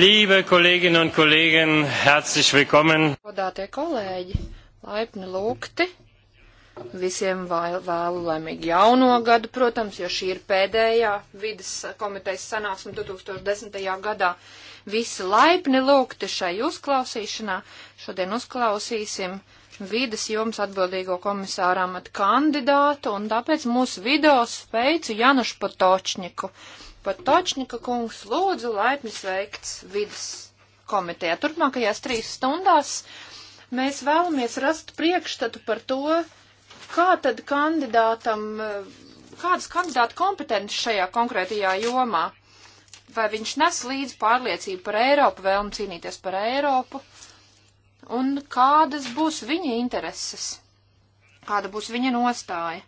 Liebe Kolleginnen un Kollegen, herzlich willkommen. Godātie kolēģi, laipni lūgti. Visiem vēlu laimīgu jauno gadu, protams, jo šī ir pēdējā vidas komitejas sanāksme 2010. gadā. Visi laipni lūgti šai uzklausīšanā. Šodien uzklausīsim uh, vidas jums atbildīgo komisāru amatu kandidātu, un tāpēc mūsu video sveicu Janušu Patočņiku. Patočņika kungs lūdzu laipni sveikts vidas komitejā. Turpmākajās trīs stundās mēs vēlamies rast priekšstatu par to, kā tad kandidātam, kādas kandidāta kompetences šajā konkrētajā jomā. Vai viņš nes līdzi pārliecību par Eiropu, vēlmu cīnīties par Eiropu, un kādas būs viņa intereses, kāda būs viņa nostāja.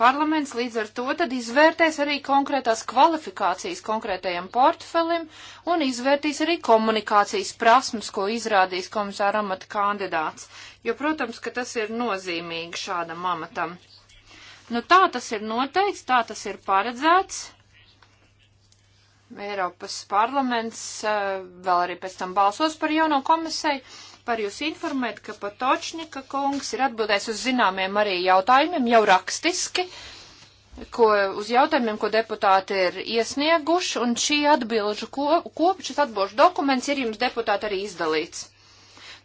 Parlaments līdz ar to tad izvērtēs arī konkrētās kvalifikācijas konkrētajam portfelim un izvērtīs arī komunikācijas prasmes, ko izrādīs komisāra amata kandidāts, jo, protams, ka tas ir nozīmīgi šādam amatam. Nu tā tas ir noteikts, tā tas ir paredzēts. Eiropas parlaments eh, vēl arī pēc tam balsos par jauno komisiju par jūs informēt, ka Patočņika kungs ir atbildējis uz zināmiem arī jautājumiem, jau rakstiski, ko, uz jautājumiem, ko deputāti ir iesnieguši, un šī atbilžu kopa, kop, šis atbilžu dokuments ir jums deputāti arī izdalīts.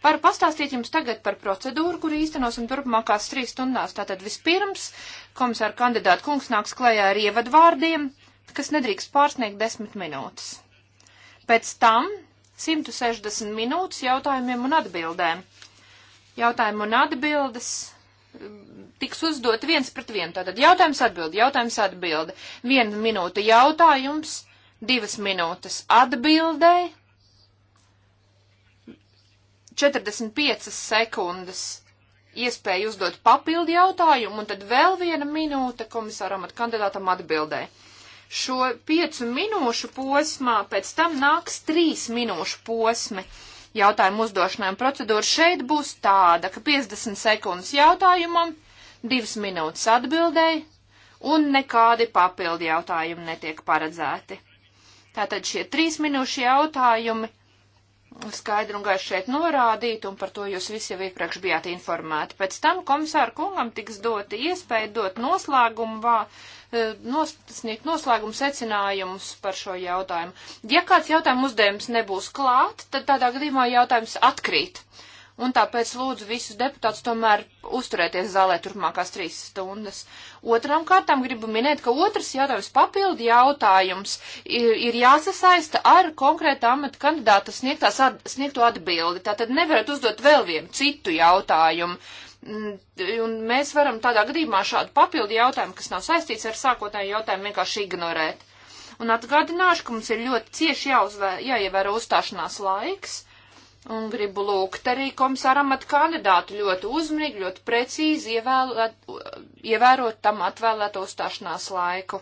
Varu pastāstīt jums tagad par procedūru, kuru īstenosim turpmākās trīs stundās. Tātad vispirms komisāra kandidāta kungs nāks klajā ar ievadvārdiem, kas nedrīkst pārsniegt desmit minūtes. Pēc tam 160 minūtes jautājumiem un atbildēm. Jautājumu un atbildes mm, tiks uzdot viens pret vienu. Tātad jautājums atbildi, jautājums atbildi. Viena minūte jautājums, divas minūtes atbildēji, 45 sekundes iespēju uzdot papildu jautājumu, un tad vēl viena minūte komisāram at kandidātam atbildēji šo piecu minūšu posmā, pēc tam nāks trīs minūšu posmi jautājumu uzdošanai. Procedūra šeit būs tāda, ka 50 sekundes jautājumam, divas minūtes atbildēji un nekādi papildi jautājumi netiek paredzēti. Tātad šie trīs minūšu jautājumi skaidri un gaiši šeit norādīti, un par to jūs visi jau iepriekš bijāt informēti. Pēc tam komisāra kungam tiks dota iespēja dot noslēgumu E, nos, sniegt noslēgumu secinājumus par šo jautājumu. Ja kāds jautājums uzdevums nebūs klāt, tad tādā gadījumā jautājums atkrīt. Un tāpēc lūdzu visus deputātus tomēr uzturēties zālē turpmākās trīs stundas. Otram kārtām gribu minēt, ka otrs jautājums papildi jautājums ir, ir jāsasaista ar konkrētā amata kandidāta sniegtās, at, sniegto atbildi. Tātad nevarat uzdot vēl vienu citu jautājumu. Un mēs varam tādā gadījumā šādu papildu jautājumu, kas nav saistīts ar sākotnēju jautājumu, vienkārši ignorēt. Un atgādināšu, ka mums ir ļoti cieši jāievēro uzstāšanās laiks. Un gribu lūgt arī komisāram at kandidātu ļoti uzmanīgi, ļoti precīzi ievēlēt, ievērot tam atvēlēto uzstāšanās laiku.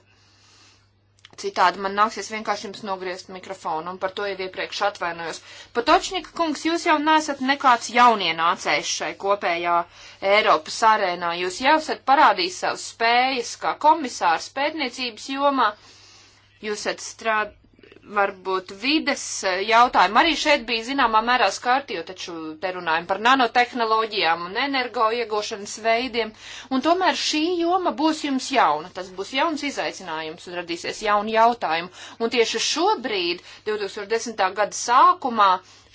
Citādi man nāksies vienkārši jums nogriezt mikrofonu, un par to jau iepriekš atvainojos. Patočņika kungs, jūs jau nesat nekāds jaunienācējs šai kopējā Eiropas arēnā. Jūs jau esat parādījis savas spējas kā komisārs pētniecības jomā. Jūs esat strādājis varbūt vides eh, jautājumu. Arī šeit bija zināmā mērā skārti, jo taču te runājam par nanotehnoloģijām un energo iegūšanas veidiem. Un tomēr šī joma būs jums jauna. Tas būs jauns izaicinājums un radīsies jauni jautājumi. Un tieši šobrīd, 2010. gada sākumā,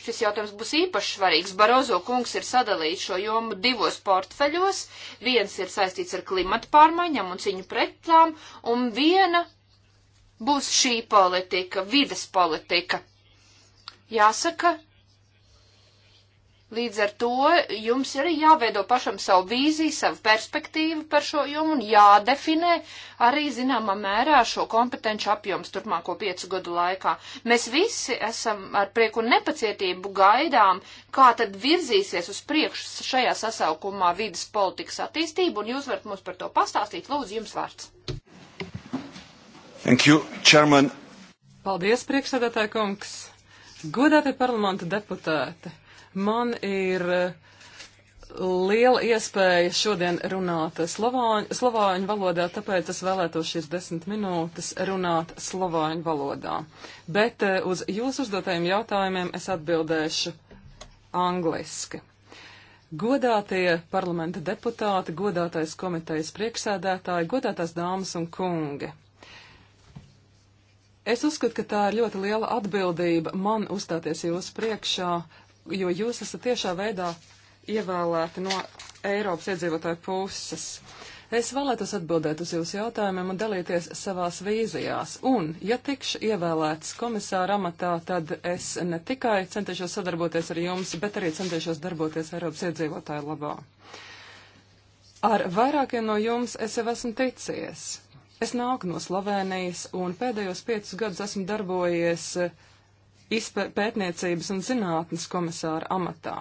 šis jautājums būs īpaši svarīgs. Barozo kungs ir sadalījis šo jomu divos portfeļos. Viens ir saistīts ar klimatu pārmaiņām un ciņu pret tām, un viena būs šī politika, vides politika. Jāsaka, līdz ar to jums arī jāveido pašam savu vīziju, savu perspektīvu par šo jomu un jādefinē arī zināmā mērā šo kompetenci apjoms turpmāko piecu gadu laikā. Mēs visi esam ar prieku un nepacietību gaidām, kā tad virzīsies uz priekšu šajā sasaukumā vidas politikas attīstību, un jūs varat mums par to pastāstīt. Lūdzu, jums vārds. Thank you, Chairman. Paldies, priekšsēdētāja kungs. Godātie parlamenta deputāti, man ir eh, liela iespēja šodien runāt slovāņu, slovāņu valodā, tāpēc es vēlētos šīs desmit minūtes runāt slovāņu valodā. Bet eh, uz jūsu uzdotajiem jautājumiem es atbildēšu angliski. Godātie parlamenta deputāti, godātais komitejas priekšsēdētāji, godātās dāmas un kungi. Es uzskatu, ka tā ir ļoti liela atbildība man uzstāties jūsu priekšā, jo jūs esat tiešā veidā ievēlēti no Eiropas iedzīvotāju puses. Es vēlētos atbildēt uz jūsu jautājumiem un dalīties savās vīzijās. Un, ja tikšu ievēlēts komisāra amatā, tad es ne tikai centīšos sadarboties ar jums, bet arī centīšos darboties Eiropas iedzīvotāju labā. Ar vairākiem no jums es jau esmu ticies. Es nāku no Slovenijas un pēdējos piecus gadus esmu darbojies eh, pētniecības un zinātnes komisāra amatā.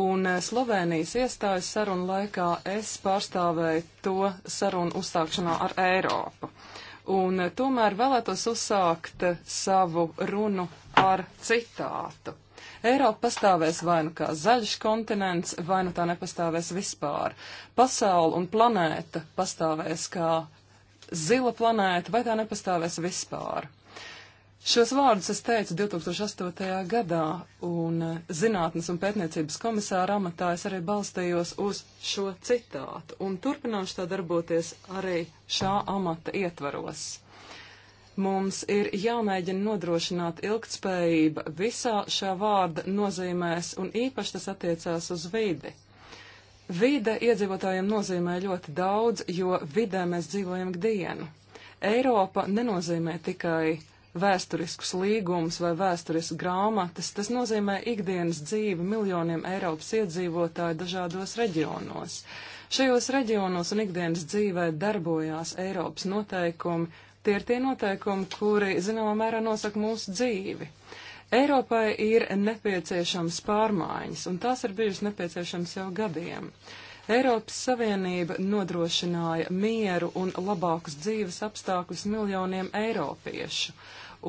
Un eh, Slovenijas iestājas sarunu laikā es pārstāvēju to sarunu uzsākšanā ar Eiropu. Un eh, tomēr vēlētos uzsākt savu runu ar citātu. Eiropa pastāvēs vai nu kā zaļš kontinents, vai nu tā nepastāvēs vispār. Pasaula un planēta pastāvēs kā zila planēta, vai tā nepastāvēs vispār. Šos vārdus es teicu 2008. gadā, un eh, zinātnes un pētniecības komisāra amatā es arī balstījos uz šo citātu, un turpināšu tā darboties arī šā amata ietvaros. Mums ir jāmēģina nodrošināt ilgtspējība visā šā vārda nozīmēs, un īpaši tas attiecās uz vidi. Vide iedzīvotājiem nozīmē ļoti daudz, jo vidē mēs dzīvojam ikdienu. Eiropa nenozīmē tikai vēsturiskus līgumus vai vēsturiskas grāmatas, tas nozīmē ikdienas dzīvi miljoniem Eiropas iedzīvotāju dažādos reģionos. Šajos reģionos un ikdienas dzīvē darbojās Eiropas noteikumi, tie ir tie noteikumi, kuri, zināmā mērā, nosaka mūsu dzīvi. Eiropai ir nepieciešams pārmaiņas, un tās ir bijušas nepieciešams jau gadiem. Eiropas Savienība nodrošināja mieru un labākus dzīves apstākļus miljoniem eiropiešu,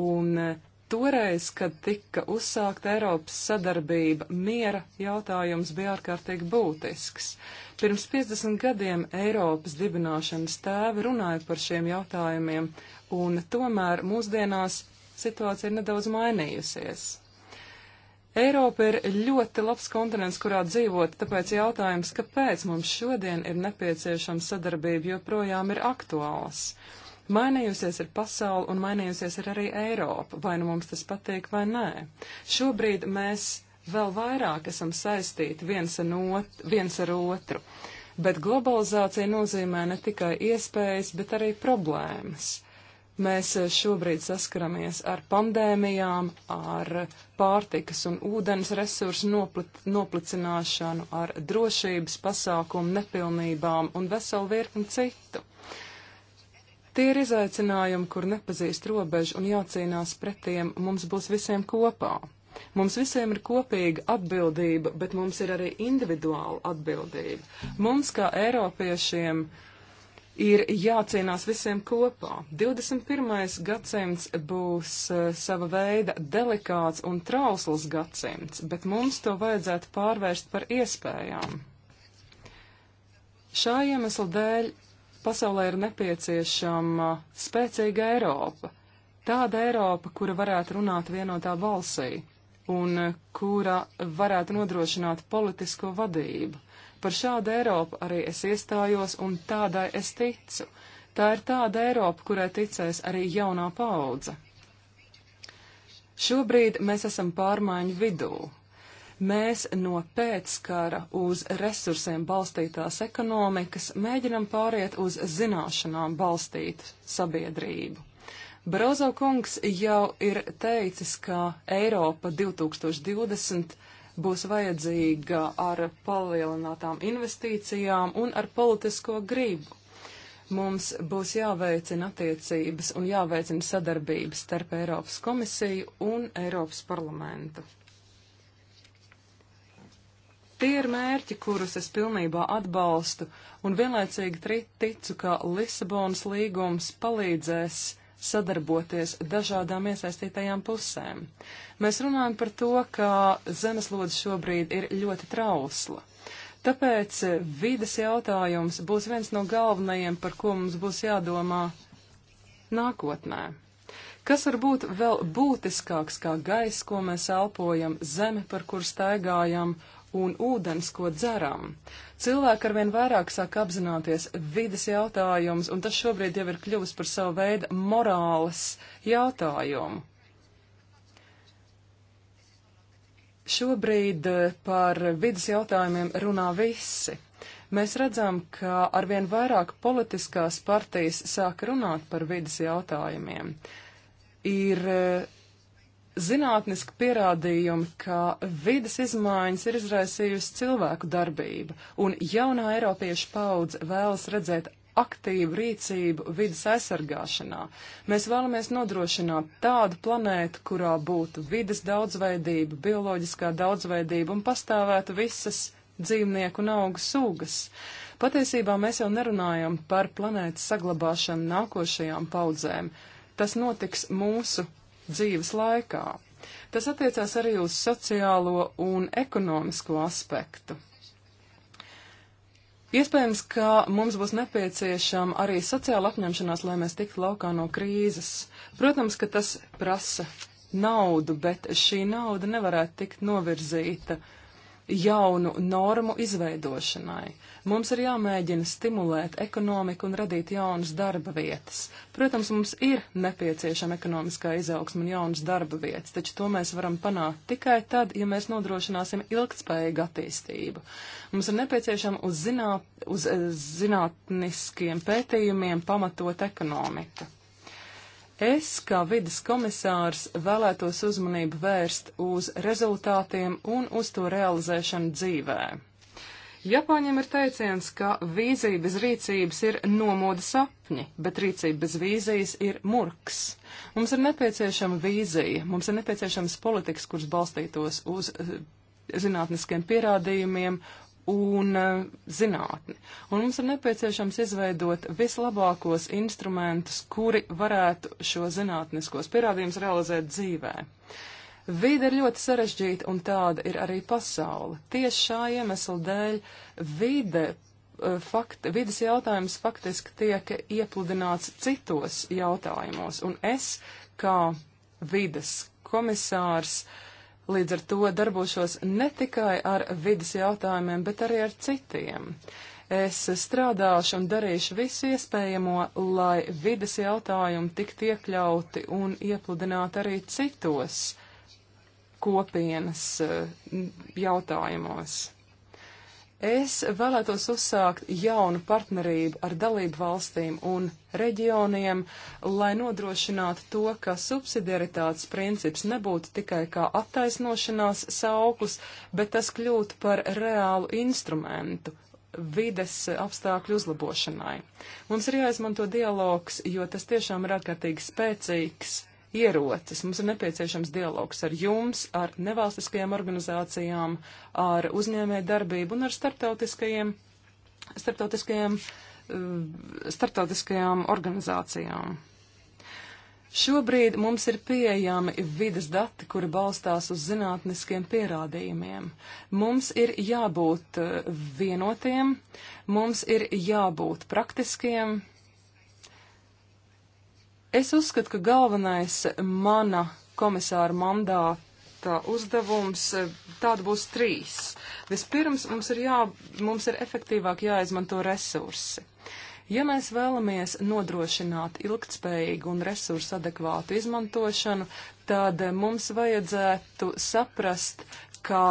un e, toreiz, kad tika uzsākta Eiropas sadarbība, miera jautājums bija ārkārtīgi būtisks. Pirms 50 gadiem Eiropas dibināšanas tēvi runāja par šiem jautājumiem, un tomēr mūsdienās situācija ir nedaudz mainījusies. Eiropa ir ļoti labs kontinents, kurā dzīvot, tāpēc jautājums, kāpēc mums šodien ir nepieciešama sadarbība, joprojām ir aktuāls. Mainījusies ir pasauli un mainījusies ir arī Eiropa, vai nu mums tas patīk vai nē. Šobrīd mēs vēl vairāk esam saistīti viens, not, viens ar otru, bet globalizācija nozīmē ne tikai iespējas, bet arī problēmas. Mēs eh, šobrīd saskaramies ar pandēmijām, ar pārtikas un ūdens resursu noplit, noplicināšanu, ar drošības pasākumu nepilnībām un veselu virkni citu. Tie ir izaicinājumi, kur nepazīst robežu un jācīnās pret tiem mums būs visiem kopā. Mums visiem ir kopīga atbildība, bet mums ir arī individuāla atbildība. Mums, kā Eiropiešiem, uh, ir jācīnās visiem kopā. 21. gadsimts būs eh, sava veida delikāts un trausls gadsimts, bet mums to vajadzētu pārvērst par iespējām. Šā iemesla dēļ pasaulē ir nepieciešama spēcīga Eiropa. Tāda Eiropa, kura varētu runāt vienotā balsī un eh, kura varētu nodrošināt politisko vadību. Par šādu Eiropu arī es iestājos un tādai es ticu. Tā ir tāda Eiropa, kurai ticēs arī jaunā paudze. Šobrīd mēs esam pārmaiņu vidū. Mēs no pēckara uz resursiem balstītās ekonomikas mēģinam pāriet uz zināšanām balstītu sabiedrību. Barozo kungs jau ir teicis, ka Eiropa 2020 būs vajadzīga ar palielinātām investīcijām un ar politisko gribu. Mums būs jāveicina attiecības un jāveicina sadarbības starp Eiropas komisiju un Eiropas parlamentu. Tie ir mērķi, kurus es pilnībā atbalstu, un vienlaicīgi ticu, ka Lisabonas līgums palīdzēs sadarboties dažādām iesaistītajām pusēm. Mēs runājam par to, ka zemeslode šobrīd ir ļoti trausla. Tāpēc vides jautājums būs viens no galvenajiem, par ko mums būs jādomā nākotnē. Kas var būt vēl būtiskāks kā gaiss, ko mēs elpojam, zeme, par kur staigājam, un ūdens, ko dzeram. Cilvēki arvien vairāk sāk apzināties vidas jautājumus, un tas šobrīd jau ir kļuvis par savu veidu morāles jautājumu. Šobrīd eh, par vidas jautājumiem runā visi. Mēs redzam, ka arvien vairāk politiskās partijas sāk runāt par vidas jautājumiem. Ir eh, zinātniski pierādījumi, ka vidas izmaiņas ir izraisījusi cilvēku darbība, un jaunā Eiropiešu paudze vēlas redzēt aktīvu rīcību vidas aizsargāšanā. Mēs vēlamies nodrošināt tādu planētu, kurā būtu vidas daudzveidība, bioloģiskā daudzveidība un pastāvētu visas dzīvnieku un augu sugas. Patiesībā mēs jau nerunājam par planētas saglabāšanu nākošajām paudzēm. Tas notiks mūsu dzīves laikā. Tas attiecās arī uz sociālo un ekonomisko aspektu. Iespējams, ka mums būs nepieciešama arī sociāla apņemšanās, lai mēs tiktu laukā no krīzes. Protams, ka tas prasa naudu, bet šī nauda nevarētu tikt novirzīta uh, jaunu normu izveidošanai. Mums ir jāmēģina stimulēt ekonomiku un radīt jaunas darba vietas. Protams, mums ir nepieciešama ekonomiskā izaugsma un jaunas darba vietas, taču to mēs varam panākt tikai tad, ja mēs nodrošināsim ilgtspējīgu attīstību. Mums ir nepieciešama uz, zināt, uz eh, zinātniskiem pētījumiem pamatot ekonomiku. Es, kā vidas komisārs, vēlētos uzmanību vērst uz rezultātiem un uz to realizēšanu dzīvē. Japāņiem ir teiciens, ka vīzija bez rīcības ir nomoda sapņi, bet rīcība bez vīzijas ir murgs. Mums ir nepieciešama vīzija, mums ir nepieciešams politikas, kuras balstītos uz eh, zinātniskiem pierādījumiem un eh, zinātni. Un mums ir nepieciešams izveidot vislabākos instrumentus, kuri varētu šo zinātniskos pierādījumus realizēt dzīvē. Vīda ir ļoti sarežģīta, un tāda ir arī pasaule. Tieši šā iemesla dēļ vide, eh, fakt, vidas jautājums faktiski tiek iepludināts citos jautājumos, un es, kā vidas komisārs, uh, Līdz ar to darbošos ne tikai ar vidas jautājumiem, bet arī ar citiem. Es strādāšu un darīšu visu iespējamo, lai vidas jautājumi tiktu iekļauti un iepludināti arī citos kopienas eh, jautājumos. Es vēlētos uzsākt jaunu partnerību ar dalību valstīm un reģioniem, lai nodrošinātu to, ka subsidiaritātes princips nebūtu tikai kā attaisnošanās sauklis, bet tas kļūtu par reālu instrumentu vides apstākļu uzlabošanai. Mums ir jāizmanto dialogs, jo tas tiešām ir ārkārtīgi spēcīgs ierocis. Mums ir nepieciešams dialogs ar jums, ar nevalstiskajām organizācijām, ar uzņēmē darbību un ar starptautiskajiem, starptautiskajiem, eh, starptautiskajām organizācijām. Šobrīd mums ir pieejami vidas dati, kuri balstās uz zinātniskiem pierādījumiem. Mums ir jābūt eh, vienotiem, mums ir jābūt praktiskiem, Es uzskatu, ka galvenais mana komisāra mandāta uzdevums eh, tāda būs trīs. Vispirms mums ir, jā, mums ir efektīvāk jāizmanto resursi. Ja mēs vēlamies nodrošināt ilgtspējīgu un resursu adekvātu izmantošanu, tad eh, mums vajadzētu saprast, ka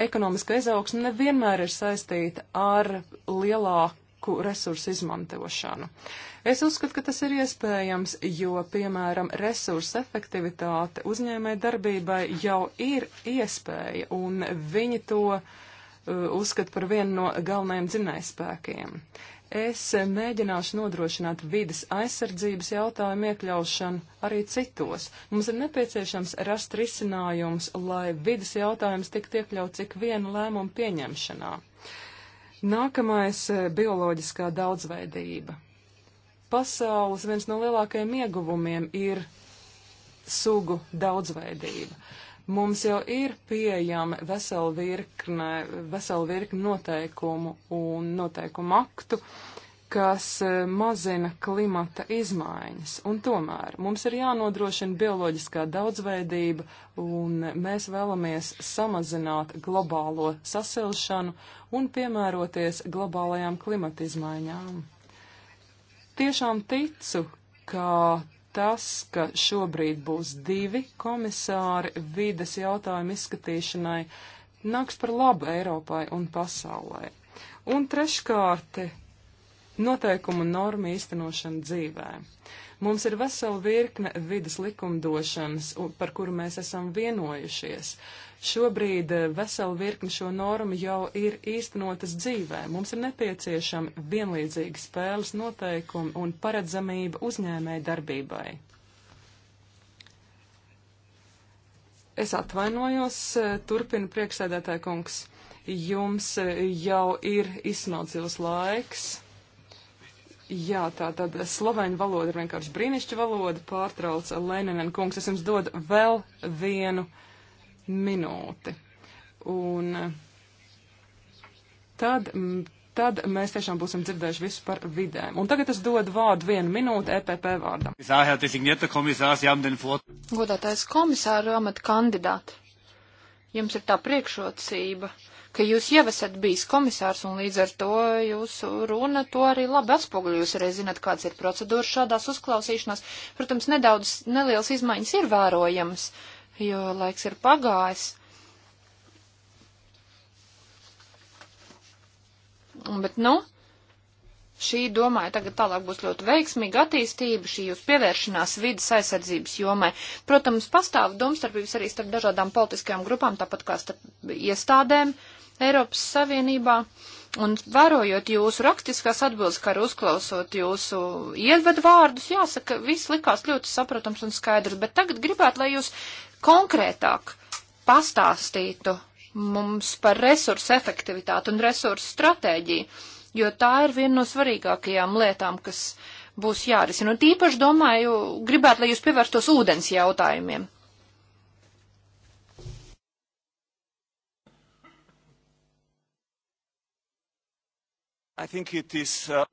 ekonomiska izaugsme nevienmēr ir saistīta ar lielāku cilvēku resursu izmantošanu. Es uzskatu, ka tas ir iespējams, jo, piemēram, resursu efektivitāte uzņēmē darbībai jau ir iespēja, un viņi to uh, uzskata par vienu no galvenajiem dzinējspēkiem. Es mēģināšu nodrošināt vidas aizsardzības jautājumu iekļaušanu arī citos. Mums ir nepieciešams rast risinājums, lai vidas jautājums tiktu iekļauts ik vienu lēmumu pieņemšanā. Nākamais eh, - bioloģiskā daudzveidība. Pasaules viens no lielākajiem ieguvumiem ir sugu daudzveidība. Mums jau ir pieejami veseli virkne, veseli virkne noteikumu un noteikumu aktu, uh, kas eh, mazina klimata izmaiņas. Un tomēr mums ir jānodrošina bioloģiskā daudzveidība, un mēs vēlamies samazināt globālo sasilšanu un piemēroties globālajām klimata izmaiņām. Tiešām ticu, ka tas, ka šobrīd būs divi komisāri vides jautājumu izskatīšanai, nāks par labu Eiropai un pasaulē. Un treškārt, noteikumu un normu īstenošanu dzīvē. Mums ir vesela virkne vidas likumdošanas, par kuru mēs esam vienojušies. Šobrīd e, vesela virkne šo normu jau ir īstenotas dzīvē. Mums ir nepieciešami vienlīdzīgi spēles noteikumi un paredzamība uzņēmēji darbībai. Es atvainojos, e, turpina priekšsēdētāja kungs. Jums e, jau ir izsmalcījis laiks. Jā, tā tad sloveņu valoda ir vienkārši brīnišķa valoda, pārtrauc Leninen kungs. Es jums dodu vēl vienu minūti. Un tad, tad mēs tiešām būsim dzirdējuši visu par vidēm. Un tagad es dodu vārdu vienu minūti EPP vārdam. Godātais komisāra amata kandidāti, jums ir tā priekšrocība ka jūs jau esat bijis komisārs un līdz ar to jūsu runa to arī labi atspoguļo. Jūs arī zinat, kāds ir procedūra šādās uzklausīšanās. Protams, nedaudz nelielas izmaiņas ir vērojamas, jo laiks ir pagājis. Bet, nu, šī, domāju, tagad tālāk būs ļoti veiksmīga attīstība, šī jūs pievēršanās vidas aizsardzības jomai. Protams, pastāv domstarpības arī starp dažādām politiskajām grupām, tāpat kā starp iestādēm. Uh, Eiropas Savienībā. Un vērojot jūsu rakstiskās atbildes, kā arī uzklausot jūsu iedvedu vārdus, jāsaka, viss likās ļoti saprotams un skaidrs, bet tagad gribētu, lai jūs konkrētāk pastāstītu mums par resursu efektivitāti un resursu stratēģiju, jo tā ir viena no svarīgākajām lietām, kas būs jārisina. Un tīpaši domāju, gribētu, lai jūs pievērstos ūdens jautājumiem. Is, uh...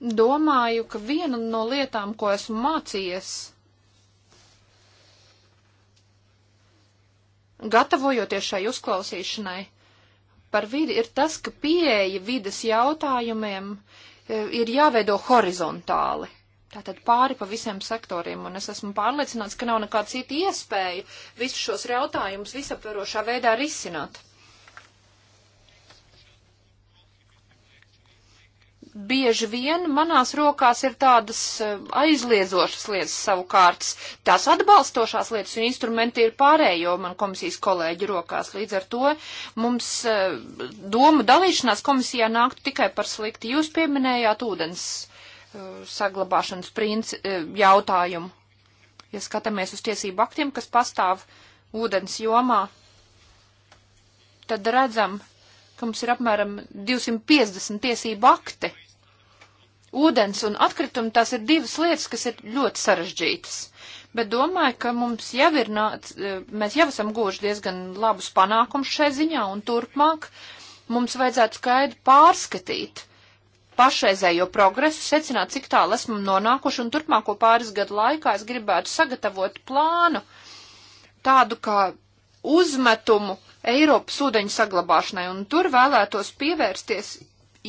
Domāju, ka viena no lietām, ko esmu mācījies, gatavojoties šai uzklausīšanai par vidi, ir tas, ka pieeja vides jautājumiem e, ir jāveido horizontāli. Tātad pāri pa visiem sektoriem, un es esmu pārliecināts, ka nav nekāda cita iespēja visus šos jautājumus visaptverošā veidā risināt. bieži vien manās rokās ir tādas eh, aizliedzošas lietas savukārt. Tās atbalstošās lietas un instrumenti ir pārējo man komisijas kolēģi rokās. Līdz ar to mums eh, domu dalīšanās komisijā nāktu tikai par slikti. Jūs pieminējāt ūdens eh, saglabāšanas princi, jautājumu. Ja skatāmies uz tiesību aktiem, kas pastāv ūdens jomā, tad redzam, ka mums ir apmēram 250 tiesību akti ūdens un atkritumi, tās ir divas lietas, kas ir ļoti sarežģītas. Bet domāju, ka mums jau ir nāc, e, mēs jau esam guvuši diezgan labus panākumus šai ziņā un turpmāk mums vajadzētu skaidri pārskatīt pašreizējo progresu, secināt, cik tālu esmu nonākuši un turpmāko pāris gadu laikā es gribētu sagatavot plānu tādu kā uzmetumu Eiropas ūdeņu saglabāšanai un tur vēlētos pievērsties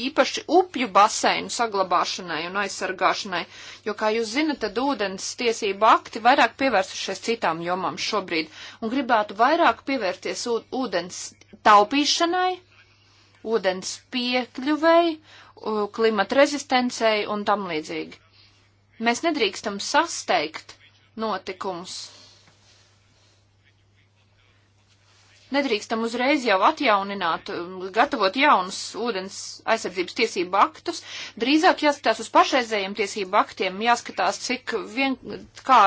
īpaši upju baseinu saglabāšanai un aizsargāšanai, jo, kā jūs zinat, tad ūdens tiesība akti vairāk pievērsušies citām jomām šobrīd un gribētu vairāk pievērties ūdens taupīšanai, ūdens piekļuvei, klimata rezistencei un tam līdzīgi. Mēs nedrīkstam sasteigt notikumus nedrīkstam uzreiz jau atjaunināt, um, gatavot jaunus ūdens aizsardzības tiesību aktus. Drīzāk jāskatās uz pašreizējiem tiesību aktiem, jāskatās, cik vien, kā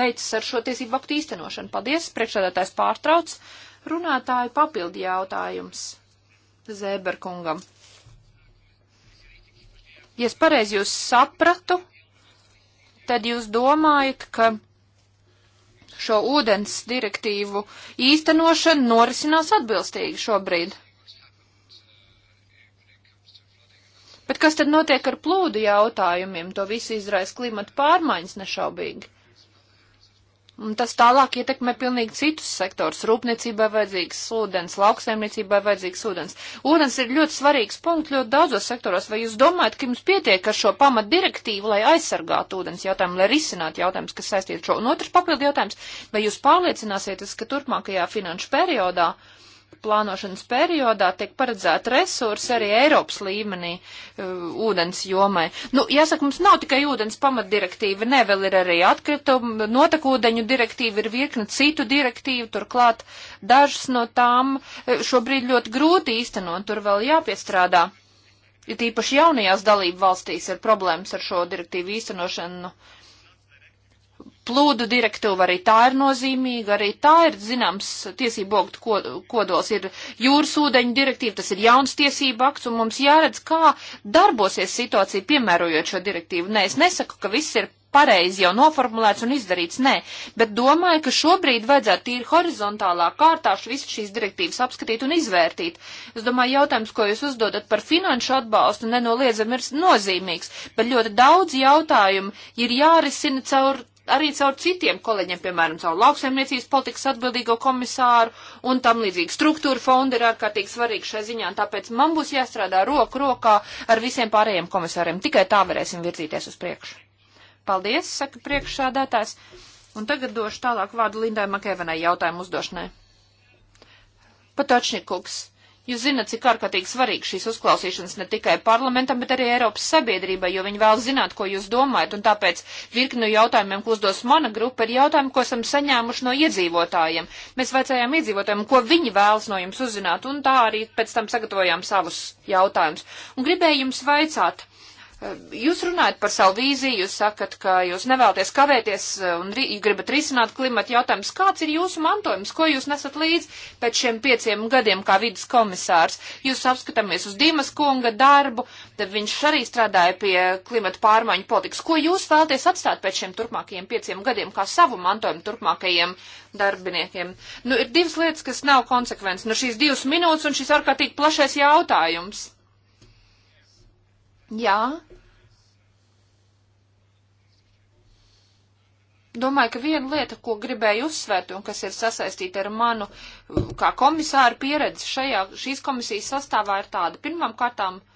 veicas ar šo tiesību aktu īstenošanu. Paldies, priekšādātājs pārtrauc. Runātāju papildi jautājums Zēberkungam. Ja es pareizi jūs sapratu, tad jūs domājat, ka šo ūdens direktīvu īstenošana norisinās atbilstīgi šobrīd. Bet kas tad notiek ar plūdu jautājumiem? To visu izraisa klimata pārmaiņas nešaubīgi. Un tas tālāk ietekmē pilnīgi citus sektors. Rūpniecībai vajadzīgs ūdens, lauksaimniecībai vajadzīgs ūdens. Ūdens ir ļoti svarīgs punkts ļoti daudzos sektoros. Vai jūs domājat, ka jums pietiek ar šo pamat direktīvu, lai aizsargātu ūdens jautājumu, lai risinātu jautājumus, kas saistīti ar šo? Un otrs papildu jautājums, vai jūs pārliecināsieties, ka turpmākajā finanšu periodā uh, plānošanas periodā tiek paredzēta resursi arī Eiropas līmenī uh, ūdens jomai. Nu, jāsaka, mums nav tikai ūdens pamatdirektīva, ne, vēl ir arī atkrituma, notekūdeņu direktīva, ir virkne citu direktīvu, turklāt dažas no tām uh, šobrīd ļoti grūti īstenot, tur vēl jāpiestrādā. Ir ja tīpaši jaunajās dalību valstīs ir problēmas ar šo direktīvu īstenošanu. Uh, plūdu direktīva, arī tā ir nozīmīga, arī tā ir zināms tiesību augtu kodols, ir jūras ūdeņu direktīva, tas ir jauns tiesību akts, un mums jāredz, kā darbosies situācija piemērojot šo direktīvu. Nē, es nesaku, ka viss ir pareizi jau noformulēts un izdarīts, nē, bet domāju, ka šobrīd vajadzētu tīri horizontālā kārtā visu šīs direktīvas apskatīt un izvērtīt. Es domāju, jautājums, ko jūs uzdodat par finanšu atbalstu, nenoliedzami ir nozīmīgs, bet ļoti daudz jautājumu ir jārisina caur arī caur citiem kolēģiem, piemēram, caur lauksaimniecības politikas atbildīgo komisāru un tam līdzīgi struktūra fonda ir ārkārtīgi svarīga šai ziņā, un tāpēc man būs jāstrādā roku rokā ar visiem pārējiem komisāriem. Tikai tā varēsim virzīties uz priekšu. Paldies, saka priekšsādātājs. Un tagad došu tālāk vārdu Lindai Makēvenai jautājumu uzdošanai. Patočnikuks. Jūs zināt, cik ārkārtīgi svarīgi šīs uzklausīšanas ne tikai parlamentam, bet arī Eiropas sabiedrībai, jo viņi vēl zināt, ko jūs domājat, un tāpēc virkni no jautājumiem, ko uzdos mana grupa, ir jautājumi, ko esam saņēmuši no iedzīvotājiem. Mēs vaicājām iedzīvotājiem, ko viņi vēlas no jums uzzināt, un tā arī pēc tam sagatavojām savus jautājumus. Un gribēju jums vaicāt, Jūs runājat par savu vīziju, jūs sakat, ka jūs nevēlaties kavēties eh, un ri, gribat risināt klimata jautājumus. Kāds ir jūsu mantojums? Ko jūs nesat līdz pēc šiem pieciem gadiem kā vidas komisārs? Jūs apskatāmies uz Dīmas kunga darbu, tad viņš arī strādāja pie klimata pārmaiņu politikas. Ko jūs vēlaties atstāt pēc šiem turpmākajiem pieciem gadiem kā savu mantojumu turpmākajiem darbiniekiem? Nu, ir divas lietas, kas nav konsekvences. Nu, šīs divas minūtes un šis ārkārtīgi plašais jautājums. Jā. Domāju, ka viena lieta, ko gribēju uzsvērt un kas ir sasaistīta ar manu kā komisāru pieredzi šajā, šīs komisijas sastāvā ir tāda. Pirmām kārtām. Uh,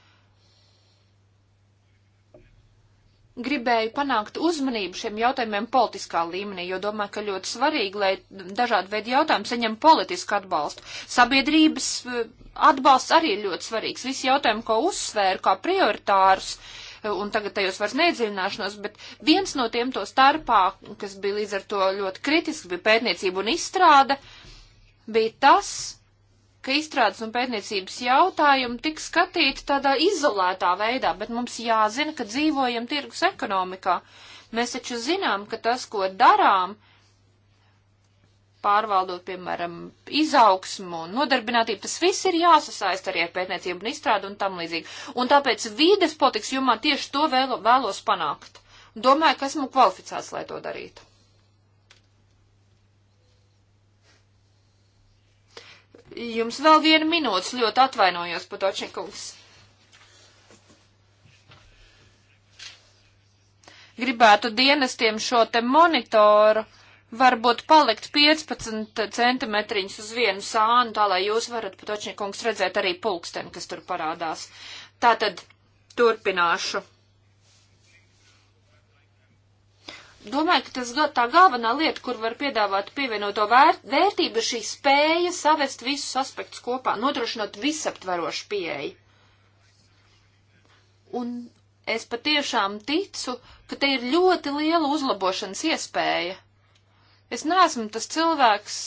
gribēju panākt uzmanību šiem jautājumiem politiskā līmenī, jo domāju, ka ļoti svarīgi, lai dažādi veidi jautājumi saņem politisku atbalstu. Sabiedrības eh, atbalsts arī ir ļoti svarīgs. Visi jautājumi, ko uzsvēru kā prioritārus, eh, un tagad tajos vairs neiedziļināšanos, bet viens no tiem to starpā, kas bija līdz ar to ļoti kritisks, bija pētniecība un izstrāde, bija tas, ka izstrādes un pētniecības jautājumi tiks skatīti tādā izolētā veidā, bet mums jāzina, ka dzīvojam tirgus ekonomikā. Mēs taču zinām, ka tas, ko darām, pārvaldot, piemēram, izaugsmu un nodarbinātību, tas viss ir jāsasaist arī ar pētniecību un izstrādu un tam līdzīgi. Un tāpēc vīdes politikas jomā tieši to vēlo, vēlos panākt. Domāju, ka esmu kvalificēts, lai to darītu. Jums vēl viena minūtes ļoti atvainojos, Potočekungs. Gribētu dienestiem šo te monitoru varbūt palikt 15 centimetriņus uz vienu sānu, tā lai jūs varat, Potočekungs, redzēt arī pulksteni, kas tur parādās. Tātad turpināšu. domāju, ka tas, tā galvenā lieta, kur var piedāvāt pievienoto vērt, vērtību, ir šī spēja savest visus aspektus kopā, nodrošinot visaptverošu pieeju. Un es patiešām ticu, ka te ir ļoti liela uzlabošanas iespēja. Es neesmu tas cilvēks,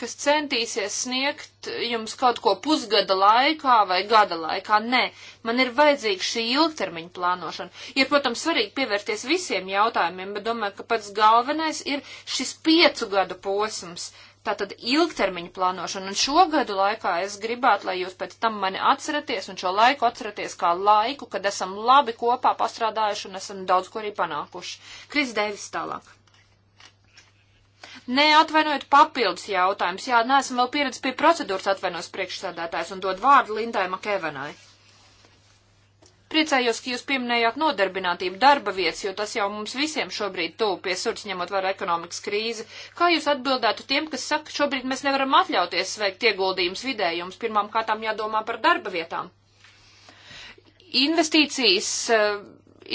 kas centīsies sniegt jums kaut ko pusgada laikā vai gada laikā. Nē, man ir vajadzīga šī ilgtermiņa plānošana. Ir, protams, svarīgi pievērties visiem jautājumiem, bet domāju, ka pats galvenais ir šis piecu gadu posms. Tātad ilgtermiņa plānošana, un šo gadu laikā es gribētu, lai jūs pēc tam mani atceraties, un šo laiku atceraties kā laiku, kad esam labi kopā pastrādājuši un esam daudz ko arī panākuši. Kris Devis tālāk. Nē, atvainojiet, papildus jautājums. Jā, neesam vēl pieredzējuši pie procedūras atvainos priekšsādātājs un dod vārdu Lindai Makevenai. Priecājos, ka jūs pieminējāt nodarbinātību darba vietas, jo tas jau mums visiem šobrīd tuvu pie sirds, ņemot vērā ekonomikas krīzi. Kā jūs atbildētu tiem, kas saka, šobrīd mēs nevaram atļauties veikt ieguldījums vidējums, pirmām kārtām jādomā par darba vietām? Investīcijas uh,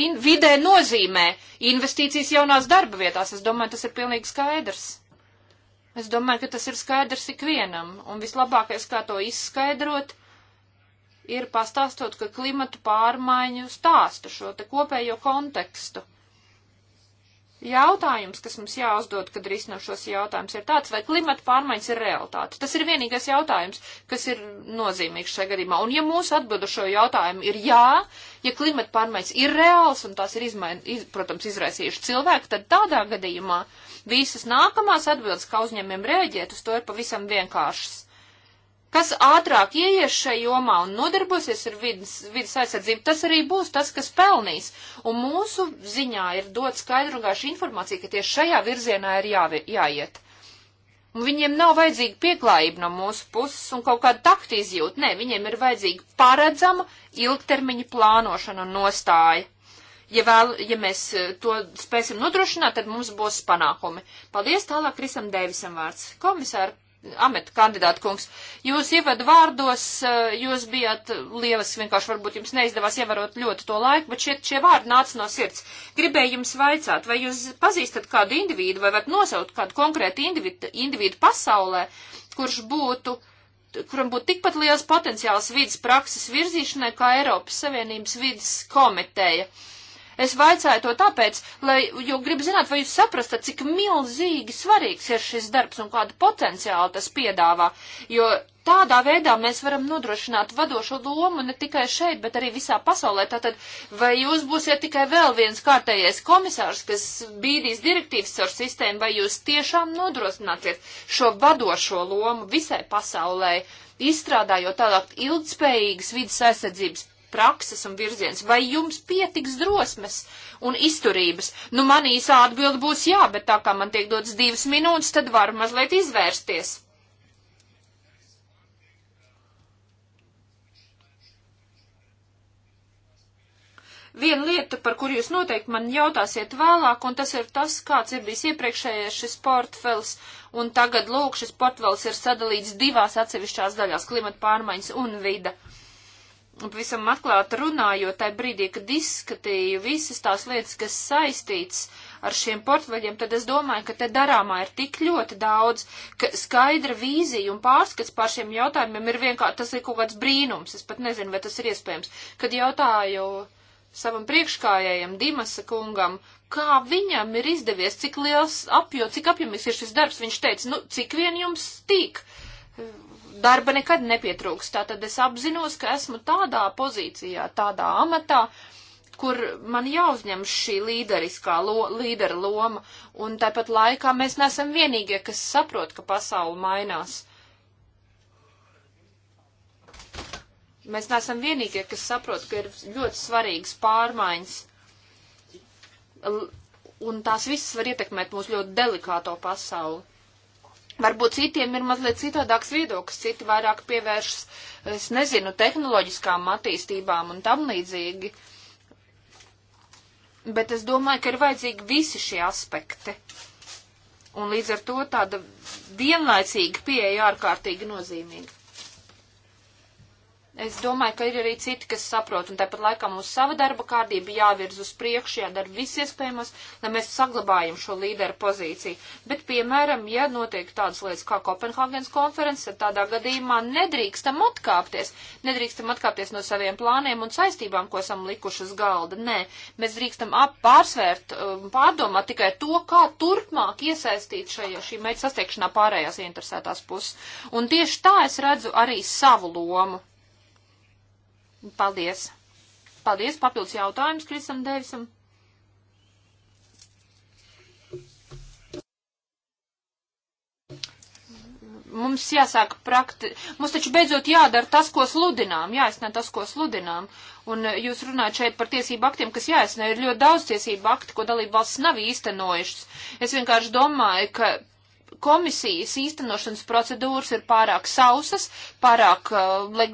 in, vidē nozīmē investīcijas jaunās darba vietās. Es domāju, tas ir pilnīgi skaidrs. Es domāju, ka tas ir skaidrs ikvienam, un vislabākais, kā to izskaidrot, ir pastāstot, ka klimatu pārmaiņu stāstu šo te kopējo kontekstu. Jautājums, kas mums jāuzdod, kad risinām šos jautājumus, ir tāds, vai klimata pārmaiņas ir realitāte. Tas ir vienīgais jautājums, kas ir nozīmīgs šajā gadījumā. Un ja mūsu atbildu šo jautājumu ir jā, ja klimata pārmaiņas ir reāls un tās ir, izmain, iz, protams, izraisījuši cilvēki, tad tādā gadījumā visas nākamās atbildes, kā uzņēmiem rēģēt, uz to ir pavisam vienkāršas kas ātrāk ieies šajā jomā un nodarbosies ar vidas, vidas aizsardzību, tas arī būs tas, kas pelnīs. Un mūsu ziņā ir dot skaidru un gaišu informāciju, ka tieši šajā virzienā ir jā, jāiet. Un viņiem nav vajadzīga pieklājība no mūsu puses un kaut kāda takta izjūta. Nē, viņiem ir vajadzīga paredzama ilgtermiņa plānošana un nostāja. Ja, vēl, ja mēs e, to spēsim nodrošināt, tad mums būs panākumi. Paldies tālāk Krisam Dēvisam vārds. Komisāra ameta kandidāta kungs, jūs ievad vārdos, eh, jūs bijāt lieliski, vienkārši varbūt jums neizdevās ievērot ļoti to laiku, bet šie, šie vārdi nāca no sirds. Gribēju jums vaicāt, vai jūs pazīstat kādu individu, vai varat nosaukt kādu konkrētu individu, individu pasaulē, kurš būtu, kuram būtu tikpat liels potenciāls vidas prakses virzīšanai, kā Eiropas Savienības vidas komiteja. Uh, Es vaicāju to tāpēc, lai, jo gribu zināt, vai jūs saprastat, cik milzīgi svarīgs ir šis darbs un kādu potenciālu tas piedāvā, jo tādā veidā mēs varam nodrošināt vadošo lomu ne tikai šeit, bet arī visā pasaulē. Tātad, vai jūs būsiet tikai vēl viens kārtējais komisārs, kas bīdīs direktīvas ar sistēmu, vai jūs tiešām nodrošināsiet šo vadošo lomu visai pasaulē, izstrādājot tālāk ilgspējīgas vidas aizsardzības prakses un virziens, vai jums pietiks drosmes un izturības? Nu, man īsā atbild būs jā, bet tā kā man tiek dots divas minūtes, tad varu mazliet izvērsties. Viena lieta, par kuru jūs noteikti man jautāsiet vēlāk, un tas ir tas, kāds ir bijis iepriekšējais šis portfels, un tagad, lūk, šis portfels ir sadalīts divās atsevišķās daļās - klimata pārmaiņas un vida. Uh, Un pavisam atklāti runājot, tajā brīdī, kad izskatīju visas tās lietas, kas saistīts ar šiem portfeļiem, tad es domāju, ka te darāmā ir tik ļoti daudz, ka skaidra vīzija un pārskats pār šiem jautājumiem ir vienkārši, tas ir kaut kāds brīnums, es pat nezinu, vai tas ir iespējams. Kad jautāju savam priekškājējam, Dimasa kungam, kā viņam ir izdevies, cik liels apjo, cik apjomīgs ir šis darbs, viņš teica, nu, cik vien jums tīk darba nekad nepietrūks. Tātad es apzinos, ka esmu tādā pozīcijā, tādā amatā, kur man jāuzņem šī līderiskā lo, līdera loma, un tāpat laikā mēs nesam vienīgie, kas saprot, ka pasauli mainās. Mēs neesam vienīgie, kas saprot, ka ir ļoti svarīgas pārmaiņas, un tās visas var ietekmēt mūsu ļoti delikāto pasauli. Varbūt citiem ir mazliet citādāks viedoklis, citi vairāk pievēršas, es nezinu, tehnoloģiskām attīstībām un tam līdzīgi. Bet es domāju, ka ir vajadzīgi visi šie aspekti. Un līdz ar to tāda vienlaicīga pieeja ārkārtīgi nozīmīga. Es domāju, ka ir arī citi, kas saprot, un tāpat laikā mūsu sava darba kārtība jāvirz uz priekšu, jādara viss iespējamos, lai mēs saglabājam šo līderu pozīciju. Bet, piemēram, ja notiek tādas lietas kā Kopenhāgenes konferences, tad tādā gadījumā nedrīkstam atkāpties. Nedrīkstam atkāpties no saviem plāniem un saistībām, ko esam likuši uz galda. Nē, mēs drīkstam pārsvērt, um, pārdomāt tikai to, kā turpmāk iesaistīt šajā šī mērķa sasniegšanā pārējās interesētās puses. Un tieši tā es redzu arī savu lomu. Paldies! Paldies! Papildus jautājums Krisam Devisam. mums jāsāk prakti, mums taču beidzot jādara tas, ko sludinām, jāizsnē tas, ko sludinām. Un e, jūs runājat šeit par tiesību aktiem, kas jāizsnē, ir ļoti daudz tiesību akti, ko dalību valsts nav īstenojušas. Es vienkārši domāju, ka komisijas īstenošanas procedūras ir pārāk sausas, pārāk uh,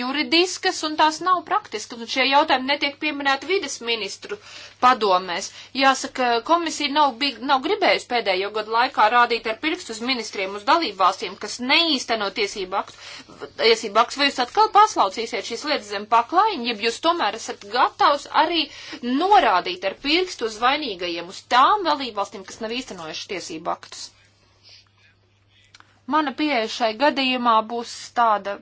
juridiskas un tās nav praktiskas. Un šie jautājumi netiek pieminēti vides ministru padomēs. Jāsaka, komisija nav, bij, nav gribējusi pēdējo gadu laikā rādīt ar pirkstu uz ministriem, uz dalībvalstīm, kas neīsteno tiesību aktu, tiesību aktu. Vai jūs atkal paslaucīsiet šīs lietas zem paklājiņa, ja jūs tomēr esat gatavs arī norādīt ar pirkstu uz vainīgajiem, uz tām dalībvalstīm, kas nav īstenojuši tiesību aktus? Mana pieeja šai gadījumā būs tāda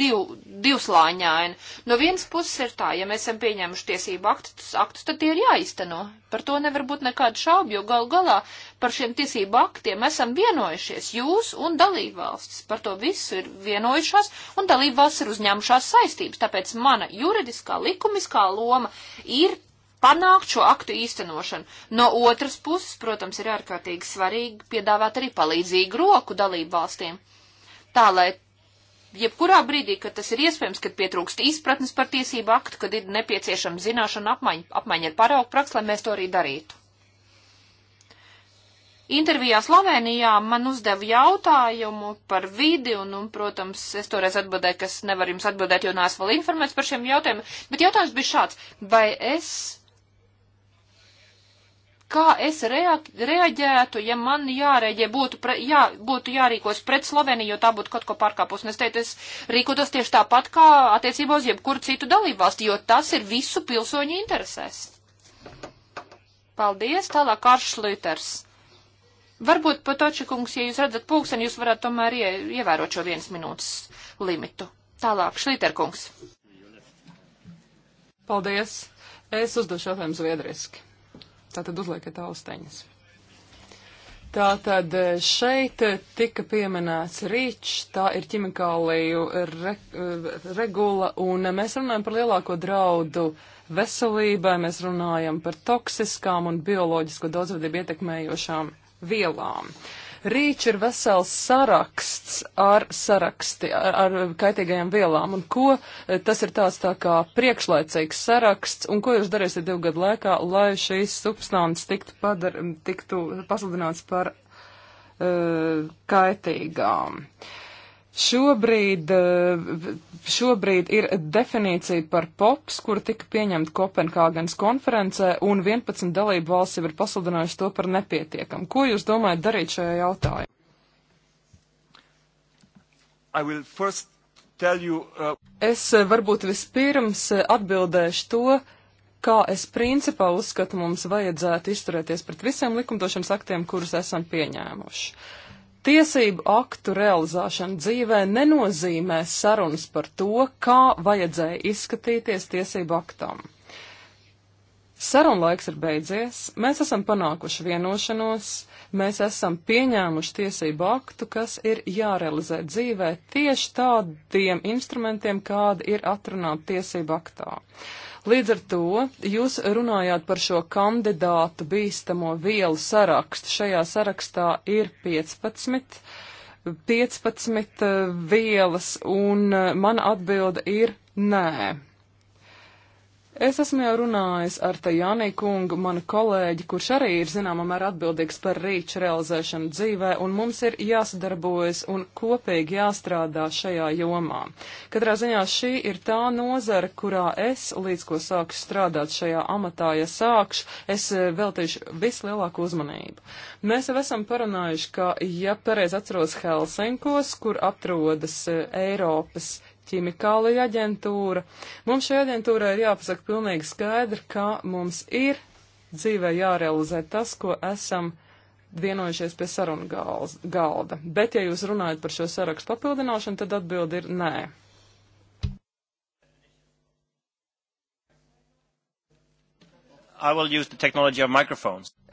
div, divslāņaina. No vienas puses ir tā, ja mēs esam pieņēmuši tiesību aktus, aktus, tad tie ir jāizteno. Par to nevar būt nekāda šauba, jo gal galā par šiem tiesību aktiem esam vienojušies jūs un dalībvalstis. Par to visu ir vienojušās un dalībvalstis ir uzņēmušās saistības. Tāpēc mana juridiskā, likumiskā loma ir panākt šo aktu īstenošanu. No otras puses, protams, ir ārkārtīgi svarīgi piedāvāt arī palīdzīgu roku dalību valstīm. Tā, lai jebkurā brīdī, kad tas ir iespējams, kad pietrūkst izpratnes par tiesību aktu, kad ir nepieciešama zināšana apmaiņa, apmaiņa ar paraugu praksu, lai mēs to arī darītu. Intervijā Slovenijā man uzdeva jautājumu par vidi, un, un protams, es toreiz atbildēju, ka es nevaru jums atbildēt, jo neesmu vēl informēts par šiem jautājumiem, bet jautājums bija šāds, vai es kā es reaģētu, ja man jārēģē, būtu, pre, jā, būtu jārīkos pret Sloveniju, jo tā būtu kaut ko pārkāpus. Un es teicu, es rīkotos tieši tāpat kā attiecībā uz jebkuru citu dalībvalsti, jo tas ir visu pilsoņu interesēs. Paldies, tālāk Karš Luters. Varbūt, Patočikungs, ja jūs redzat pulksteni, jūs varētu tomēr ie, ievērot šo viens minūtes limitu. Tālāk, Šlīterkungs. Paldies. Es uzdošu jautājumu zviedriski tātad uzliekat austiņas. Tātad eh, šeit eh, tika pieminēts rīčs, tā ir ķimikāliju re, eh, regula, un mēs runājam par lielāko draudu veselībai, mēs runājam par toksiskām un bioloģisko daudzveidību ietekmējošām vielām. Uh, Rīč ir vesels saraksts ar saraksti, ar, ar kaitīgajām vielām, un ko e, tas ir tāds tā kā priekšlaicīgs saraksts, un ko jūs darīsiet divu gadu laikā, lai šīs substances tiktu, padar, tiktu pasludināts par uh, kaitīgām. Uh, Šobrīd, eh, šobrīd ir definīcija par POPs, kur tika pieņemta Kopenhāgenes konferencē, un 11 dalību valsts jau ir pasludinājuši to par nepietiekamu. Ko jūs domājat darīt šajā jautājumā? You, uh... Es eh, varbūt vispirms eh, atbildēšu to, kā es principā uzskatu mums vajadzētu izturēties pret visiem likumdošanas aktiem, kurus esam pieņēmuši. Uh, Tiesību aktu realizēšana dzīvē nenozīmē sarunas par to, kā vajadzēja izskatīties tiesību aktam. Sarunlaiks ir beidzies, mēs esam panākuši vienošanos, mēs esam pieņēmuši tiesību aktu, kas ir jārealizē dzīvē tieši tādiem instrumentiem, kādi ir atrunāti tiesību aktā. Uh, Līdz ar to jūs runājāt par šo kandidātu bīstamo vielu sarakstu. Šajā sarakstā ir 15, 15 eh, vielas, un eh, mana atbilde ir nē. Es esmu jau runājis ar Tajānī kungu, manu kolēģi, kurš arī ir zināmā mērā atbildīgs par rīču realizēšanu dzīvē, un mums ir jāsadarbojas un kopīgi jāstrādā šajā jomā. Katrā ziņā šī ir tā nozara, kurā es, līdz ko sākšu strādāt šajā amatā, ja sākšu, es e, veltīšu vislielāku uzmanību. Mēs jau esam parunājuši, ka, ja pareizi atceros Helsinkos, kur atrodas e, Eiropas ķimikālija aģentūra. Mums šai aģentūrai ir jāpasaka pilnīgi skaidri, ka mums ir dzīvē jārealizē tas, ko esam vienojušies pie sarunu galda. Bet, ja jūs runājat par šo sarakstu papildināšanu, tad atbildi ir nē.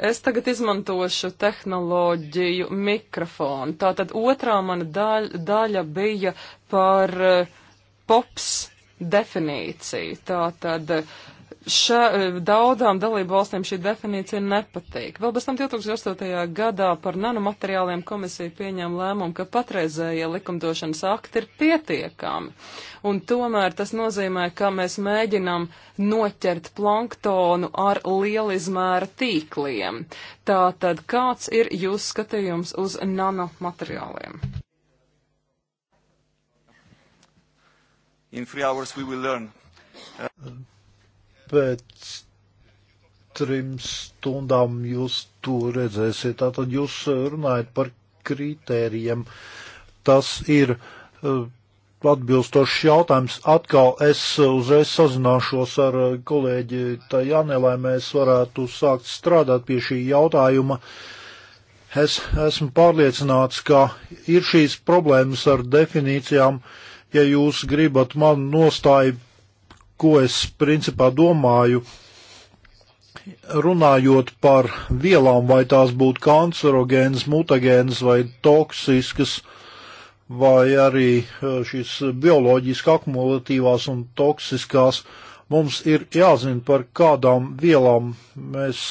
Es tagad izmantošu tehnoloģiju mikrofonu. Tātad otrā mana daļa, daļa bija par uh, pops definīciju. Tātad ša, daudzām dalību valstīm šī definīcija nepatīk. Vēl bez tam 2008. gadā par nanomateriāliem komisija pieņēma lēmumu, ka patreizējie likumdošanas akti ir pietiekami. Un tomēr tas nozīmē, ka mēs mēģinam noķert planktonu ar lielizmēra tīkliem. Tātad kāds ir jūs skatījums uz nanomateriāliem? in three hours we will learn. Pēc trim stundām jūs to redzēsiet. Tātad jūs eh, runājat par kritērijiem. Tas ir eh, atbilstošs jautājums. Atkal es uzreiz sazināšos ar eh, kolēģi Tajāne, lai mēs varētu sākt strādāt pie šī jautājuma. Es esmu pārliecināts, ka ir šīs problēmas ar definīcijām. Uh, ja jūs gribat man nostāju, ko es principā domāju, runājot par vielām, vai tās būtu kancerogēnas, mutagēnas vai toksiskas, vai arī e, šīs bioloģiski akumulatīvās un toksiskās, mums ir jāzina, par kādām vielām mēs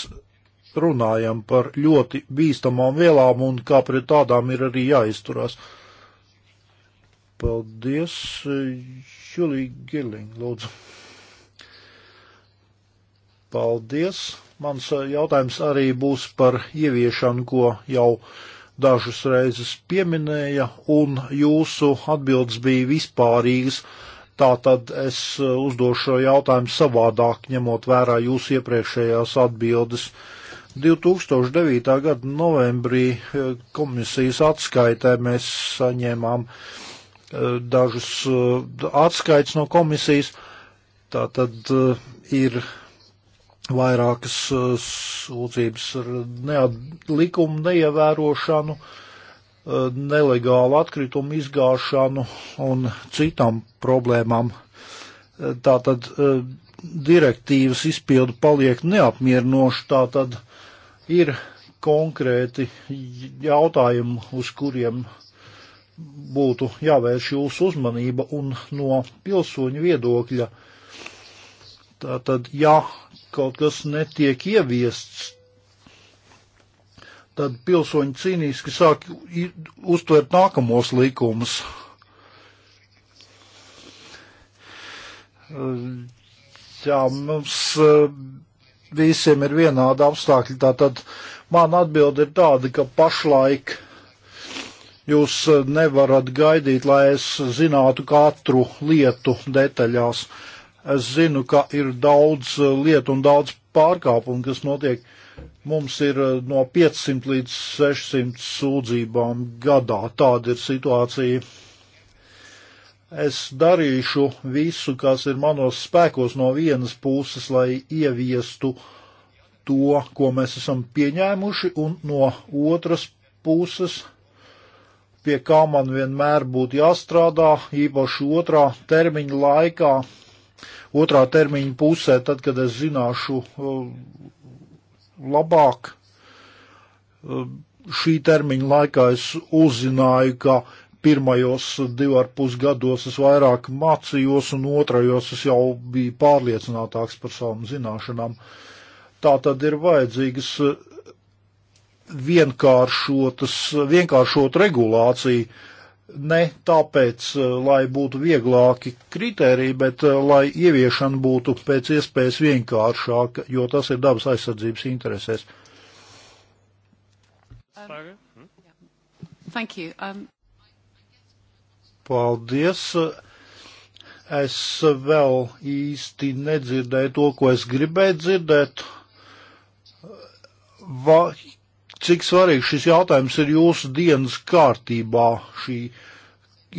runājam, par ļoti bīstamām vielām un kā pret tādām ir arī jāizturās. Uh, Paldies, Julija Giliņa, lūdzu. Paldies. Mans eh, jautājums arī būs par ieviešanu, ko jau dažas reizes pieminēja, un jūsu atbildes bija vispārīgas. Tātad es eh, uzdošu šo jautājumu savādāk, ņemot vērā jūsu iepriekšējās atbildes. 2009. gada novembrī eh, komisijas atskaitē mēs saņēmām uh, dažus eh, atskaits no komisijas. Tā tad eh, ir vairākas eh, sūdzības ar neat, likumu neievērošanu, nelegālu atkritumu izgāšanu un citām problēmām. Tātad direktīvas izpildu paliek neapmierinoši, tātad ir konkrēti jautājumi, uz kuriem uh, būtu jāvērš jūsu uzmanība un no pilsoņu viedokļa. Tātad, ja kaut kas netiek ieviests, tad pilsoņi cīnīski sāk uztvert nākamos likumus. Jā, mums eh, visiem ir vienāda apstākļa, tātad man atbilde ir tāda, ka pašlaik Jūs eh, nevarat gaidīt, lai es zinātu katru lietu detaļās. Es zinu, ka ir daudz eh, lietu un daudz pārkāpumu, kas notiek. Mums ir eh, no 500 līdz 600 sūdzībām gadā. Tāda ir situācija es darīšu visu, kas ir manos spēkos no vienas puses, lai ieviestu to, ko mēs esam pieņēmuši, un no otras puses pie kā man vienmēr būtu jāstrādā, īpaši otrā termiņa laikā, otrā termiņa pusē, tad, kad es zināšu uh, labāk. Uh, šī termiņa laikā es uzzināju, ka pirmajos divarpus gados es vairāk mācījos, un otrajos es jau biju pārliecinātāks par savām zināšanām. Tā tad ir vajadzīgas vienkāršotas, vienkāršotu regulāciju. Ne tāpēc, eh, lai būtu vieglāki kriteriji, bet eh, lai ieviešana būtu pēc iespējas vienkāršāka, jo tas ir dabas aizsardzības interesēs. Um, thank you. Um... Paldies. Es vēl īsti nedzirdēju to, ko es gribēju dzirdēt. Vai cik svarīgs šis jautājums ir jūsu dienas kārtībā, šī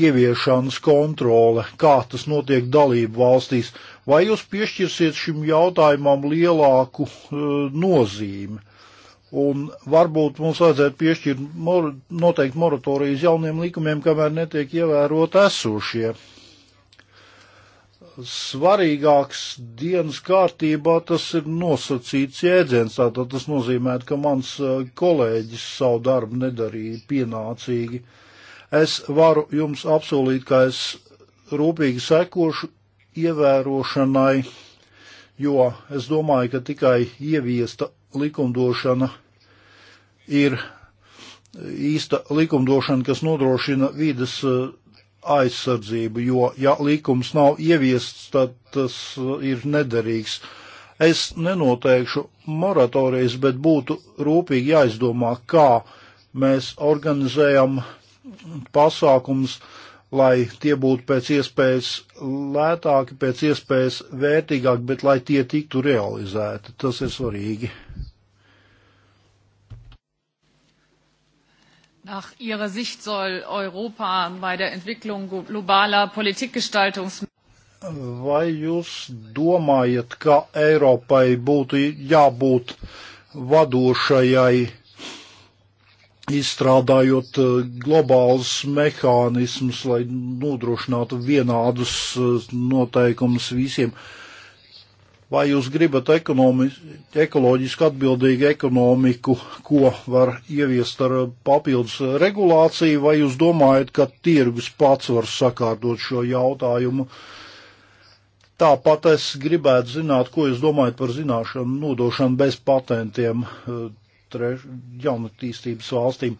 ieviešanas kontrole, kā tas notiek dalību valstīs, vai jūs piešķirsiet šim jautājumam lielāku e, nozīmi? Un varbūt mums vajadzētu piešķirt mor noteikti moratorijas jauniem likumiem, kamēr netiek ievērot esošie svarīgāks dienas kārtībā tas ir nosacīts jēdziens. Tātad tas nozīmē, ka mans uh, kolēģis savu darbu nedarīja pienācīgi. Es varu jums apsolīt, ka es rūpīgi sekošu ievērošanai, jo es domāju, ka tikai ieviesta likumdošana ir īsta likumdošana, kas nodrošina vīdes uh, aizsardzību, jo, ja likums nav ieviests, tad tas ir nederīgs. Es nenoteikšu moratorijas, bet būtu rūpīgi jāizdomā, kā mēs organizējam pasākums, lai tie būtu pēc iespējas lētāki, pēc iespējas vērtīgāki, bet lai tie tiktu realizēti. Tas ir svarīgi. Nach Ihrer Sicht soll Europa bei der Entwicklung globaler Politikgestaltung. Vai jūs domājat, ka Eiropai būtu jābūt vadošajai, izstrādājot e, globālus mehānismus, lai nodrošinātu vienādus e, noteikumus visiem? Uh, Vai jūs gribat ekoloģiski atbildīgu ekonomiku, ko var ieviest ar papildus regulāciju, vai jūs domājat, ka tirgus pats var sakārtot šo jautājumu? Tāpat es gribētu zināt, ko jūs domājat par zināšanu nodošanu bez patentiem eh, treš, jaunatīstības valstīm.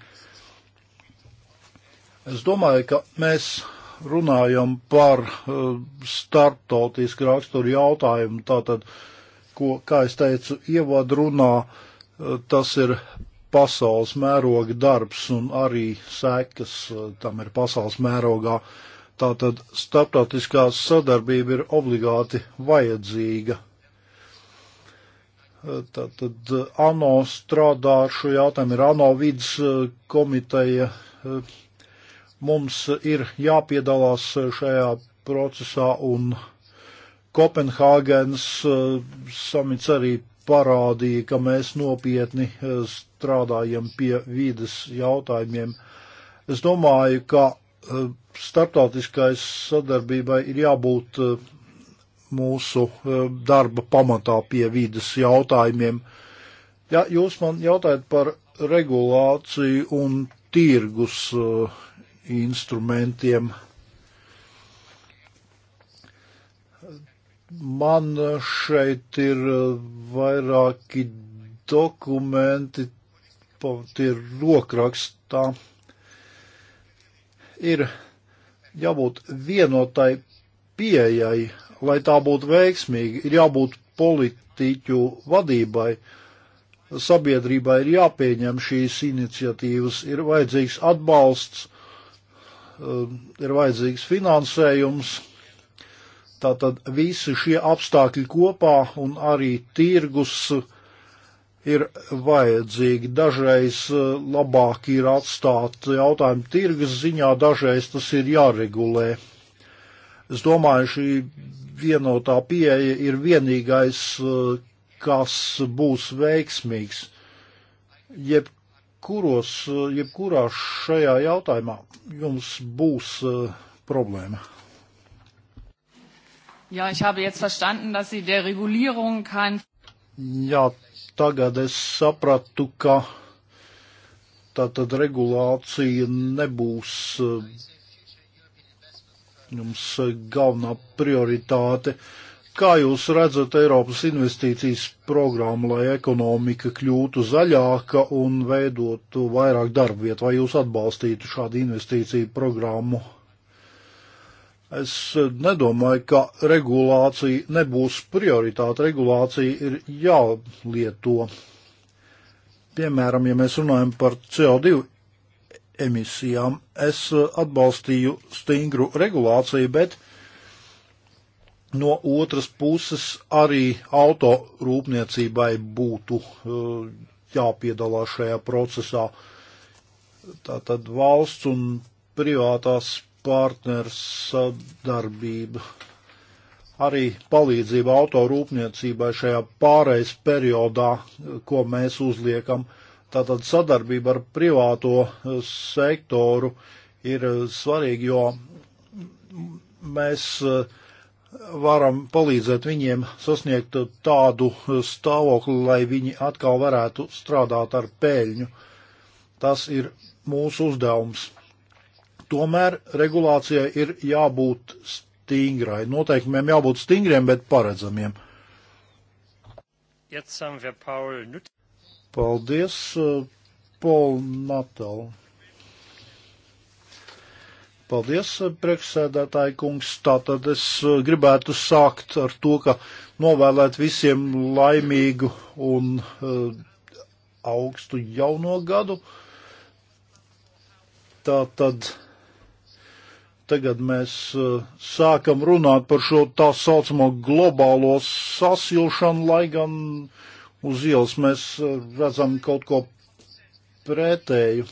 Es domāju, ka mēs runājam par uh, startautisku raksturu jautājumu, tātad, ko, kā es teicu, ievadrunā, uh, tas ir pasaules mēroga darbs un arī sekas uh, tam ir pasaules mērogā. Tātad starptautiskā sadarbība ir obligāti vajadzīga. Tātad ANO strādā ar šo jautājumu, ir ANO vidas komiteja mums ir jāpiedalās šajā procesā un Kopenhāgenes eh, samits arī parādīja, ka mēs nopietni eh, strādājam pie vīdes jautājumiem. Es domāju, ka eh, starptautiskais sadarbībai ir jābūt mūsu darba pamatā pie vīdes jautājumiem. Ja jūs man jautājat par regulāciju un tirgus uh, instrumentiem. Man šeit ir vairāki dokumenti, tie ir rokrakstā. Ir jābūt vienotai pieejai, lai tā būtu veiksmīga, ir jābūt politiķu vadībai. Sabiedrībai ir jāpieņem šīs iniciatīvas, ir vajadzīgs atbalsts Um, ir vajadzīgs finansējums. Tātad visi šie apstākļi kopā un arī tirgus ir vajadzīgi. Dažreiz uh, labāk ir atstāt jautājumu tirgus ziņā, dažreiz tas ir jāregulē. Es domāju, šī vienotā pieeja ir vienīgais, uh, kas būs veiksmīgs. Jeb jebkuros, jebkurā šajā jautājumā jums būs eh, problēma. Ja, ich habe jetzt verstanden, dass Sie der Regulierung kein. Ja, tagad es sapratu, ka tātad regulācija nebūs eh, jums eh, galvenā prioritāte. Uh, Kā jūs redzat Eiropas investīcijas programmu, lai ekonomika kļūtu zaļāka un veidotu vairāk darba vietu? Vai jūs atbalstītu šādu investīciju programmu? Es nedomāju, ka regulācija nebūs prioritāte. Regulācija ir jālieto. Piemēram, ja mēs runājam par CO2 emisijām, es atbalstīju stingru regulāciju, bet uh, no otras puses arī autorūpniecībai būtu eh, jāpiedalās šajā procesā. Tātad valsts un privātās partners sadarbība. Arī palīdzība autorūpniecībai šajā pārejas periodā, ko mēs uzliekam. Tātad sadarbība ar privāto eh, sektoru ir eh, svarīga, jo mēs uh, varam palīdzēt viņiem sasniegt tādu stāvokli, lai viņi atkal varētu strādāt ar pēļņu. Tas ir mūsu uzdevums. Tomēr regulācijai ir jābūt stingrai. Noteikumiem jābūt stingriem, bet paredzamiem. Paldies, eh, Paul Natal. Paldies, priekšsēdētāji kungs. Tātad es uh, gribētu sākt ar to, ka novēlēt visiem laimīgu un uh, augstu jauno gadu. Tātad tagad mēs uh, sākam runāt par šo tā saucamo globālo sasilšanu, lai gan uz ielas mēs uh, redzam kaut ko pretēju.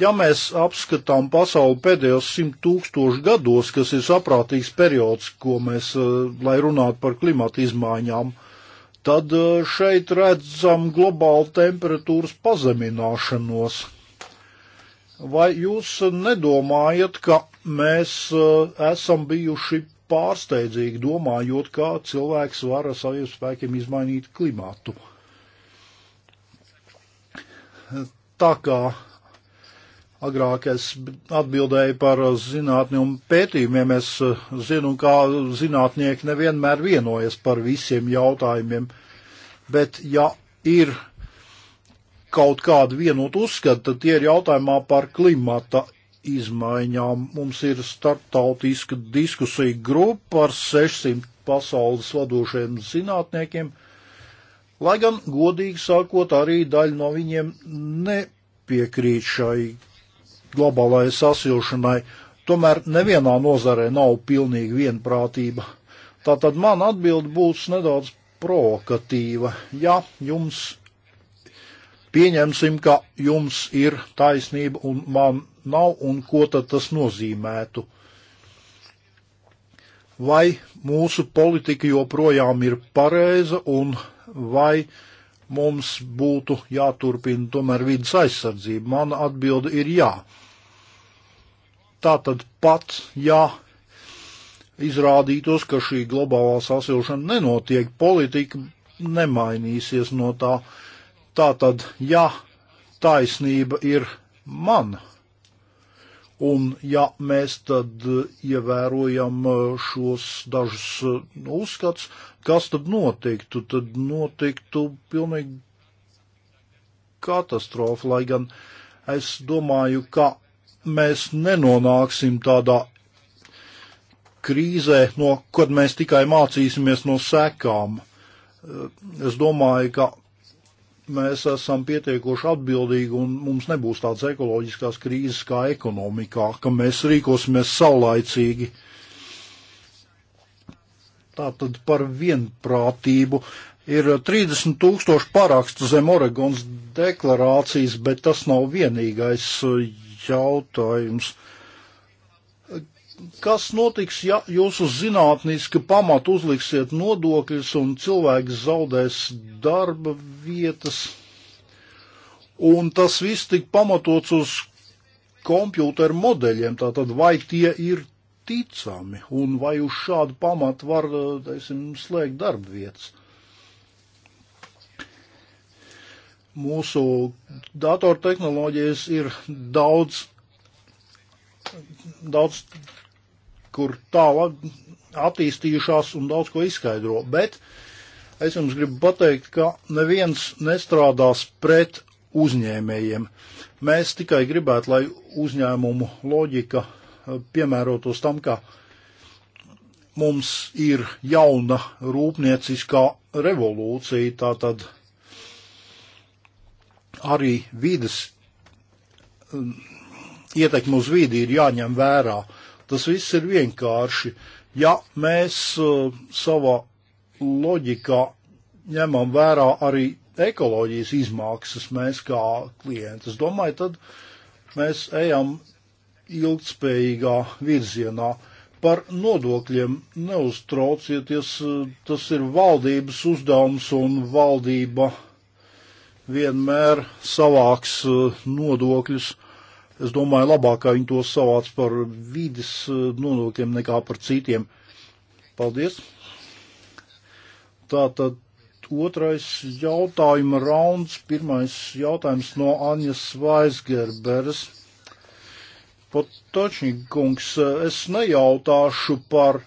Ja mēs apskatām pasauli pēdējos simt tūkstošu gados, kas ir saprātīgs periods, ko mēs, eh, lai runātu par klimatu izmaiņām, tad eh, šeit redzam globālu temperatūras pazemināšanos. Vai jūs nedomājat, ka mēs eh, esam bijuši pārsteidzīgi domājot, kā cilvēks var ar saviem spēkiem izmainīt klimatu? Tā kā Agrāk es atbildēju par zinātni un pētījumiem. Es eh, zinu, kā zinātnieki nevienmēr vienojas par visiem jautājumiem, bet ja ir kaut kāda vienota uzskata, tad tie ir jautājumā par klimata izmaiņām. Mums ir startautiska diskusija grupa ar 600 pasaules vadošiem zinātniekiem, lai gan godīgi sākot arī daļa no viņiem nepiekrīt šai globālajai sasilšanai. Tomēr nevienā nozarē nav pilnīga vienprātība. Tātad man atbildi būs nedaudz provokatīva. Ja jums pieņemsim, ka jums ir taisnība un man nav, un ko tad tas nozīmētu? Vai mūsu politika joprojām ir pareiza un vai uh, mums būtu jāturpina tomēr vidas aizsardzība? Mana atbilde ir jā. Tātad pat, ja izrādītos, ka šī globālā sasilšana nenotiek, politika nemainīsies no tā. Tātad, ja taisnība ir mana, Un ja mēs tad ievērojam uh, šos dažus uh, uzskats, kas tad notiktu? Tad notiktu pilnīgi katastrofa, lai gan es domāju, ka mēs nenonāksim tādā krīzē, no, kad mēs tikai mācīsimies no sekām. Uh, es domāju, ka mēs esam pietiekoši atbildīgi un mums nebūs tādas ekoloģiskās krīzes kā ekonomikā, ka mēs rīkosimies saulaicīgi. Tātad par vienprātību ir 30 tūkstoši parakstu zem Oregons deklarācijas, bet tas nav vienīgais jautājums. Uh, kas notiks, ja jūs uz zinātniska pamata uzliksiet nodokļus un cilvēks zaudēs darba vietas? Un tas viss tik pamatots uz kompjūteru modeļiem, tātad vai tie ir ticami un vai uz šādu pamatu var, teiksim, slēgt darba vietas. Mūsu datortehnoloģijas ir daudz, daudz kur tālāk attīstījušās un daudz ko izskaidro. Bet es jums gribu pateikt, ka neviens nestrādās pret uzņēmējiem. Mēs tikai gribētu, lai uzņēmumu loģika eh, piemērotos tam, ka mums ir jauna rūpnieciskā revolūcija, tātad arī vides eh, ietekme uz vidi ir jāņem vērā. Uh, Tas viss ir vienkārši. Ja mēs uh, savā loģikā ņemam vērā arī ekoloģijas izmaksas, mēs kā klienti, es domāju, tad mēs ejam ilgtspējīgā virzienā. Par nodokļiem neuztraucieties, eh, tas ir valdības uzdevums un valdība vienmēr savāks eh, nodokļus Es domāju, labāk viņi to savāc par vidas eh, nodokļiem nekā par citiem. Paldies! Tātad otrais jautājuma rauns. Pirmais jautājums no Aņas Vaisgerberes. Potočņikungs, eh, es nejautāšu par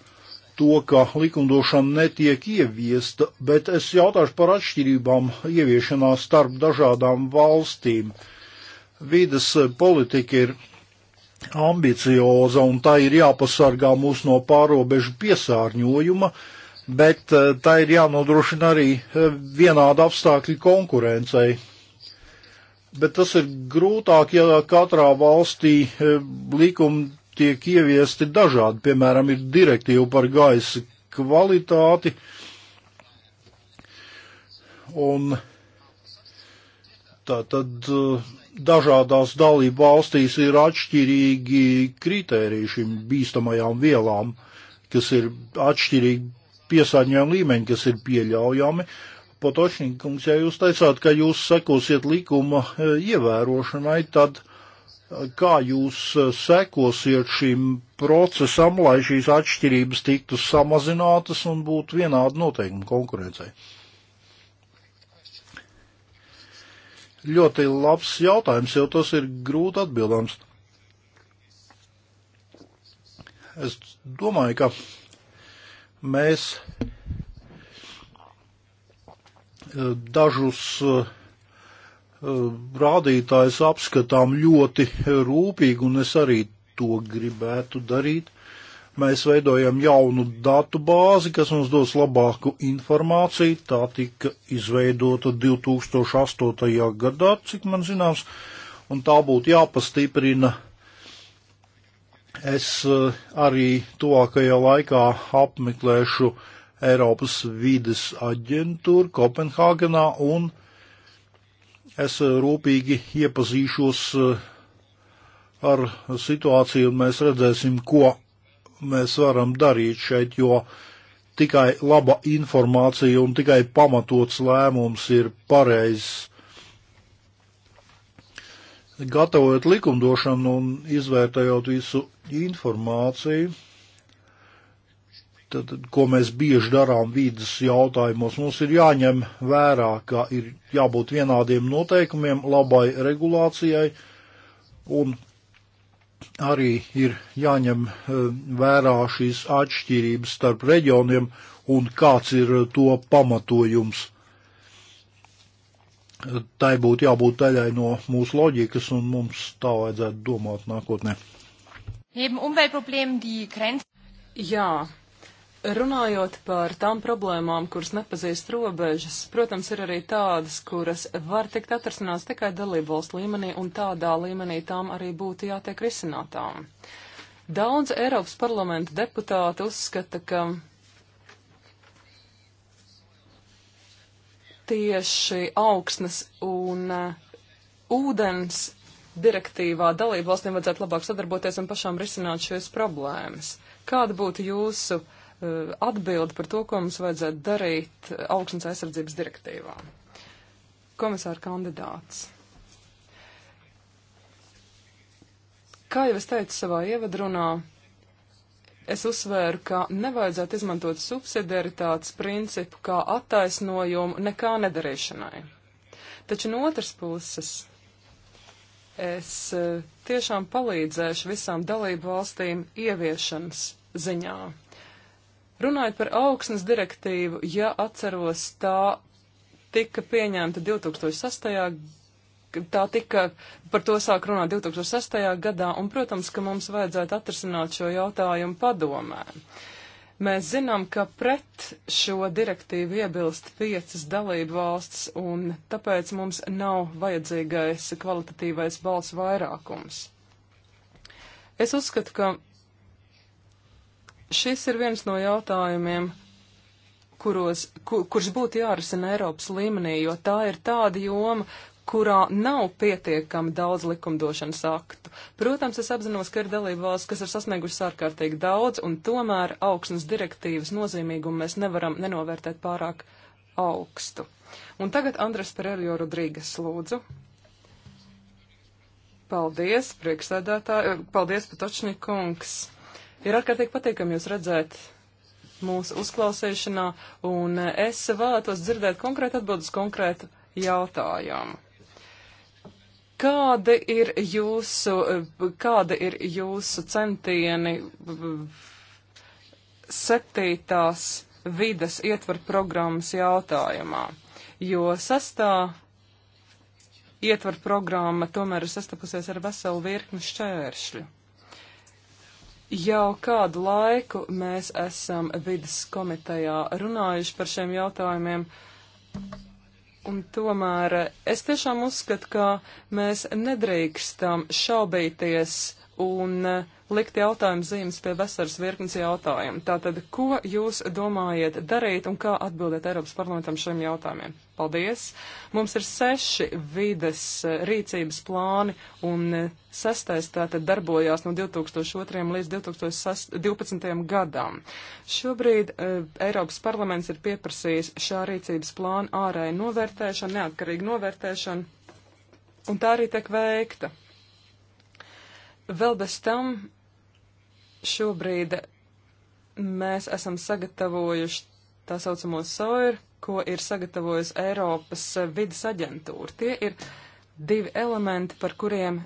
to, ka likumdošana netiek ieviesta, bet es jautāšu par atšķirībām ieviešanā starp dažādām valstīm. Uh, Vides politika ir ambicioza un tā ir jāpasargā mūs no pārobežu piesārņojuma, bet eh, tā ir jānodrošina arī eh, vienāda apstākļa konkurencei. Bet tas ir grūtāk, ja katrā valstī eh, likumi tiek ieviesti dažādi. Piemēram, ir direktīva par gaisa kvalitāti. Un tā tad uh, dažādās dalību valstīs ir atšķirīgi kriteriji šīm bīstamajām vielām, kas ir atšķirīgi piesārņojuma līmeņi, kas ir pieļaujami. Potočnīkums, ja jūs teicāt, ka jūs sekosiet likuma e, ievērošanai, tad e, kā jūs e, sekosiet šim procesam, lai šīs atšķirības tiktu samazinātas un būtu vienādi noteikumi konkurencei? ļoti labs jautājums, jo tas ir grūti atbildams. Es domāju, ka mēs eh, dažus eh, rādītājus apskatām ļoti rūpīgi, un es arī to gribētu darīt. Mēs veidojam jaunu datu bāzi, kas mums dos labāku informāciju. Tā tika izveidota 2008. gadā, cik man zināms, un tā būtu jāpastiprina. Es eh, arī tuvākajā laikā apmeklēšu Eiropas vides aģentūru Kopenhāgenā un es eh, rūpīgi iepazīšos eh, ar situāciju un mēs redzēsim, ko mēs varam darīt šeit, jo tikai laba informācija un tikai pamatots lēmums ir pareizs. Gatavojot likumdošanu un izvērtējot visu informāciju, tad, ko mēs bieži darām vīdas jautājumos, mums ir jāņem vērā, ka ir jābūt vienādiem noteikumiem, labai regulācijai un arī ir jāņem eh, vērā šīs atšķirības starp reģioniem un kāds ir eh, to pamatojums. Eh, tai būtu jābūt daļai no mūsu loģikas, un mums tā vajadzētu domāt nākotnē. Jā, Runājot par tām problēmām, kuras nepazīst robežas, protams, ir arī tādas, kuras var tikt atrasināts tikai dalību valsts līmenī, un tādā līmenī tām arī būtu jātiek risinātām. Daudz Eiropas parlamenta deputāti uzskata, ka tieši augsnes un uh, ūdens direktīvā dalību valstīm vajadzētu labāk sadarboties un pašām risināt šīs problēmas. Kāda būtu jūsu Eh, atbildi par to, ko mums vajadzētu darīt augstnes aizsardzības direktīvā. Komisāra kandidāts. Kā jau es teicu savā ievadrunā, es uzsvēru, ka nevajadzētu izmantot subsidiaritātes principu kā attaisnojumu nekā nedarīšanai. Taču no otras puses es eh, tiešām palīdzēšu visām dalību valstīm ieviešanas ziņā Runājot par augsnes direktīvu, ja atceros, tā tika pieņemta 2006. Tā tika, par to sāk runāt 2006. gadā, un, protams, ka mums vajadzētu atrisināt šo jautājumu padomē. Mēs zinām, ka pret šo direktīvu iebilst piecas dalību valsts, un tāpēc mums nav vajadzīgais kvalitatīvais balss vairākums. Es uzskatu, ka Šis ir viens no jautājumiem, kuros, kur, kurš būtu jārisina Eiropas līmenī, jo tā ir tāda joma, kurā nav pietiekami daudz likumdošanas aktu. Protams, es apzinos, ka ir dalība valsts, kas ir sasniegušas ārkārtīgi daudz, un tomēr augsnes direktīvas nozīmīgumu mēs nevaram nenovērtēt pārāk augstu. Un tagad Andres Perelio Rodrīgas lūdzu. Paldies, priekšsēdētāji, paldies, Patočņikungs. kungs. Ir ārkārtīgi patīkami jūs redzēt mūsu uzklausīšanā, un es vēlētos dzirdēt konkrētu atbildus konkrētu jautājumu. Kādi ir jūsu, kādi ir jūsu centieni septītās vides ietver programmas jautājumā? Jo sastā ietver programma tomēr ir sastapusies ar veselu virkni šķēršļu. Jau kādu laiku mēs esam vidas komitejā runājuši par šiem jautājumiem, un tomēr es tiešām uzskatu, ka mēs nedrīkstam šaubīties un eh, likt jautājumu zīmes pie vesaras virknes jautājumu. Tātad, ko jūs domājat darīt un kā atbildēt Eiropas parlamentam šiem jautājumiem? Paldies! Mums ir seši vides eh, rīcības plāni un eh, sestais tātad darbojās no 2002 līdz 2012 gadam. Šobrīd e, Eiropas parlaments ir pieprasījis šā rīcības plāna ārēju novērtēšanu, neatkarīgu novērtēšanu, un tā arī tiek veikta. Vēl bez tam šobrīd mēs esam sagatavojuši tā saucamo SOIR, ko ir sagatavojusi Eiropas vidas aģentūra. Tie ir divi elementi, par kuriem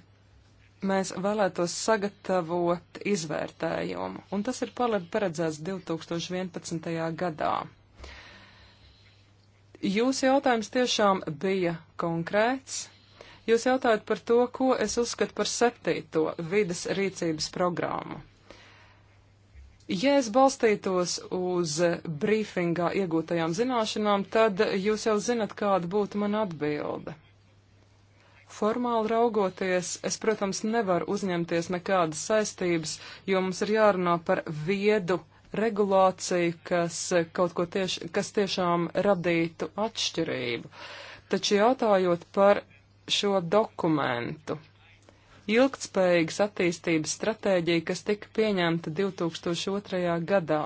mēs vēlētos sagatavot izvērtējumu, un tas ir paredzēts 2011. gadā. Jūsu jautājums tiešām bija konkrēts, Jūs jautājat par to, ko es uzskatu par septīto vidas rīcības programmu. Ja es balstītos uz brīfingā iegūtajām zināšanām, tad jūs jau zinat, kāda būtu mana atbilde. Formāli raugoties, es, protams, nevaru uzņemties nekādas saistības, jo mums ir jārunā par viedu regulāciju, kas kaut ko tieši, kas tiešām radītu atšķirību. Taču jautājot par šo dokumentu. Ilgtspējīgas attīstības stratēģija, kas tika pieņemta 2002. gadā.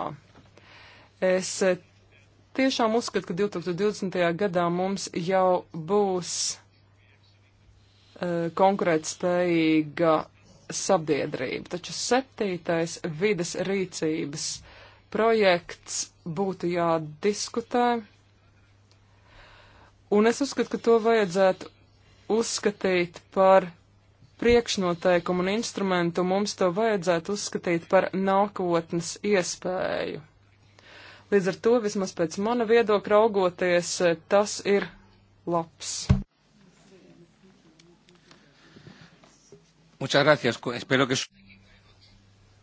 Es eh, tiešām uzskatu, ka 2020. gadā mums jau būs uh, konkurētspējīga sabiedrība, taču septītais vides rīcības projekts būtu jādiskutē. Un es uzskatu, ka to vajadzētu uzskatīt par priekšnoteikumu un instrumentu, mums to vajadzētu uzskatīt par nākotnes iespēju. Līdz ar to, vismaz pēc mana viedokļa raugoties, tas ir labs.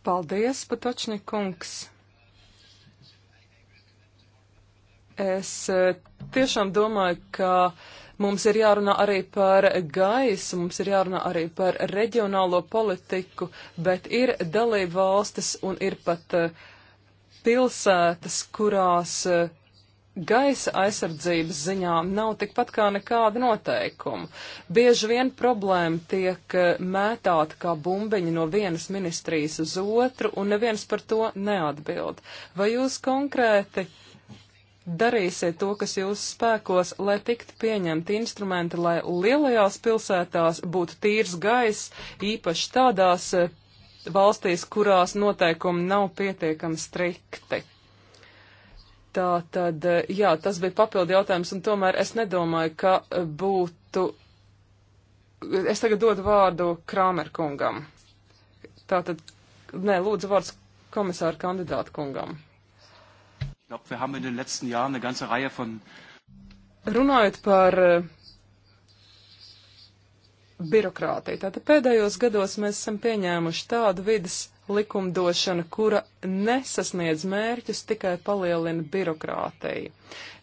Paldies, Patočnik kungs. Es eh, tiešām domāju, ka Mums ir jārunā arī par gaisu, mums ir jārunā arī par reģionālo politiku, bet ir dalība valstis un ir pat eh, pilsētas, kurās eh, gaisa aizsardzības ziņā nav tikpat kā nekāda noteikuma. Bieži vien problēma tiek eh, mētāta kā bumbiņa no vienas ministrijas uz otru, un neviens par to neatbild. Vai jūs konkrēti darīsiet to, kas jūsu spēkos, lai tiktu pieņemti instrumenti, lai lielajās pilsētās būtu tīrs gaiss, īpaši tādās eh, valstīs, kurās noteikumi nav pietiekami strikti. Tā tad, eh, jā, tas bija papildu jautājums, un tomēr es nedomāju, ka eh, būtu. Es tagad dodu vārdu Krāmerkungam. Tātad, nē, lūdzu vārds komisāra kandidāta kungam. Runājot par äh, birokrātiju, tātad pēdējos gados mēs esam pieņēmuši tādu vidas likumdošana, kura nesasniedz mērķus, tikai palielina birokrātiju.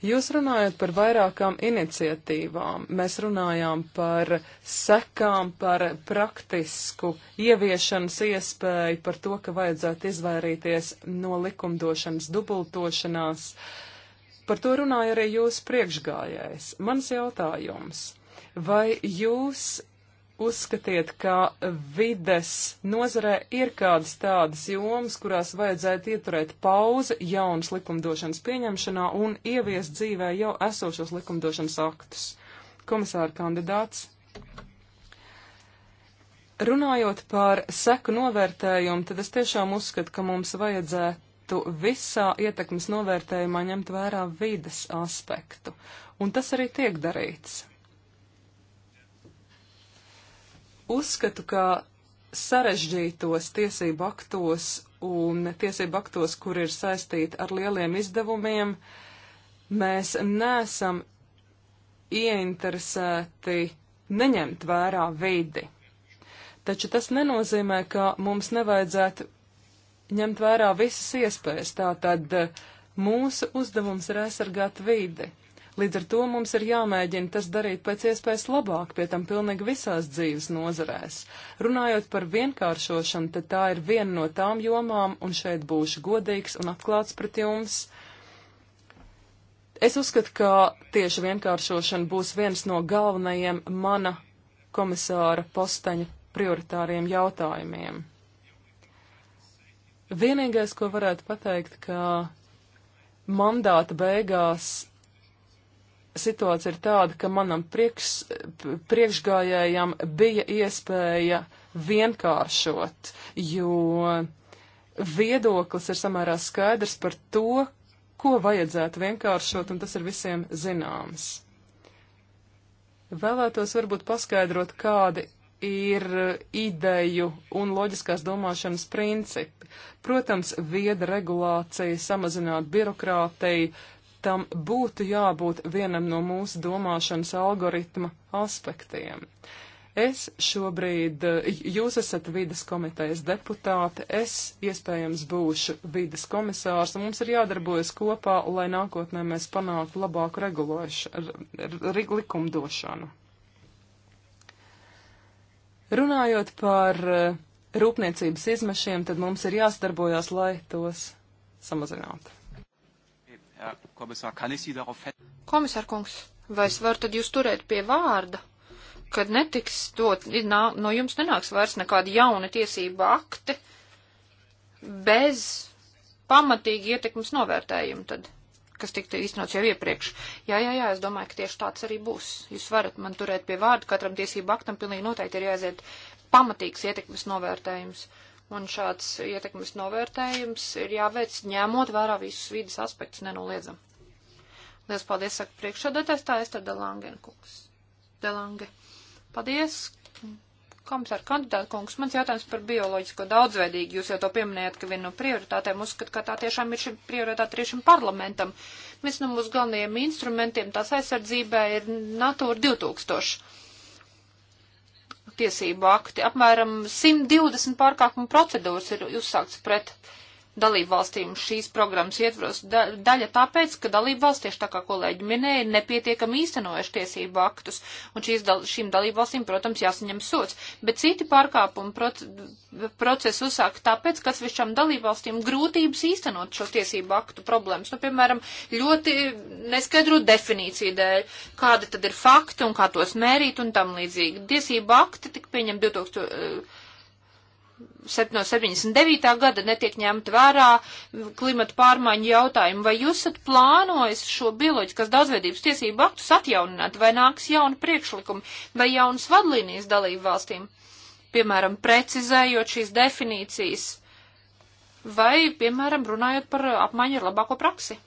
Jūs runājat par vairākām iniciatīvām. Mēs runājām par sekām, par praktisku ieviešanas iespēju, par to, ka vajadzētu izvairīties no likumdošanas dubultošanās. Par to runāja arī jūsu priekšgājējs. Mans jautājums. Vai jūs uzskatiet, ka vides nozarē ir kādas tādas jomas, kurās vajadzētu ieturēt pauzi jaunas likumdošanas pieņemšanā un ieviest dzīvē jau esošos likumdošanas aktus? Komisāra kandidāts. Runājot par seku novērtējumu, tad es tiešām uzskatu, ka mums vajadzētu visā ietekmes novērtējumā ņemt vērā vides aspektu. Un tas arī tiek darīts. Uzskatu, ka sarežģītos tiesību aktos un tiesību aktos, kur ir saistīti ar lieliem izdevumiem, mēs nesam ieinteresēti neņemt vērā vidi. Taču tas nenozīmē, ka mums nevajadzētu ņemt vērā visas iespējas. Tātad eh, mūsu uzdevums ir aizsargāt vidi. Līdz ar to mums ir jāmēģina tas darīt pēc iespējas labāk, pie tam pilnīgi visās dzīves nozarēs. Runājot par vienkāršošanu, tad tā ir viena no tām jomām, un šeit būšu godīgs un atklāts pret jums. Es uzskatu, ka tieši vienkāršošana būs viens no galvenajiem mana komisāra posteņa prioritāriem jautājumiem. Vienīgais, ko varētu pateikt, ka mandāta beigās situācija ir tāda, ka manam priekš, priekšgājējam bija iespēja vienkāršot, jo viedoklis ir samērā skaidrs par to, ko vajadzētu vienkāršot, un tas ir visiem zināms. Vēlētos varbūt paskaidrot, kādi ir ideju un loģiskās domāšanas principi. Protams, vieda regulācija, samazināt birokrātiju, tam būtu jābūt vienam no mūsu domāšanas algoritma aspektiem. Es šobrīd, eh, jūs esat vidas komitejas deputāte, es iespējams būšu vidas komisārs, un mums ir jādarbojas kopā, lai nākotnē mēs panāktu labāku likumdošanu. Runājot par eh, rūpniecības izmešiem, tad mums ir jāsadarbojās, lai tos samazinātu. Yeah. Kommissar, kann ich Sie darauf Komisār kungs, vai es varu tad jūs turēt pie vārda, kad netiks dot, nā, no jums nenāks vairs nekāda jauna tiesība akti bez pamatīgi ietekmes novērtējumu tad, kas tika īstenots jau iepriekš. Jā, jā, jā, es domāju, ka tieši tāds arī būs. Jūs varat man turēt pie vārda, katram tiesību aktam pilnīgi noteikti ir jāiziet pamatīgs ietekmes novērtējums. Un šāds ietekmes novērtējums ir jāveic ņemot vērā visus vidas aspektus nenoliedzami. Lielas paldies, saka priekšsādātājs, tā es tad Delangen kungs. Delange. Paldies, komisāra kandidāta kungs. Mans jautājums par bioloģisko daudzveidīgu. Jūs jau to pieminējat, ka viena no prioritātēm uzskat, ka tā tiešām ir šī prioritāte arī šim parlamentam. Viens no mūsu galvenajiem instrumentiem tās aizsardzībā ir Natūra 2000 tiesību akti. Apmēram 120 pārkāpumu procedūras ir uzsākts pret uh, dalību valstīm šīs programmas ietvaros. Da, daļa tāpēc, ka dalību valsts, tieši tā kā kolēģi minēja, nepietiekami īstenojuši tiesību aktus, un šīs, dal, šīm dalību valstīm, protams, jāsaņem sots. Bet citi pārkāpumi proc, procesu uzsāk tāpēc, ka atsevišķām dalību valstīm grūtības īstenot šo tiesību aktu problēmas. Nu, piemēram, ļoti neskaidru definīciju dēļ, kāda tad ir fakti un kā tos mērīt un tam līdzīgi. Tiesību akti tika pieņemti 2000 no 79. gada netiek ņemta vērā klimata pārmaiņu jautājumu. Vai jūs esat plānojis šo bioloģiskās daudzveidības tiesību aktus atjaunināt, vai nāks jauni priekšlikumi, vai jaunas vadlīnijas dalību valstīm, piemēram, precizējot šīs definīcijas, vai, piemēram, runājot par apmaiņu ar labāko praksi?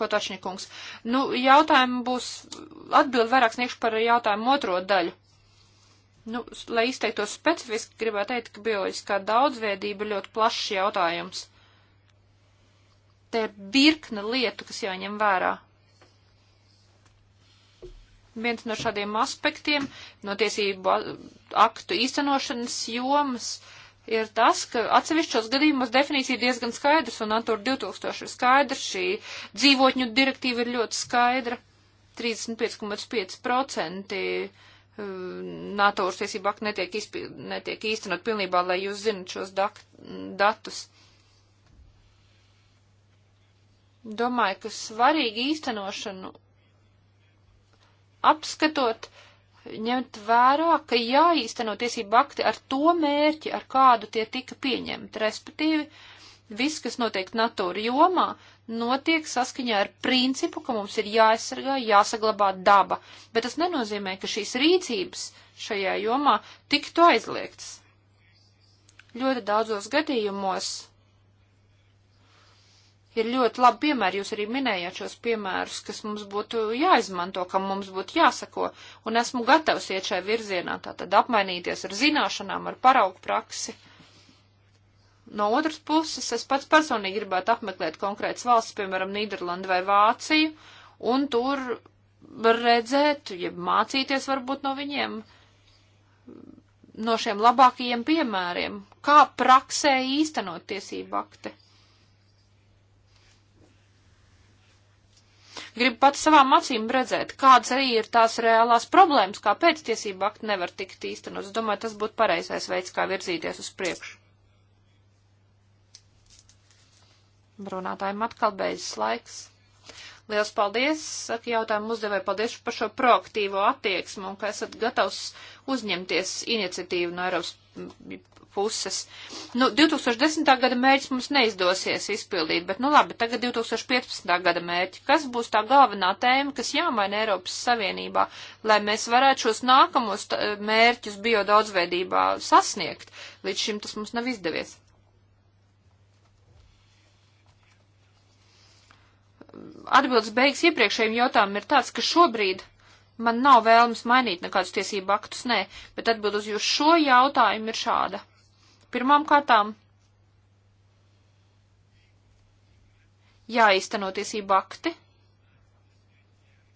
Potočņikungs. Nu, jautājumu būs, atbildi vairāk sniegšu par jautājumu otro daļu. Nu, lai izteiktos specifiski, gribētu teikt, ka bioloģiskā daudzveidība ir ļoti plašs jautājums. Te ir virkne lietu, kas jāņem vērā viens no šādiem aspektiem no tiesību aktu īstenošanas jomas ir tas, ka atsevišķos gadījumos definīcija diezgan skaidrs un Natura 2000 ir skaidrs, šī dzīvotņu direktīva ir ļoti skaidra. 35,5% uh, NATO tiesību akti netiek, izpī, netiek īstenot pilnībā, lai jūs zinat šos dak, datus. Domāju, ka svarīgi īstenošanu apskatot, uh, ņemt vērā, ka jāīsteno tiesību akti ar to mērķi, ar kādu tie tika pieņemti, respektīvi viss, kas notiek natūra jomā, notiek saskaņā ar principu, ka mums ir jāaizsargā, jāsaglabā daba, bet tas nenozīmē, ka šīs rīcības šajā jomā tiktu aizliegtas. Ļoti daudzos gadījumos ir ļoti labi piemēri. Jūs arī minējāt šos piemērus, kas mums būtu jāizmanto, kam mums būtu jāsako, un esmu gatavs iet šai virzienā, tātad apmainīties ar zināšanām, ar paraugu praksi. No otras puses, es pats personīgi gribētu apmeklēt konkrētas valsts, piemēram, Nīderlandu vai Vāciju, un tur redzēt, ja mācīties varbūt no viņiem, no šiem labākajiem piemēriem, kā praksē īstenot tiesību akti. Gribu pat savām acīm redzēt, kādas arī ir tās reālās problēmas, kāpēc tiesība akti nevar tikt īstenot. Es domāju, tas būtu pareizais veids, kā virzīties uz priekšu. Runātājiem atkal beidzas laiks. Liels paldies, saka jautājumu uzdevēju, paldies par šo proaktīvo attieksmu un ka esat gatavs uzņemties iniciatīvu no Eiropas puses. Nu, 2010. gada mērķis mums neizdosies izpildīt, bet, nu labi, tagad 2015. gada mērķi. Kas būs tā galvenā tēma, kas jāmaina Eiropas Savienībā, lai mēs varētu šos nākamos eh, mērķus biodaudzveidībā sasniegt? Līdz šim tas mums nav izdevies. Atbildes beigas iepriekšējiem jautājumiem ir tāds, ka šobrīd man nav vēlmes mainīt nekādus tiesību aktus, nē, bet atbild uz jūsu šo jautājumu ir šāda. Pirmām kārtām jāīsteno tiesību akti,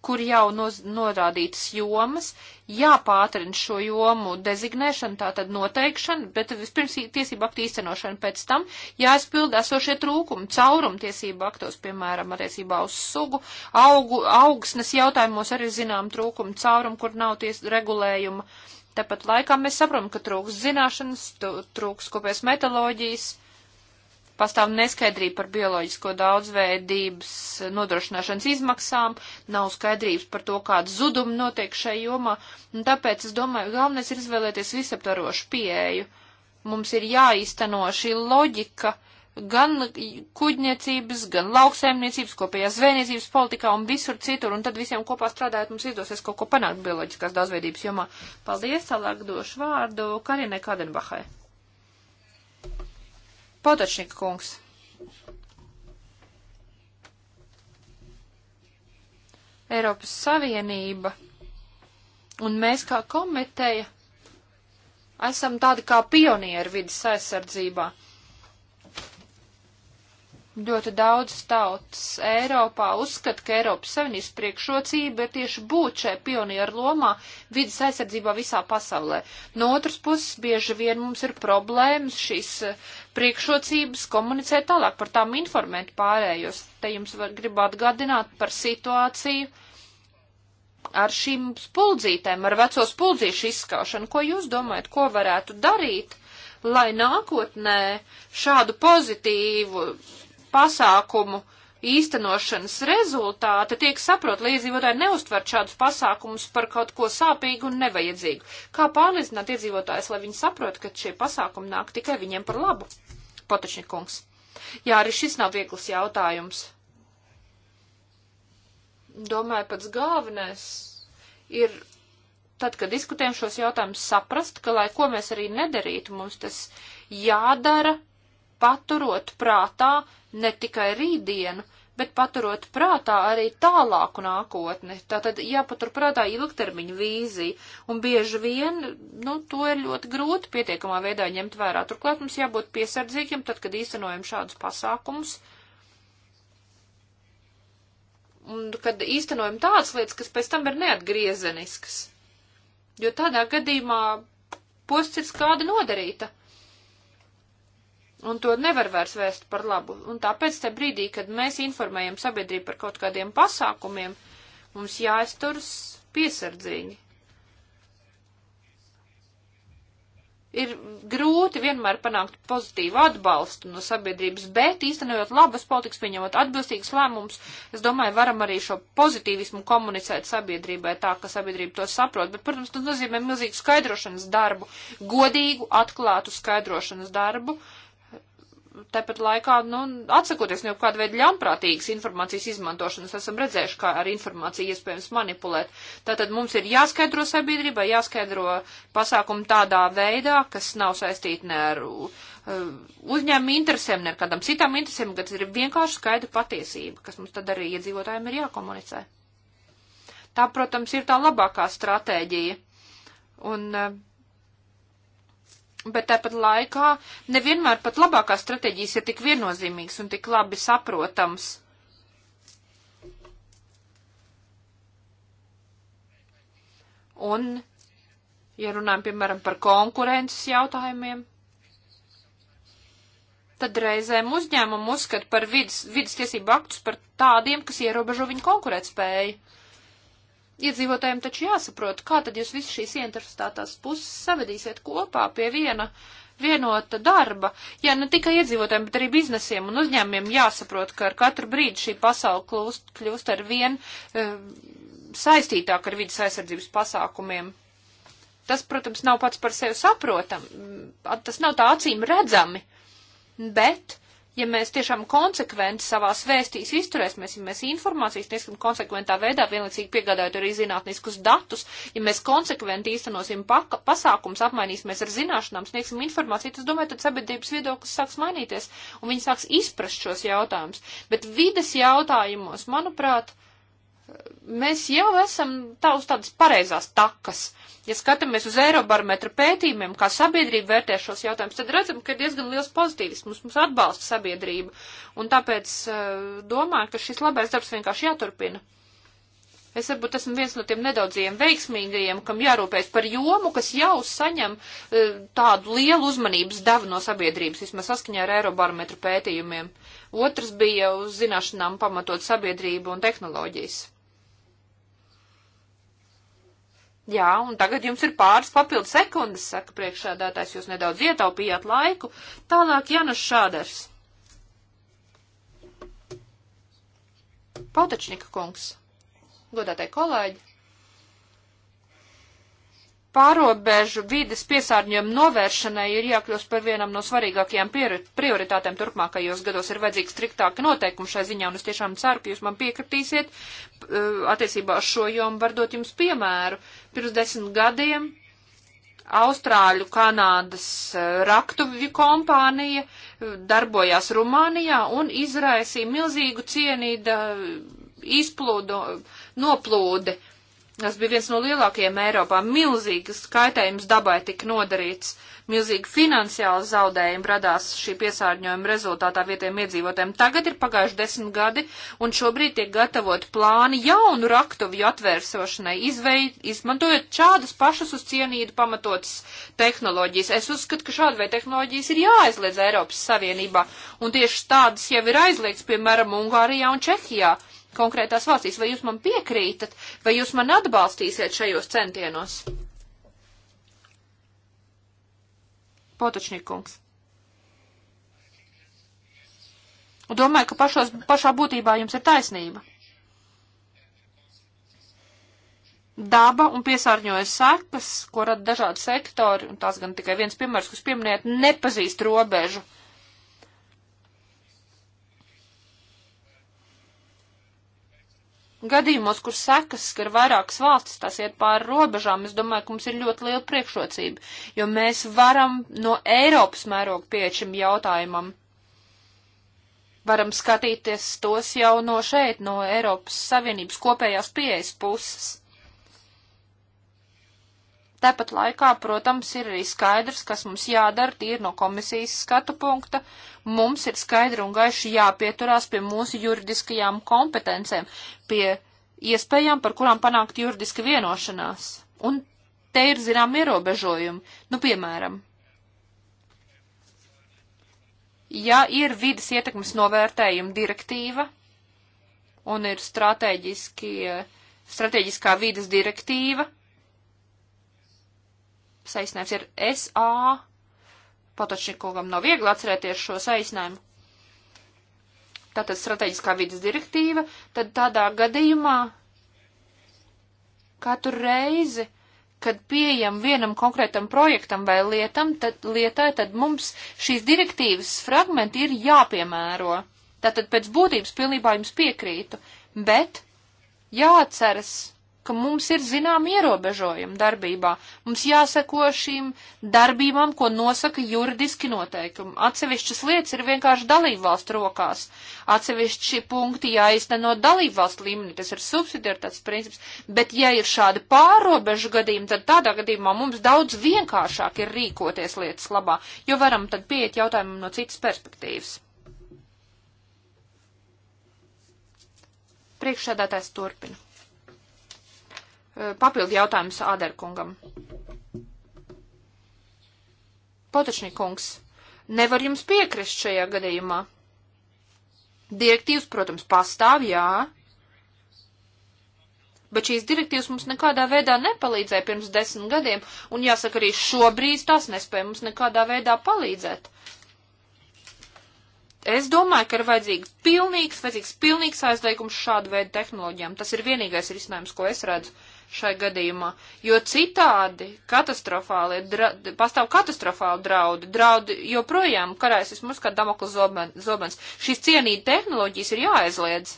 kur jau noz, norādītas jomas, jāpātrina šo jomu dezignēšanu, tātad noteikšanu, bet vispirms tiesību aktu īstenošanu pēc tam jāizpild esošie trūkumi, caurumi tiesību aktos, piemēram, attiecībā uz sugu, augu, augsnes jautājumos arī zinām trūkumi, caurumi, kur nav ties regulējuma. Uh, Tāpat laikā mēs saprotam, ka trūks zināšanas, trūks kopējas metaloģijas, pastāv neskaidrība par bioloģisko daudzveidības eh, nodrošināšanas izmaksām, nav skaidrības par to, kāda zuduma notiek šai jomā, un tāpēc es domāju, galvenais ir izvēlēties visaptvarošu pieeju. Mums ir jāizteno šī loģika, uh, gan kuģniecības, gan lauksaimniecības, kopējās zvejniecības politikā un visur citur, un tad visiem kopā strādājot mums izdosies kaut ko panākt bioloģiskās daudzveidības jomā. Paldies, tālāk došu vārdu Karinai Kadenbahai. Potočnika kungs. Eiropas Savienība un mēs kā komiteja esam tādi kā pionieri vidas aizsardzībā. Ļoti daudz tautas Eiropā uzskata, ka Eiropas Savienības priekšrocība ir tieši būt šai pionieru lomā vidas aizsardzībā visā pasaulē. No otras puses, bieži vien mums ir problēmas šīs eh, priekšrocības komunicēt tālāk, par tām informēt pārējos. Te jums var, gribu atgādināt par situāciju ar šīm spuldzītēm, ar veco spuldzīšu izskaušanu. Ko jūs domājat, ko varētu darīt, lai nākotnē šādu pozitīvu pasākumu īstenošanas rezultāti tiek saprot, līdzīvotāji neuztver šādus pasākumus par kaut ko sāpīgu un nevajadzīgu. Kā pārliecināt iedzīvotājus, lai viņi saprot, ka šie pasākumi nāk tikai viņiem par labu? Potečnikungs. Jā, arī šis nav viegls jautājums. Domāju, pats galvenais ir tad, kad diskutējam šos jautājumus, saprast, ka, lai ko mēs arī nedarītu, mums tas jādara paturot prātā ne tikai rītdienu, bet paturot prātā arī tālāku nākotni. Tātad jāpatur prātā ilgtermiņa vīzija, un bieži vien, nu, to ir ļoti grūti pietiekamā veidā ņemt vērā. Turklāt mums jābūt piesardzīgiem, tad, kad īstenojam šādus pasākumus, un kad īstenojam tādas lietas, kas pēc tam ir neatgriezeniskas. Jo tādā gadījumā posts ir kāda nodarīta. Un to nevar vairs vēst par labu. Un tāpēc te brīdī, kad mēs informējam sabiedrību par kaut kādiem pasākumiem, mums jāizturas piesardzīgi. ir grūti vienmēr panākt pozitīvu atbalstu no sabiedrības, bet īstenojot labas politikas, pieņemot atbilstīgas lēmumus, es domāju, varam arī šo pozitīvismu komunicēt sabiedrībai tā, ka sabiedrība to saprot. Bet, protams, tas nozīmē milzīgu skaidrošanas darbu, godīgu, atklātu skaidrošanas darbu, uh, tāpat laikā, nu, atsakoties no kāda veida ļaunprātīgas informācijas izmantošanas, esam redzējuši, kā ar informāciju iespējams manipulēt. Tātad mums ir jāskaidro sabiedrībai, jāskaidro pasākumu tādā veidā, kas nav saistīti ne ar uh, uzņēmumu interesēm, ne ar kādam citām interesēm, bet ir vienkārši skaidra patiesība, kas mums tad arī iedzīvotājiem ir jākomunicē. Tā, protams, ir tā labākā stratēģija. Un, uh, Bet tāpat laikā nevienmēr pat labākās stratēģijas ir tik viennozīmīgas un tik labi saprotams. Un, ja runājam, piemēram, par konkurences jautājumiem, tad reizēm uzņēmumu uzskata par vidas, vidas tiesību aktus par tādiem, kas ierobežo viņu konkurētspēju. Iedzīvotājiem taču jāsaprot, kā tad jūs visu šīs interesētās puses savedīsiet kopā pie viena vienota darba. Jā, ne tikai iedzīvotājiem, bet arī biznesiem un uzņēmumiem jāsaprot, ka ar katru brīdi šī pasaule kļūst, kļūst ar vien e, saistītāk ar vidas aizsardzības pasākumiem. Tas, protams, nav pats par sevi saprotam, mm, tas nav tā acīm redzami, bet ja mēs tiešām konsekventi savās vēstīs izturēsimies, ja mēs informācijas tiešām konsekventā veidā vienlaicīgi piegādājot arī zinātniskus datus, ja mēs konsekventi īstenosim paka, pasākums, apmainīsimies ar zināšanām, sniegsim informāciju, tas, domāju, tad sabiedrības viedoklis sāks mainīties un viņi sāks izprast šos jautājumus. Bet vides jautājumos, manuprāt, mēs jau esam tā uz tādas pareizās takas. Uh, ja skatāmies uz Eirobarometra pētījumiem, kā sabiedrība vērtē šos jautājumus, tad redzam, ka ir diezgan liels pozitīvs. Mums, mums atbalsta sabiedrība. Un tāpēc uh, domāju, ka šis labais darbs vienkārši jāturpina. Es varbūt esmu viens no tiem nedaudziem veiksmīgajiem, kam jārūpējas par jomu, kas jau saņem uh, tādu lielu uzmanības devu no sabiedrības, vismaz saskaņā ar Eirobarometru pētījumiem. Otrs bija uz zināšanām pamatot sabiedrību un tehnoloģijas. Jā, un tagad jums ir pāris papildu sekundes, saka priekšsēdētājs, jūs nedaudz ietaupījāt laiku. Tālāk Janus Šāders. Pautečnika kungs, godātai kolēģi, pārobežu vides piesārņojumu novēršanai ir jākļūst par vienam no svarīgākajām prioritātēm turpmākajos gados. Ir vajadzīgi striktāki noteikumi šai ziņā, un es tiešām ceru, ka jūs man piekritīsiet eh, attiecībā uz šo jomu. Var dot jums piemēru. Pirms desmit gadiem Austrāļu Kanādas eh, raktuvju kompānija eh, darbojās Rumānijā un izraisīja milzīgu cienīda izplūdu, noplūdi. Uh, Tas bija viens no lielākajiem Eiropā. Milzīgas kaitējums dabai tika nodarīts. Milzīgi finansiāli zaudējumi radās šī piesārņojuma rezultātā vietiem iedzīvotājiem. Tagad ir pagājuši desmit gadi, un šobrīd tiek gatavot plāni jaunu raktuvju atvērsošanai, izveid, izmantojot šādas pašas uz cienītu pamatotas tehnoloģijas. Es uzskatu, ka šāda veida tehnoloģijas ir jāaizliedz Eiropas Savienībā, un tieši tādas jau ir aizliegts, piemēram, Ungārijā un Čehijā konkrētās valstīs. Vai jūs man piekrītat, vai jūs man atbalstīsiet šajos centienos? Potočnikungs. Un domāju, ka pašos, pašā būtībā jums ir taisnība. Daba un piesārņojas sekas, ko rada dažādi sektori, un tās gan tikai viens piemērs, kas pieminēt, nepazīst robežu. Uh, gadījumos, kur sekas skar vairākas valstis, tas iet pāri robežām, es domāju, ka mums ir ļoti liela priekšrocība, jo mēs varam no Eiropas mēroga pieeja šim jautājumam. Varam skatīties tos jau no šeit, no Eiropas Savienības kopējās pieejas puses. Tāpat laikā, protams, ir arī skaidrs, kas mums jādara tīri no komisijas skatu punkta, uh, mums ir skaidri un gaiši jāpieturās pie mūsu juridiskajām kompetencēm, pie iespējām, par kurām panākt juridiski vienošanās. Un te ir zinām ierobežojumi. Nu, piemēram, ja ir vidas ietekmes novērtējuma direktīva un ir strateģiskā vidas direktīva, saistināts ar SA Potočnikovam nav viegli atcerēties šo saīsinājumu. Tātad strateģiskā vidas direktīva, tad tādā gadījumā katru reizi, kad pieejam vienam konkrētam projektam vai lietam, tad, lietai, tad mums šīs direktīvas fragmenti ir jāpiemēro. Tātad pēc būtības pilnībā jums piekrītu, bet jāatceras ka mums ir zinām ierobežojumi darbībā. Mums jāseko šīm darbībām, ko nosaka juridiski noteikumi. Atsevišķas lietas ir vienkārši dalībvalstu rokās. Atsevišķi punkti jāizteno dalībvalstu līmenī, tas ir subsidiaritātes princips, bet ja ir šādi pārobežu gadījumi, tad tādā gadījumā mums daudz vienkāršāk ir rīkoties lietas labā, jo varam tad pieiet jautājumam no citas perspektīvas. Priekšsēdētājs turpina. Eh, papildu jautājums Āderkungam. Potočnikungs, nevar jums piekrist šajā gadījumā. Direktīvas, protams, pastāv, jā, bet šīs direktīvas mums nekādā veidā nepalīdzēja pirms desmit gadiem, un jāsaka arī šobrīd tās nespēja mums nekādā veidā palīdzēt. Es domāju, ka ir vajadzīgs pilnīgs, vajadzīgs pilnīgs aizliegums šādu veidu tehnoloģijām. Tas ir vienīgais risinājums, ko es redzu. Uh, šai gadījumā, jo citādi katastrofāli, dra, pastāv katastrofāli draudi, draudi joprojām karājas vismaz kā Damoklis zobens. Šīs cienīt tehnoloģijas ir jāaizliedz,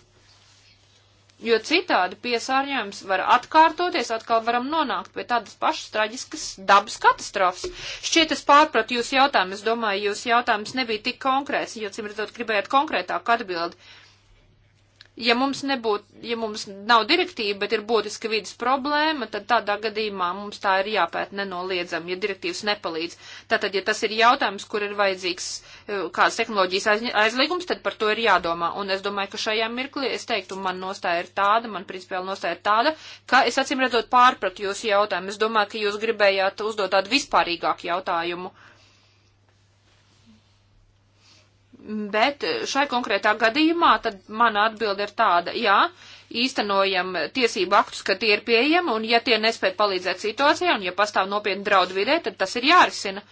jo citādi piesārņojums var atkārtoties, atkal varam nonākt pie tādas pašas traģiskas dabas katastrofas. Šķiet, es pārpratu jūsu jautājumu, es domāju, jūsu jautājums nebija tik konkrēts, jo, cim redzot, gribējāt konkrētāku atbildi ja mums nebūtu, ja mums nav direktīva, bet ir būtiska vidas problēma, tad tādā gadījumā mums tā ir jāpēt nenoliedzami, ja direktīvas nepalīdz. Tātad, ja tas ir jautājums, kur ir vajadzīgs e, kāds tehnoloģijas aizliegums, tad par to ir jādomā. Un es domāju, ka šajā mirklī es teiktu, man nostāja ir tāda, man principiāli nostāja ir tāda, ka es acīm redzot pārpratu jūsu jautājumu. Es domāju, ka jūs gribējāt uzdot tādu vispārīgāku jautājumu. Uh, Bet šai konkrētā gadījumā tad mana atbilde ir tāda, jā, īstenojam tiesību aktus, ka tie ir pieejami, un ja tie nespēja palīdzēt situācijā, un ja pastāv nopietni draudu vidē, tad tas ir jārisina.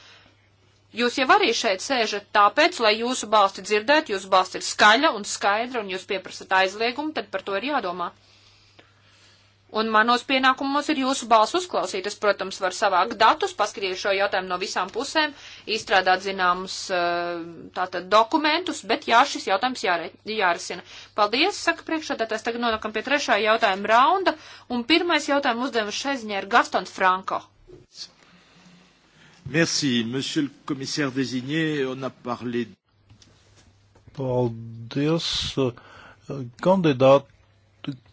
Jūs jau arī šeit sēžat tāpēc, lai jūsu balsti dzirdētu, jūsu balsti ir skaļa un skaidra, un jūs pieprasat aizliegumu, tad par to ir jādomā. Un manos pienākumos ir jūsu balss uzklausīt. Es, protams, varu savākt datus, paskatīt šo jautājumu no visām pusēm, izstrādāt zināmus eh, tātad dokumentus, bet jā, šis jautājums jāre, jārisina. Paldies, saka priekšādātājs. Tagad nonākam pie trešā jautājuma raunda. Un pirmais jautājums uzdevums šai ziņā ir Gastons Franko. Merci, monsieur le commissaire désigné. On a parlé. Paldies. Kandidāti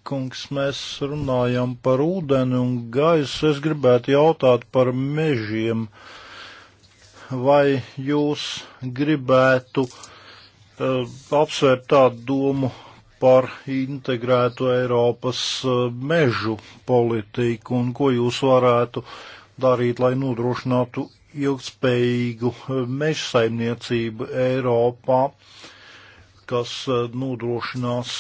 kungs, mēs runājam par ūdeni un gaisu. Es gribētu jautāt par mežiem. Vai jūs gribētu uh, apsvērt tādu domu par integrētu Eiropas uh, mežu politiku un ko jūs varētu darīt, lai nodrošinātu ilgspējīgu eh, meža saimniecību Eiropā, kas nodrošinās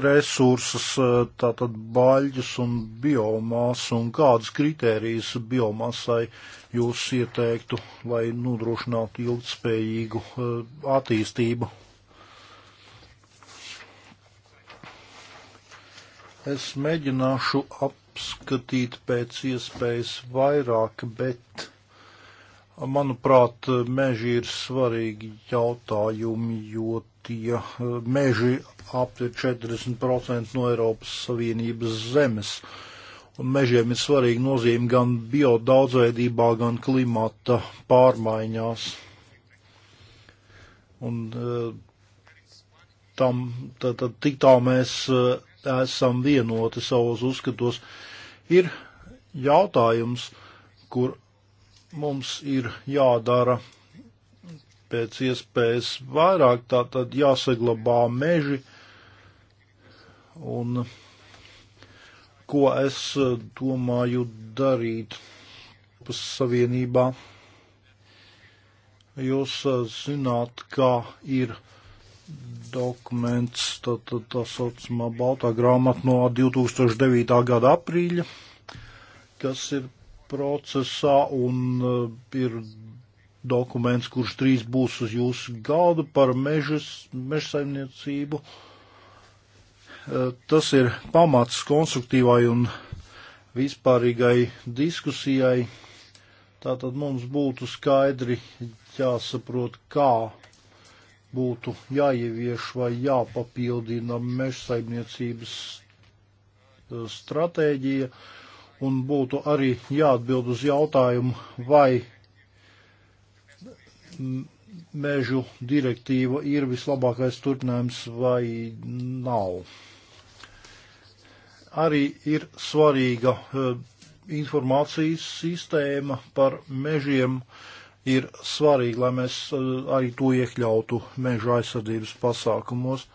resursus, e, tātad baļģus un biomasu, un kādas kritērijas biomasai jūs ieteiktu, lai nodrošinātu ilgtspējīgu e, attīstību? Es mēģināšu apskatīt pēc iespējas vairāk, bet. Manuprāt, meži ir svarīgi jautājumi, jo tie meži aptver 40% no Eiropas Savienības zemes. Un mežiem ir svarīga nozīme gan biodaudzveidībā, gan klimata pārmaiņās. Un e, tam, tad, tad tik tā mēs e, esam vienoti savos uzskatos. Ir jautājums, kur mums ir jādara pēc iespējas vairāk, tā tad jāsaglabā meži. Un ko es eh, domāju darīt Savienībā? Jūs eh, zināt, kā ir dokuments, tā, tā, tā saucamā baltā grāmata no 2009. gada aprīļa, kas ir procesā un eh, ir dokuments, kurš drīz būs uz jūsu galda par mežas, mežsaimniecību. E, tas ir pamats konstruktīvai un vispārīgai diskusijai. Tātad mums būtu skaidri jāsaprot, kā būtu jāievieš vai jāpapildina mežsaimniecības e, stratēģija, un būtu arī jāatbild uz jautājumu, vai mežu direktīva ir vislabākais turpinājums vai nav. Arī ir svarīga eh, informācijas sistēma par mežiem, ir svarīgi, lai mēs eh, arī to iekļautu meža aizsardzības pasākumos.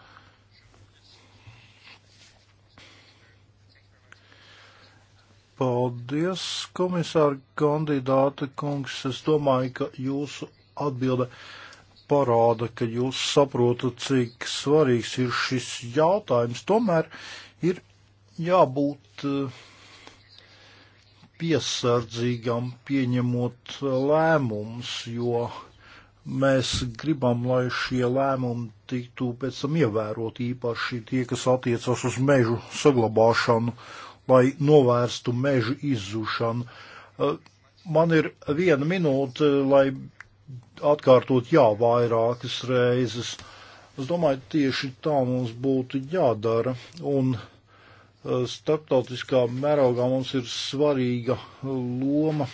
Paldies, komisāra kandidāta kungs. Es domāju, ka jūsu atbilde parāda, ka jūs saprotat, cik svarīgs ir šis jautājums. Tomēr ir jābūt eh, piesardzīgam pieņemot lēmumus, jo mēs gribam, lai šie lēmumi tiktu pēc tam ievērot īpaši tie, kas attiecas uz mežu saglabāšanu, lai novērstu mežu izzušanu. Eh, man ir viena minūte, lai atkārtot jā vairākas reizes. Es domāju, tieši tā mums būtu jādara. Un eh, starptautiskā mērogā mums ir svarīga eh, loma.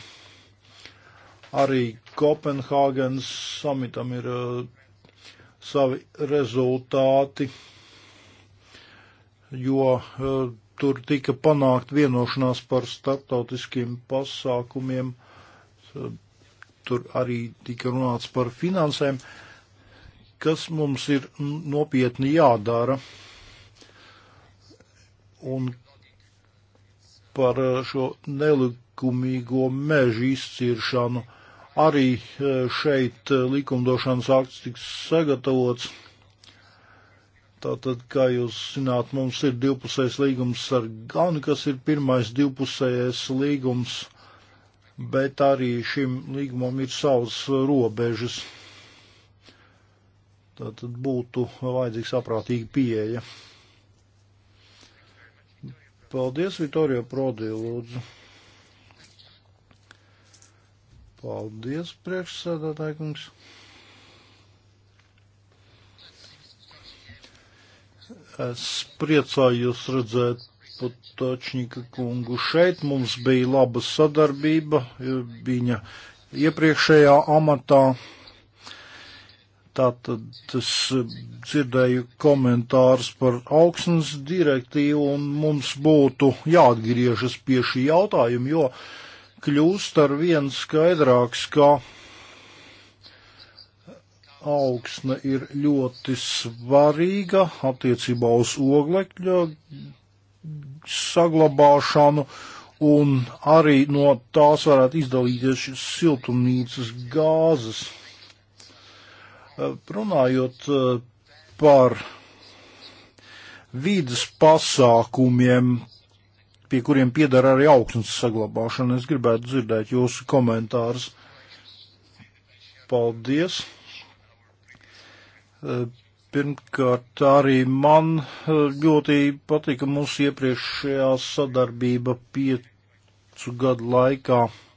Arī Kopenhāgenes samitam ir uh, savi rezultāti, jo uh, tur tika panākt vienošanās par starptautiskiem pasākumiem. Uh, tur arī tika runāts par finansēm, kas mums ir nopietni jādara. Un par eh, šo nelikumīgo mežu izciršanu arī eh, šeit eh, likumdošanas akts tiks sagatavots. Tātad, kā jūs zināt, mums ir divpusējs līgums ar Gauni, kas ir pirmais divpusējais līgums bet arī šim līgumam ir savas robežas. Tātad būtu vajadzīga saprātīga pieeja. Paldies, Vitorija Prodī, lūdzu. Paldies, priekšsēdētāji kungs. Es priecājos redzēt Potočņika kungu šeit. Mums bija laba sadarbība eh, viņa iepriekšējā amatā. Tātad es dzirdēju komentārus par augsnes direktīvu un mums būtu jāatgriežas pie šī jautājuma, jo kļūst ar vien skaidrāks, ka augsne ir ļoti svarīga attiecībā uz oglekļa saglabāšanu, un arī no tās varētu izdalīties šis siltumnīcas gāzes. Eh, runājot eh, par vīdas pasākumiem, pie kuriem piedara arī augsnes saglabāšana. Es gribētu dzirdēt jūsu komentārus. Paldies! Eh, Pirmkārt, arī man eh, ļoti patika mūsu iepriekšējā sadarbība piecu gadu laikā eh,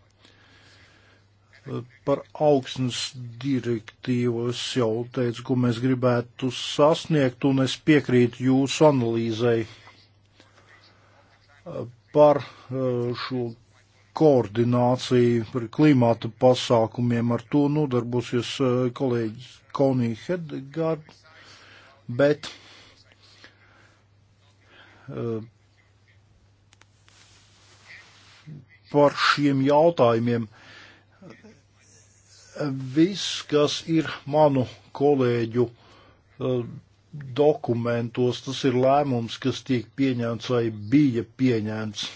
par augstnes direktīvu. Es jau teicu, ko mēs gribētu sasniegt, un es piekrītu jūsu analīzei eh, par šo koordināciju par klimata pasākumiem. Ar to nodarbosies kolēģis Konija Hedegārds bet eh, par šiem jautājumiem viss, kas ir manu kolēģu eh, dokumentos, tas ir lēmums, kas tiek pieņemts vai bija pieņemts.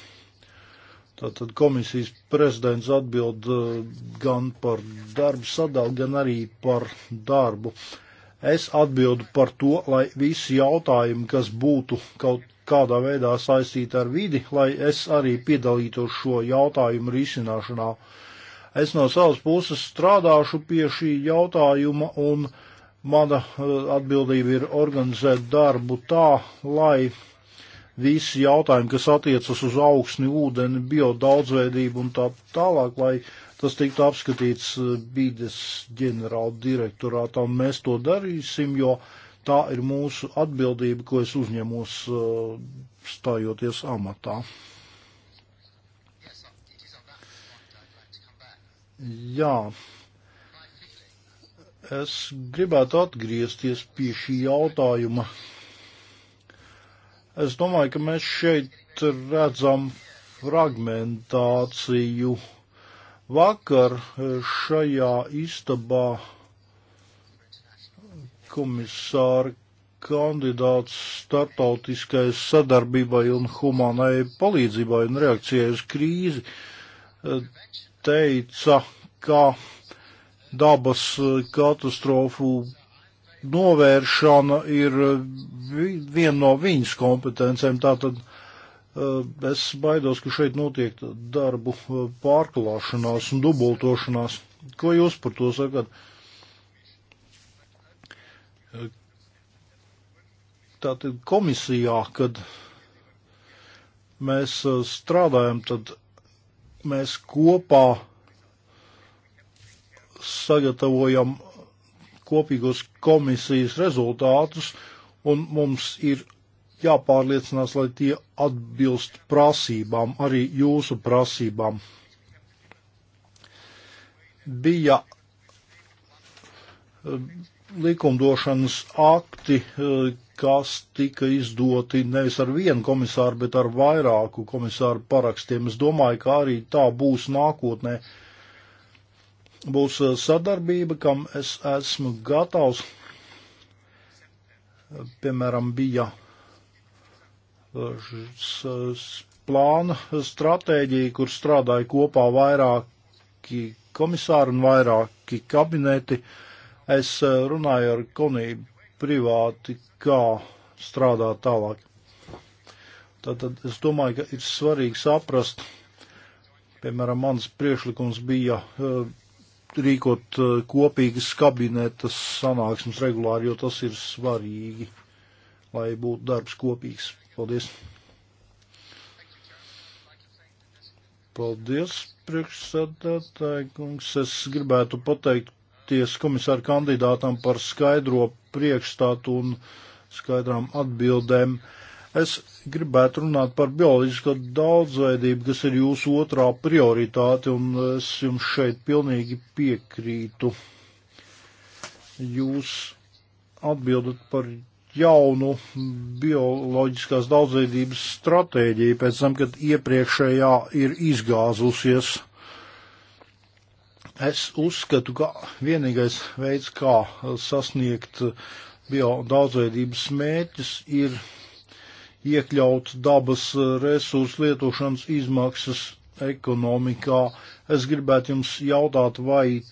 Tātad komisijas prezidents atbild eh, gan par darbu sadalu, gan arī par darbu. Uh, Es atbildu par to, lai visi jautājumi, kas būtu kaut kādā veidā saistīti ar vidi, lai es arī piedalītos šo jautājumu risināšanā. Es no savas puses strādāšu pie šī jautājuma un mana eh, atbildība ir organizēt darbu tā, lai visi jautājumi, kas attiecas uz augsni, ūdeni, biodaudzveidību un tā tālāk, lai tas tiktu apskatīts eh, bīdes ģenerāla direktorātā. Mēs to darīsim, jo tā ir mūsu atbildība, ko es uzņemos eh, stājoties amatā. Jā, es gribētu atgriezties pie šī jautājuma. Es domāju, ka mēs šeit redzam fragmentāciju uh, Vakar eh, šajā istabā komisāra kandidāts startautiskai sadarbībai un humanai palīdzībai un reakcijai uz krīzi eh, teica, ka dabas eh, katastrofu novēršana ir viena no viņas kompetencēm. Tātad Es baidos, ka šeit notiek darbu pārklāšanās un dubultošanās. Ko jūs par to sakat? Tātad komisijā, kad mēs strādājam, tad mēs kopā sagatavojam kopīgos komisijas rezultātus, un mums ir jāpārliecinās, lai tie atbilst prasībām, arī jūsu prasībām. Bija eh, likumdošanas akti, eh, kas tika izdoti nevis ar vienu komisāru, bet ar vairāku komisāru parakstiem. Es domāju, ka arī tā būs nākotnē. Būs eh, sadarbība, kam es esmu gatavs. Piemēram, bija uh, plānu stratēģiju, kur strādāja kopā vairāki komisāri un vairāki kabineti. Es eh, runāju ar konību privāti, kā strādāt tālāk. Tātad es domāju, ka ir svarīgi saprast, piemēram, mans priekšlikums bija eh, rīkot eh, kopīgas kabinetas sanāksmes regulāri, jo tas ir svarīgi, lai būtu darbs kopīgs. Paldies. Paldies, priekšsādātāji kungs. Es gribētu pateikties komisāru kandidātam par skaidro priekšstātu un skaidrām atbildēm. Es gribētu runāt par bioloģisko daudzveidību, kas ir jūsu otrā prioritāte, un es jums šeit pilnīgi piekrītu. Jūs atbildat par jaunu bioloģiskās daudzveidības stratēģiju pēc tam, kad iepriekšējā ir izgāzusies. Es uzskatu, ka vienīgais veids, kā sasniegt bio daudzveidības mērķis, ir iekļaut dabas resursu lietošanas izmaksas ekonomikā. Es gribētu jums jautāt, vai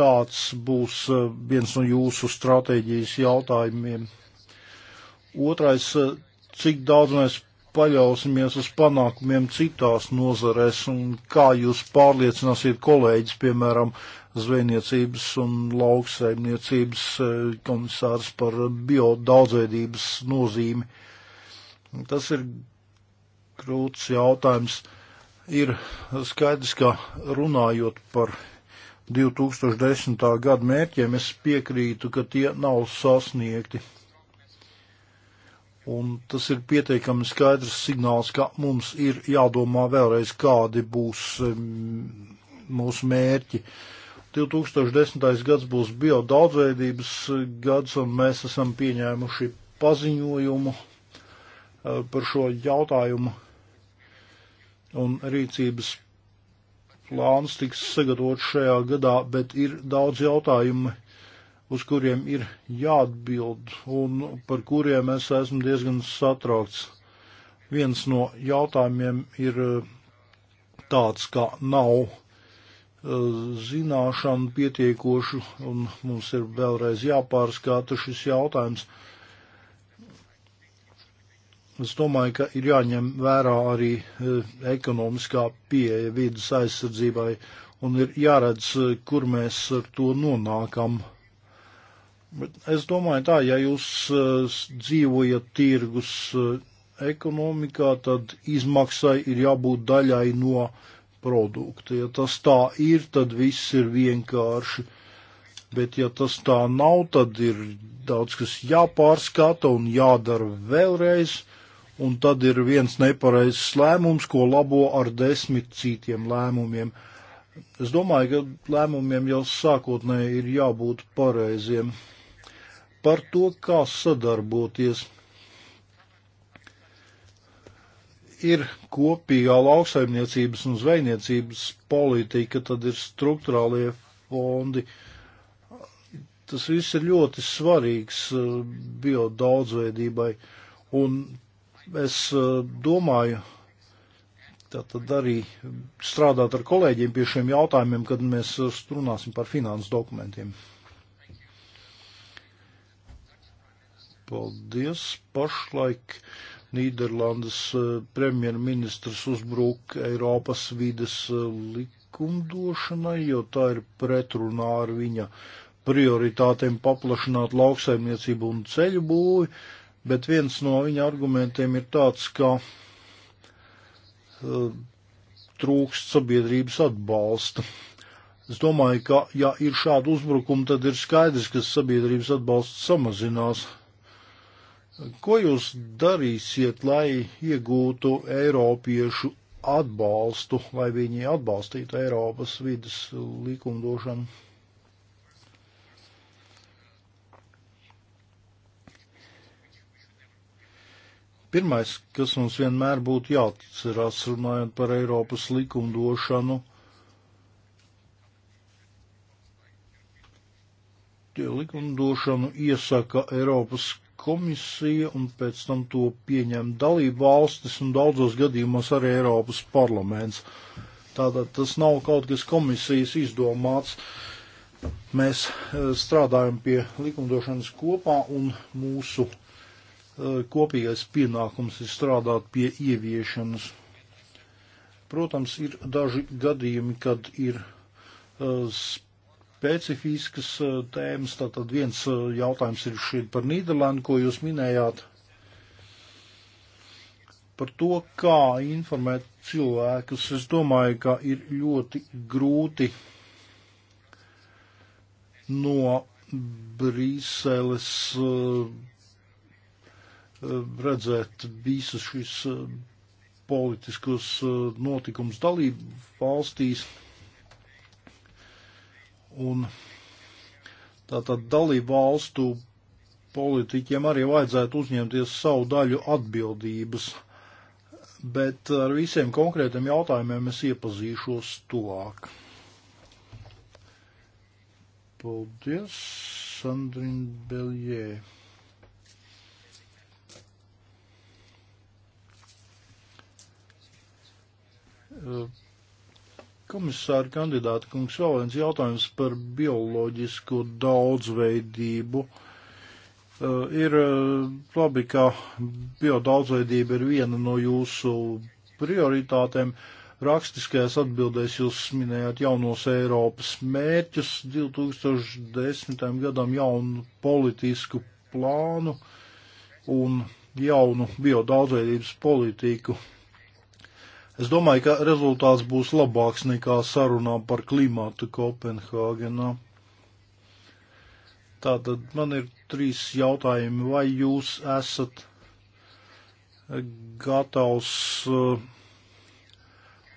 tāds būs viens no jūsu stratēģijas jautājumiem. Otrais, e, cik daudz mēs paļausimies uz panākumiem citās nozarēs un kā jūs pārliecināsiet kolēģis, piemēram, zvejniecības un lauksaimniecības e, komisārs par bio daudzveidības nozīmi. Tas ir grūts jautājums. Ir skaidrs, ka runājot par 2010. gada mērķiem, es piekrītu, ka tie nav sasniegti. Un tas ir pietiekami skaidrs signāls, ka mums ir jādomā vēlreiz, kādi būs mūsu mērķi. 2010. gads būs biodaudzveidības gads, un mēs esam pieņēmuši paziņojumu e, par šo jautājumu. Un rīcības plāns tiks sagatavots šajā gadā, bet ir daudz jautājumu uz kuriem ir jāatbild un par kuriem es esmu diezgan satraukts. Viens no jautājumiem ir eh, tāds, ka nav eh, zināšanu pietiekošu, un mums ir vēlreiz jāpārskata šis jautājums. Es domāju, ka ir jāņem vērā arī eh, ekonomiskā pieeja vidas aizsardzībai, un ir jāredz, kur mēs ar to nonākam. Bet es domāju tā, ja jūs eh, dzīvojat tirgus eh, ekonomikā, tad izmaksai ir jābūt daļai no produkta. Ja tas tā ir, tad viss ir vienkārši. Bet ja tas tā nav, tad ir daudz kas jāpārskata un jādara vēlreiz, un tad ir viens nepareizs lēmums, ko labo ar desmit citiem lēmumiem. Es domāju, ka lēmumiem jau sākotnēji ir jābūt pareiziem par to, kā sadarboties. Ir kopīgā lauksaimniecības un zvejniecības politika, tad ir struktūrālie fondi. Tas viss ir ļoti svarīgs eh, biodaudzveidībai, un es eh, domāju, tātad arī strādāt ar kolēģiem pie šiem jautājumiem, kad mēs eh, runāsim par finansu dokumentiem. Paldies. Pašlaik Nīderlandes eh, premjerministrs uzbruk Eiropas vides eh, likumdošanai, jo tā ir pretrunā ar viņa prioritātēm paplašināt lauksaimniecību un ceļu būvi, bet viens no viņa argumentiem ir tāds, ka uh, trūkst sabiedrības atbalsta. Es domāju, ka ja ir šādi uzbrukumi, tad ir skaidrs, ka sabiedrības atbalsts samazinās. Ko jūs darīsiet, lai iegūtu Eiropiešu atbalstu, lai viņi atbalstītu Eiropas vidas likumdošanu? Pirmais, kas mums vienmēr būtu jāatcerās runājot par Eiropas likumdošanu, likumdošanu iesaka Eiropas komisija un pēc tam to pieņem dalību valstis un daudzos gadījumos arī Eiropas parlaments. Tātad tas nav kaut kas komisijas izdomāts. Mēs eh, strādājam pie likumdošanas kopā un mūsu eh, kopīgais pienākums ir strādāt pie ieviešanas. Protams, ir daži gadījumi, kad ir eh, specifiskas eh, tēmas. Tātad viens eh, jautājums ir šī par Nīderlandu, ko jūs minējāt. Par to, kā informēt cilvēkus, es domāju, ka ir ļoti grūti no Brīseles eh, redzēt visus šis politiskos notikums dalību valstīs. Un tātad dalību valstu politiķiem arī vajadzētu uzņemties savu daļu atbildības, bet ar visiem konkrētiem jautājumiem es iepazīšos tuvāk. Paldies, Sandrine Beljē. Uh, Komisāra kandidāta kungs vēl viens jautājums par bioloģisko daudzveidību. Uh, ir uh, labi, ka biodaudzveidība ir viena no jūsu prioritātēm. Rakstiskajās atbildēs jūs minējāt jaunos Eiropas mērķus 2010. gadam jaunu politisku plānu un jaunu biodaudzveidības politiku Es domāju, ka rezultāts būs labāks nekā sarunā par klimātu Kopenhāgenā. Tātad man ir trīs jautājumi. Vai jūs esat gatavs uh,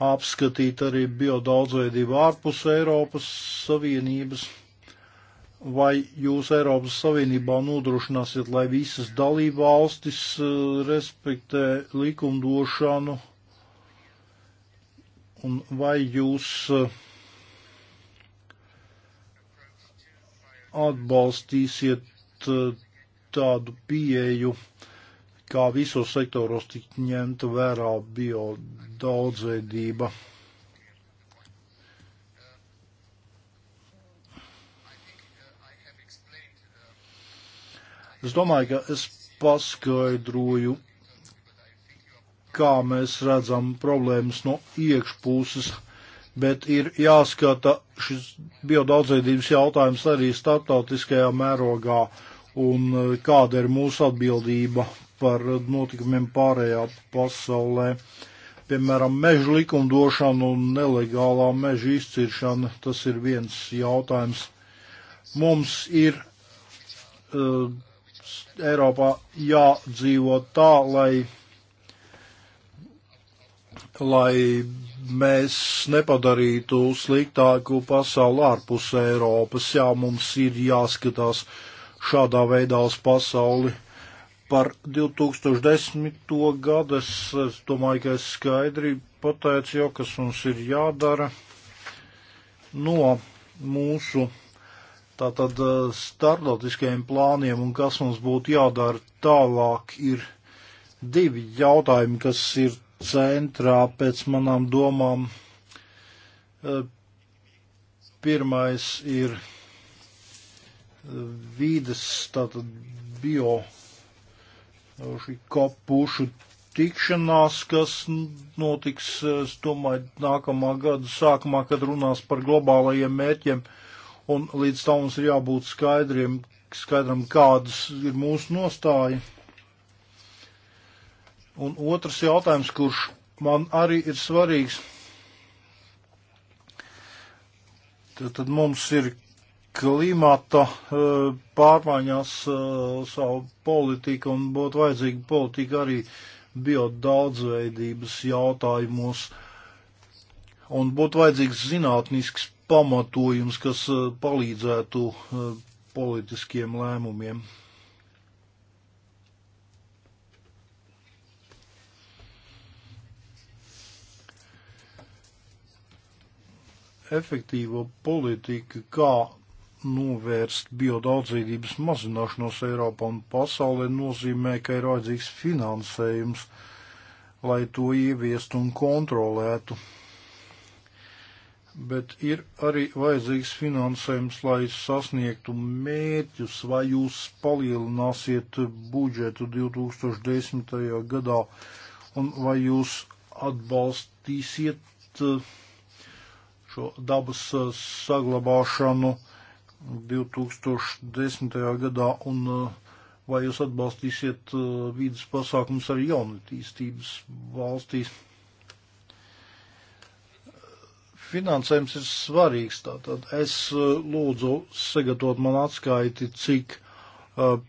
apskatīt arī biodaudzveidību ārpus Eiropas Savienības? Vai jūs Eiropas Savienībā nodrošināsiet, lai visas dalība valstis uh, respektē likumdošanu Un vai jūs eh, atbalstīsiet eh, tādu pieeju, kā visos sektoros tik ņemta vērā bio daudzveidība? Es domāju, ka es paskaidroju kā mēs redzam problēmas no iekšpuses, bet ir jāskata šis biodaudzveidības jautājums arī starptautiskajā mērogā un eh, kāda ir mūsu atbildība par notikumiem pārējā pasaulē. Piemēram, meža likumdošana un nelegālā meža izciršana, tas ir viens jautājums. Mums ir uh, Eiropā jādzīvo tā, lai lai mēs nepadarītu sliktāku pasauli ārpus Eiropas. Jā, mums ir jāskatās šādā veidā uz pasauli. Par 2010. gadu es, es domāju, ka es skaidri pateicu jau, kas mums ir jādara no mūsu tātad eh, startautiskajiem plāniem un kas mums būtu jādara tālāk ir divi jautājumi, kas ir centrā pēc manām domām. E, pirmais ir e, vīdes, tātad bio šī kopušu tikšanās, kas notiks, e, es domāju, nākamā gada sākumā, kad runās par globālajiem mērķiem, un līdz tam mums ir jābūt skaidriem, skaidram, kādas ir mūsu nostāja. Un otrs jautājums, kurš man arī ir svarīgs. Tad, tad mums ir klimata eh, pārmaiņās eh, savu politiku un būtu vajadzīga politika arī biodaudzveidības jautājumos. Un būtu vajadzīgs zinātnisks pamatojums, kas eh, palīdzētu politiskiem lēmumiem. efektīvo politiku, kā novērst biodaudzveidības mazināšanos Eiropā un pasaulē, nozīmē, ka ir vajadzīgs finansējums, lai to ieviestu un kontrolētu. Bet ir arī vajadzīgs finansējums, lai sasniegtu mērķus, vai jūs palielināsiet budžetu 2010. gadā, un vai jūs atbalstīsiet uh, šo dabas eh, saglabāšanu 2010. gadā un eh, vai jūs atbalstīsiet eh, vīdes pasākums arī jaunatīstības valstīs? Finansējums ir svarīgs, tātad es lūdzu sagatavot man atskaiti, cik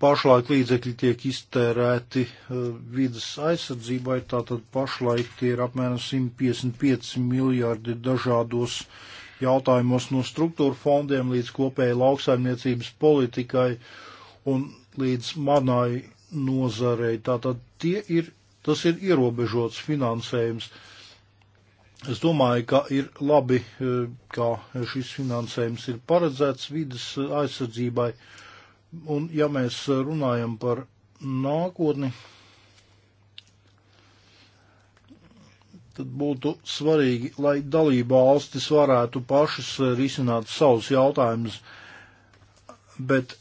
pašlaik līdzekļi tiek iztērēti vidas aizsardzībai, tātad pašlaik tie ir apmēram 155 miljārdi dažādos jautājumos no struktūra fondiem līdz kopēji lauksaimniecības politikai un līdz manai nozarei. Tātad tie ir, tas ir ierobežots finansējums. Es domāju, ka ir labi, ka šis finansējums ir paredzēts vidas aizsardzībai. Uh, Un ja mēs runājam par nākotni, tad būtu svarīgi, lai dalība valstis varētu pašas risināt savus jautājumus. Bet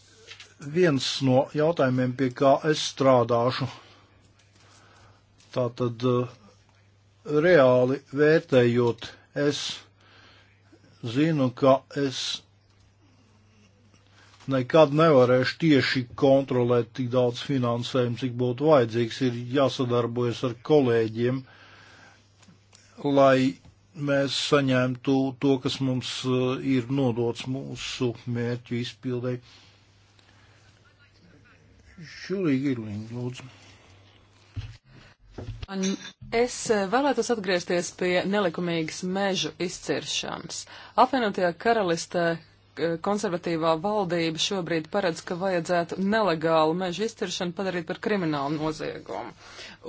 viens no jautājumiem, pie kā es strādāšu, tātad reāli vērtējot, es zinu, ka es nekad nevarēšu tieši kontrolēt tik daudz finansējumu, cik būtu vajadzīgs. Ir jāsadarbojas ar kolēģiem, lai mēs saņemtu to, kas mums eh, ir nodots mūsu mērķu izpildē. Šurīgi ir līnija, lūdzu. Es eh, vēlētos atgriezties pie nelikumīgas mežu izciršanas. Apvienotajā karalistē Eh, konservatīvā valdība šobrīd paredz, ka vajadzētu nelegālu mežu izciršanu padarīt par kriminālu noziegumu.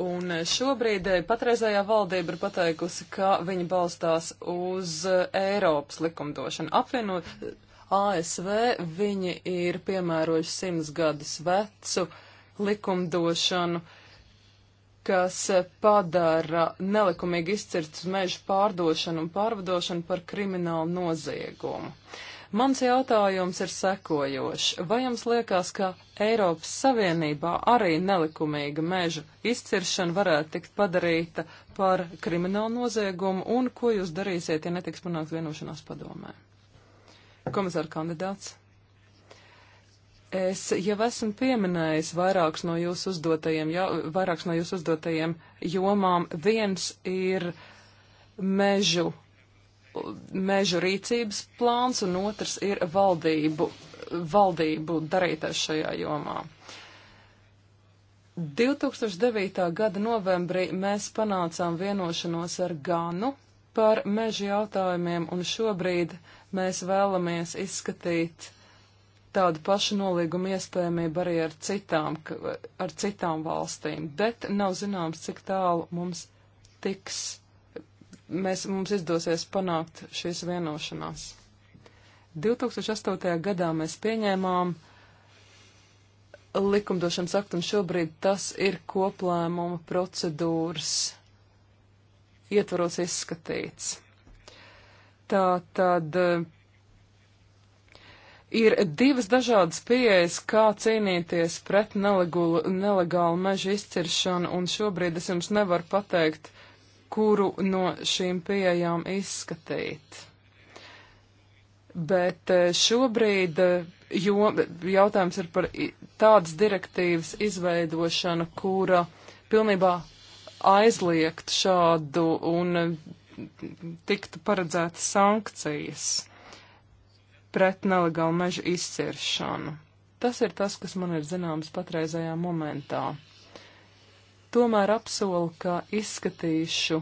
Un eh, šobrīd eh, patreizējā valdība ir pateikusi, ka viņi balstās uz Eiropas likumdošanu. Apvienot ASV viņi ir piemērojuši simts gadus vecu likumdošanu kas padara nelikumīgi izcirts mežu pārdošanu un pārvadošanu par kriminālu noziegumu. Uh, Mans jautājums ir sekojošs. Vai jums liekas, ka Eiropas Savienībā arī nelikumīga meža izciršana varētu tikt padarīta par kriminālu noziegumu, un ko jūs darīsiet, ja netiks panākt vienošanās padomē? Komisāra kandidāts. Es jau esmu pieminējis vairākus no jūsu uzdotajiem, jau, vairākus no jūsu uzdotajiem jomām. Viens ir mežu mežu rīcības plāns un otrs ir valdību, valdību darītais šajā jomā. 2009. gada novembrī mēs panācām vienošanos ar Ganu par mežu jautājumiem un šobrīd mēs vēlamies izskatīt tādu pašu nolīgumu iespējamību arī ar citām, ar citām valstīm, bet nav zināms, cik tālu mums tiks mēs, mums izdosies panākt šīs vienošanās. 2008. gadā mēs pieņēmām likumdošanas aktu, un šobrīd tas ir koplēmuma procedūras ietvaros izskatīts. Tā tad eh, ir divas dažādas pieejas, kā cīnīties pret nelegulu, nelegālu mežu izciršanu, un šobrīd es jums nevaru pateikt, kuru no šīm pieejām izskatīt. Bet eh, šobrīd eh, jo, jautājums ir par tādas direktīvas izveidošanu, kura pilnībā aizliegt šādu un eh, tiktu paredzētas sankcijas pret nelegālu mežu izciršanu. Tas ir tas, kas man ir zināms patreizajā momentā. Tomēr apsolu, ka izskatīšu,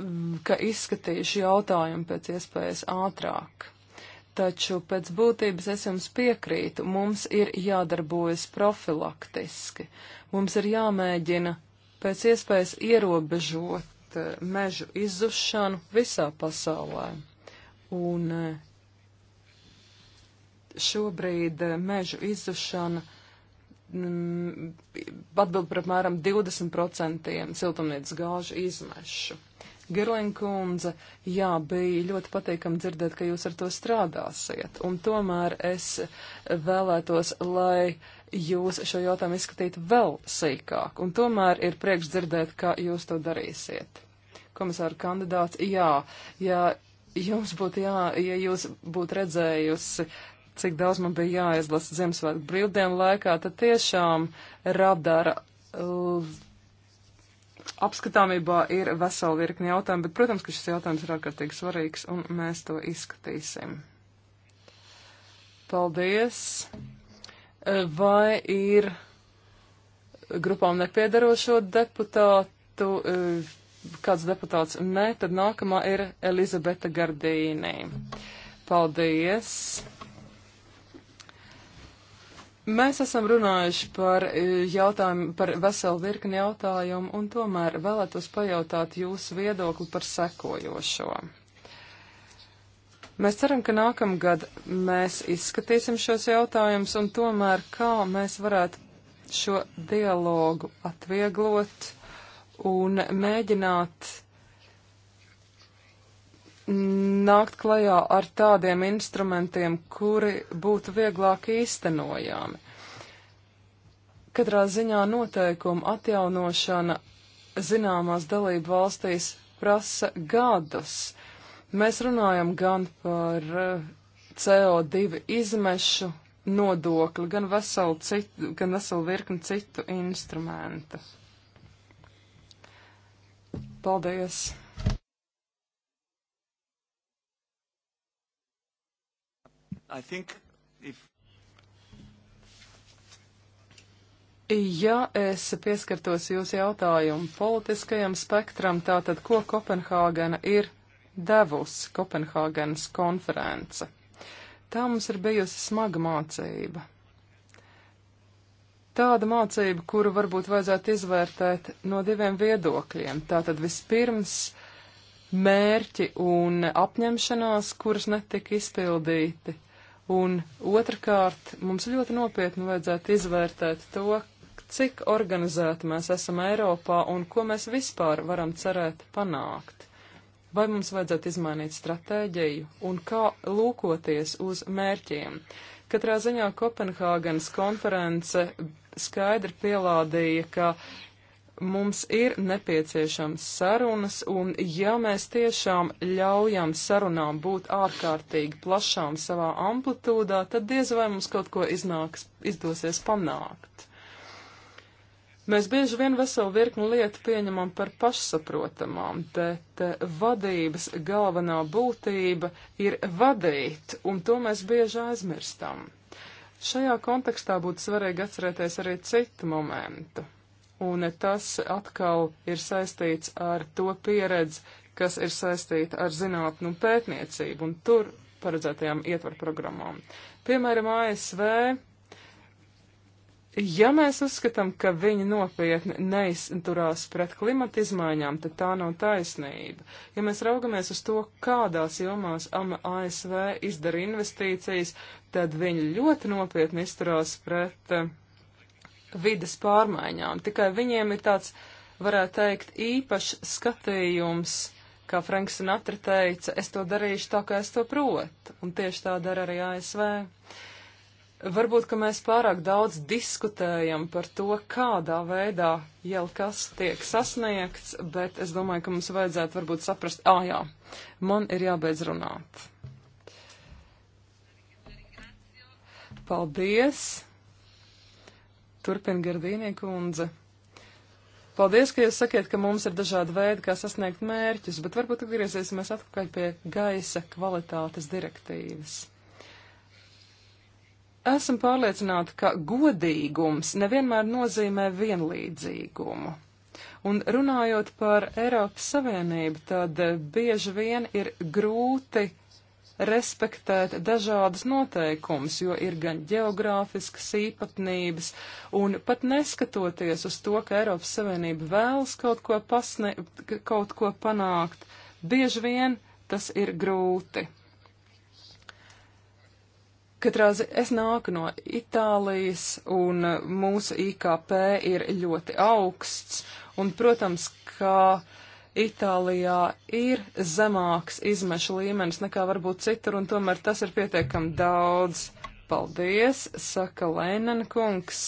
mm, ka izskatīšu jautājumu pēc iespējas ātrāk. Taču pēc būtības es jums piekrītu, mums ir jādarbojas profilaktiski. Mums ir jāmēģina pēc iespējas ierobežot eh, mežu izzušanu visā pasaulē. Un eh, šobrīd eh, mežu izzušana Mm, atbild par apmēram 20% siltumnīcas gāžu izmešu. Girlinkundze, jā, bija ļoti patīkami dzirdēt, ka jūs ar to strādāsiet, un tomēr es vēlētos, lai jūs šo jautājumu izskatītu vēl sīkāk, un tomēr ir prieks dzirdēt, ka jūs to darīsiet. Komisāra kandidāts, jā, jā, jums būtu jā, ja jūs būtu redzējusi cik daudz man bija jāizlasa Ziemassvētku brīvdienu laikā, tad tiešām radara uh, apskatāmībā ir vesela virkni jautājumu, bet, protams, ka šis jautājums ir ārkārtīgi svarīgs, un mēs to izskatīsim. Paldies! Uh, vai ir grupām nepiedarošo deputātu? Uh, kāds deputāts nē, tad nākamā ir Elizabete Gardīnī. Paldies! Mēs esam runājuši par e, jautājumu, par veselu virkni jautājumu, un tomēr vēlētos pajautāt jūsu viedokli par sekojošo. Mēs ceram, ka nākamgad mēs izskatīsim šos jautājumus, un tomēr kā mēs varētu šo dialogu atvieglot un mēģināt nākt klajā ar tādiem instrumentiem, kuri būtu vieglāk īstenojami. Katrā ziņā noteikuma atjaunošana zināmās dalību valstīs prasa gadus. Mēs runājam gan par eh, CO2 izmešu nodokli, gan veselu, citu, gan veselu virkni citu instrumentu. Paldies! I think if Ja es pieskartos jūsu jautājumu politiskajam spektram, tātad ko Kopenhāgena ir devusi Kopenhāgenas konference? Tā mums ir bijusi smaga mācība. Tāda mācība, kuru varbūt vajadzētu izvērtēt no diviem viedokļiem. Tātad vispirms mērķi un apņemšanās, kuras netika izpildīti, Un otrkārt, mums ļoti nopietni vajadzētu izvērtēt to, cik organizēti mēs esam Eiropā un ko mēs vispār varam cerēt panākt. Vai mums vajadzētu izmainīt stratēģiju un kā lūkoties uz mērķiem? Katrā ziņā Kopenhāgenes konference skaidri pielādīja, ka mums ir nepieciešams sarunas, un ja mēs tiešām ļaujam sarunām būt ārkārtīgi plašām savā amplitūdā, tad diez vai mums kaut ko iznāks, izdosies panākt. Mēs bieži vien veselu virkni lietu pieņemam par pašsaprotamām, bet eh, vadības galvenā būtība ir vadīt, un to mēs bieži aizmirstam. Šajā kontekstā būtu svarīgi atcerēties arī citu momentu un tas atkal ir saistīts ar to pieredzi, kas ir saistīta ar zinātnu un pētniecību, un tur paredzētajām ietvaru programmām. Piemēram, ASV, ja mēs uzskatām, ka viņi nopietni neizturās pret klimata izmaiņām, tad tā nav taisnība. Ja mēs raugamies uz to, kādās jomās ASV izdara investīcijas, tad viņi ļoti nopietni izturās pret uh, vidas pārmaiņām. Tikai viņiem ir tāds, varētu teikt, īpašs skatījums, kā Franks Sinatra teica, es to darīšu tā, kā es to protu, un tieši tā dara arī ASV. Varbūt, ka mēs pārāk daudz diskutējam par to, kādā veidā jau kas tiek sasniegts, bet es domāju, ka mums vajadzētu varbūt saprast, ā, ah, jā, man ir jābeidz runāt. Paldies! Turpin Gardīnie kundze. Paldies, ka jūs sakiet, ka mums ir dažādi veidi, kā sasniegt mērķus, bet varbūt atgriezīsimies atpakaļ pie gaisa kvalitātes direktīvas. Esam pārliecināti, ka godīgums nevienmēr nozīmē vienlīdzīgumu. Un runājot par Eiropas Savienību, tad bieži vien ir grūti respektēt dažādas noteikumus, jo ir gan geogrāfiskas īpatnības, un pat neskatoties uz to, ka Eiropas Savienība vēlas kaut ko, pasne, kaut ko panākt, bieži vien tas ir grūti. Katrā ziņā es nāku no Itālijas, un mūsu IKP ir ļoti augsts, un, protams, kā uh, Itālijā ir zemāks izmešu līmenis nekā varbūt citur, un tomēr tas ir pietiekami daudz. Paldies, saka Lēnen kungs.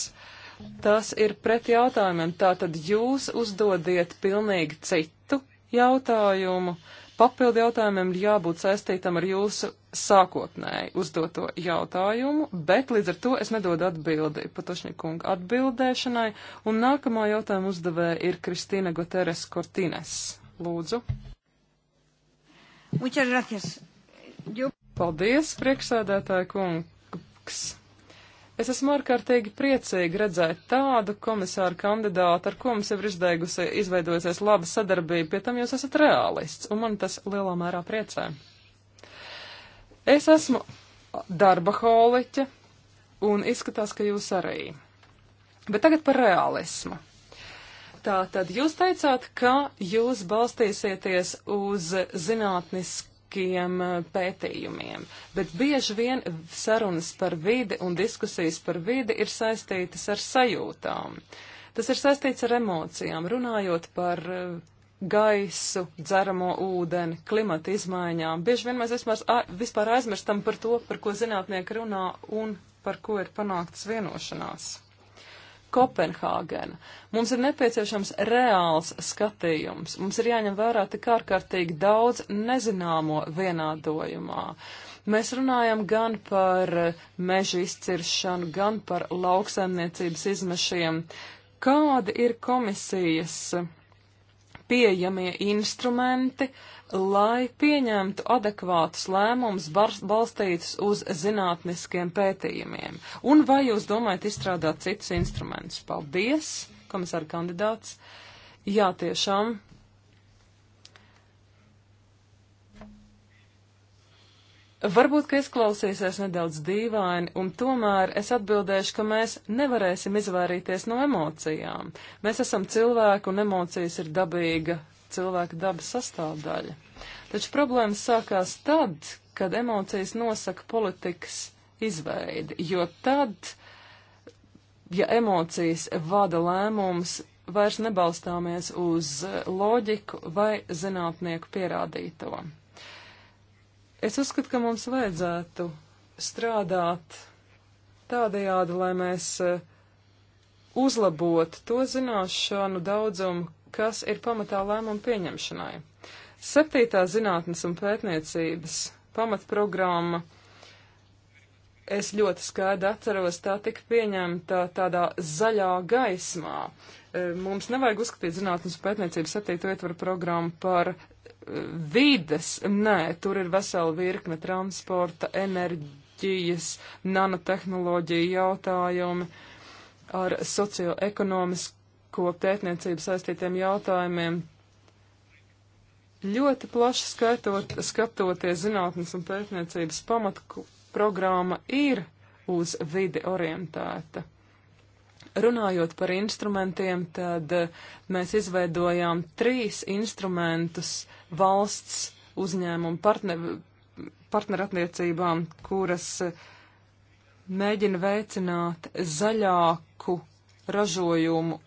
Tas ir pret jautājumiem. Tātad jūs uzdodiet pilnīgi citu jautājumu. Papildu jautājumiem ir jābūt saistītam ar jūsu sākotnēji uzdoto jautājumu, bet līdz ar to es nedodu atbildi Patošņikunga atbildēšanai, un nākamā jautājuma uzdevēja ir Kristīna Guteres Kortines. Lūdzu. Muchas gracias. Jo... Paldies, priekšsēdētāja kungs. Es esmu ārkārtīgi priecīgi redzēt tādu komisāru kandidātu, ar ko mums jau ir izdeigusi, izveidojusies laba sadarbība, pie tam jūs esat realists, un man tas lielā mērā priecē. Es esmu darba holiķe, un izskatās, ka jūs arī. Bet tagad par realismu. Tā tad jūs teicāt, ka jūs balstīsieties uz zinātniskiem eh, pētījumiem, bet bieži vien sarunas par vidi un diskusijas par vidi ir saistītas ar sajūtām. Tas ir saistīts ar emocijām, runājot par eh, gaisu, dzeramo ūdeni, klimata izmaiņām. Bieži vien mēs vismaz, vispār aizmirstam par to, par ko zinātnieki runā un par ko ir panāktas vienošanās. Kopenhāgena. Mums ir nepieciešams reāls skatījums. Mums ir jāņem vērā tik ārkārtīgi daudz nezināmo vienādojumā. Mēs runājam gan par mežu izciršanu, gan par lauksaimniecības izmešiem. Kādi ir komisijas pieejamie instrumenti, lai pieņemtu adekvātus lēmumus balstītus uz zinātniskiem pētījumiem? Un vai jūs domājat izstrādāt citus instrumentus? Paldies, komisāra kandidāts. Jā, tiešām Varbūt, ka izklausīsies nedaudz dīvaini, un tomēr es atbildēšu, ka mēs nevarēsim izvairīties no emocijām. Mēs esam cilvēki, un emocijas ir dabīga cilvēka dabas sastāvdaļa. Taču problēmas sākās tad, kad emocijas nosaka politikas izveidi, jo tad, ja emocijas vada lēmums, vairs nebalstāmies uz loģiku vai zinātnieku pierādīto. Es uzskatu, ka mums vajadzētu strādāt tādējādi, lai mēs eh, uzlabotu to zināšanu daudzumu, kas ir pamatā lēmumu pieņemšanai. Septītā zinātnes un pētniecības pamatprogramma. Es ļoti skaidri atceros, tā tika pieņemta tādā zaļā gaismā. Eh, mums nevajag uzskatīt zinātnes un pētniecības septīto ietvaru programmu par vides, nē, tur ir vesela virkne transporta, enerģijas, nanotehnoloģija jautājumi ar socioekonomisko pētniecību saistītiem jautājumiem. Ļoti plaši skaitot, skatoties zinātnes un pētniecības pamatku programma ir uz vidi orientēta. Runājot par instrumentiem, tad eh, mēs izveidojām trīs instrumentus valsts uzņēmumu partner, partnerattiecībām, kuras eh, mēģina veicināt zaļāku ražojumu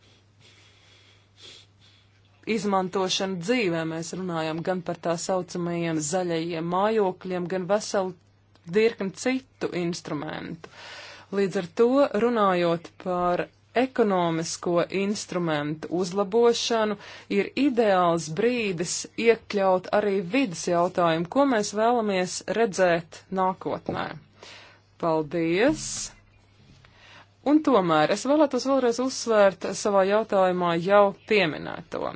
izmantošanu dzīvē. Mēs runājam gan par tā saucamajiem zaļajiem mājokļiem, gan veselu virkni citu instrumentu. Uh, Līdz ar to runājot par ekonomisko instrumentu uzlabošanu, ir ideāls brīdis iekļaut arī vidas jautājumu, ko mēs vēlamies redzēt nākotnē. Paldies! Un tomēr es vēlētos vēlreiz uzsvērt savā jautājumā jau pieminēto.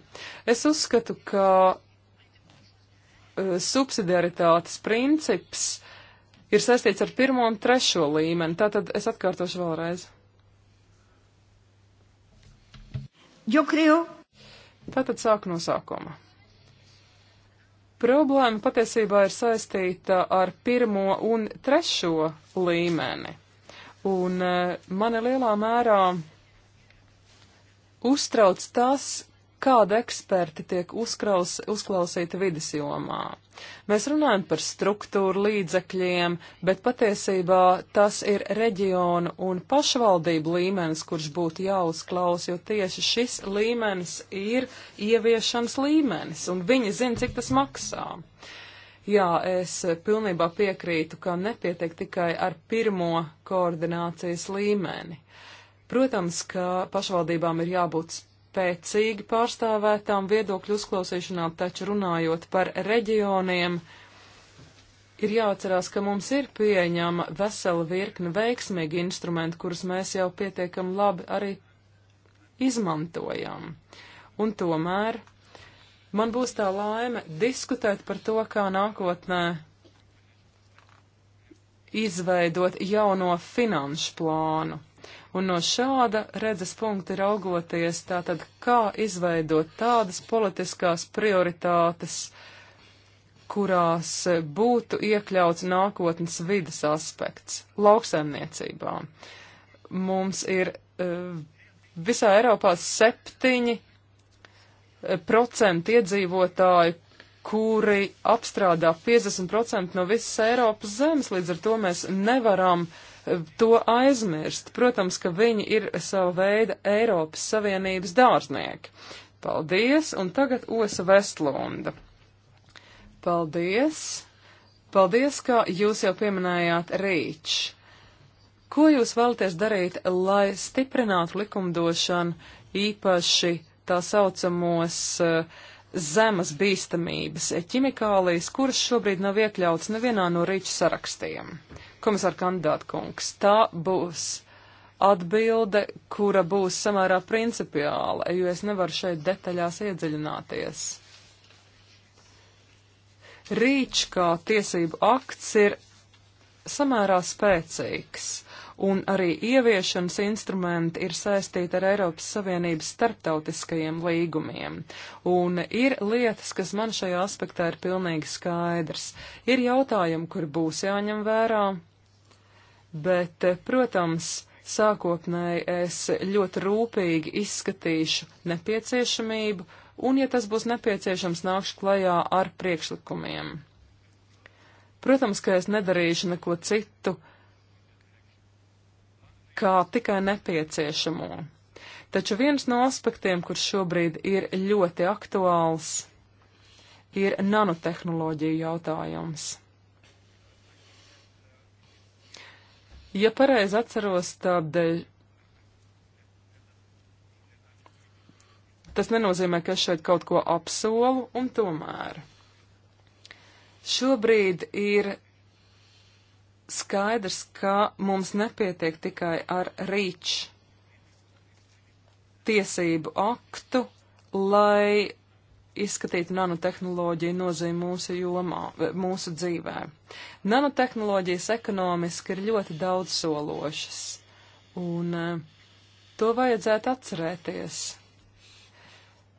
Es uzskatu, ka eh, subsidiaritātes princips uh, ir saistīts ar pirmo un trešo līmeni. Tātad es atkārtošu vēlreiz. Jo kriju. Tātad sāku no sākuma. Problēma patiesībā ir saistīta ar pirmo un trešo līmeni. Un eh, mani lielā mērā uztrauc tas, kāda eksperti tiek uzkraus, uzklausīti vidas jomā. Mēs runājam par struktūru līdzekļiem, bet patiesībā tas ir reģionu un pašvaldību līmenis, kurš būtu jāuzklaus, jo tieši šis līmenis ir ieviešanas līmenis, un viņi zina, cik tas maksā. Jā, es pilnībā piekrītu, ka nepietiek tikai ar pirmo koordinācijas līmeni. Protams, ka pašvaldībām ir jābūt spēcīgi pārstāvētām viedokļu uzklausīšanām, taču runājot par reģioniem, ir jāatcerās, ka mums ir pieejama vesela virkne veiksmīgi instrumenti, kurus mēs jau pietiekam labi arī izmantojam. Un tomēr man būs tā laime diskutēt par to, kā nākotnē izveidot jauno finanšu plānu. Un no šāda redzes punkta raugoties, tātad kā izveidot tādas politiskās prioritātes, kurās būtu iekļauts nākotnes vidas aspekts lauksaimniecībā. Mums ir eh, visā Eiropā septiņi eh, procenti iedzīvotāji, kuri apstrādā 50% no visas Eiropas zemes, līdz ar to mēs nevaram uh, to aizmirst. Protams, ka viņi ir sava veida Eiropas Savienības dārznieki. Paldies, un tagad Osa Vestlunda. Paldies! Paldies, ka jūs jau pieminējāt rīču. Ko jūs vēlaties darīt, lai stiprinātu likumdošanu īpaši tā saucamos uh, zemes bīstamības eh, ķimikālijas, kuras šobrīd nav iekļauts nevienā no rīču sarakstiem? komisāra kandidāta kungs, tā būs atbilde, kura būs samērā principiāla, jo es nevaru šeit detaļās iedziļināties. Rīč kā tiesību akts ir samērā spēcīgs, un arī ieviešanas instrumenti ir saistīti ar Eiropas Savienības starptautiskajiem līgumiem. Un ir lietas, kas man šajā aspektā ir pilnīgi skaidrs. Ir jautājumi, kur būs jāņem vērā, bet, eh, protams, sākotnēji es ļoti rūpīgi izskatīšu nepieciešamību, un, ja tas būs nepieciešams, nākšu klajā ar priekšlikumiem. Protams, ka es nedarīšu neko citu, kā tikai nepieciešamo. Taču viens no aspektiem, kurš šobrīd ir ļoti aktuāls, ir nanotehnoloģiju jautājums. Ja pareizi atceros, tad eh, tas nenozīmē, ka es šeit kaut ko apsolu, un tomēr šobrīd ir skaidrs, ka mums nepietiek tikai ar rīču tiesību aktu, lai izskatīt nanotehnoloģiju nozīmi mūsu jomā, mūsu dzīvē. Nanotehnoloģijas ekonomiski ir ļoti daudzsološas, un eh, to vajadzētu atcerēties.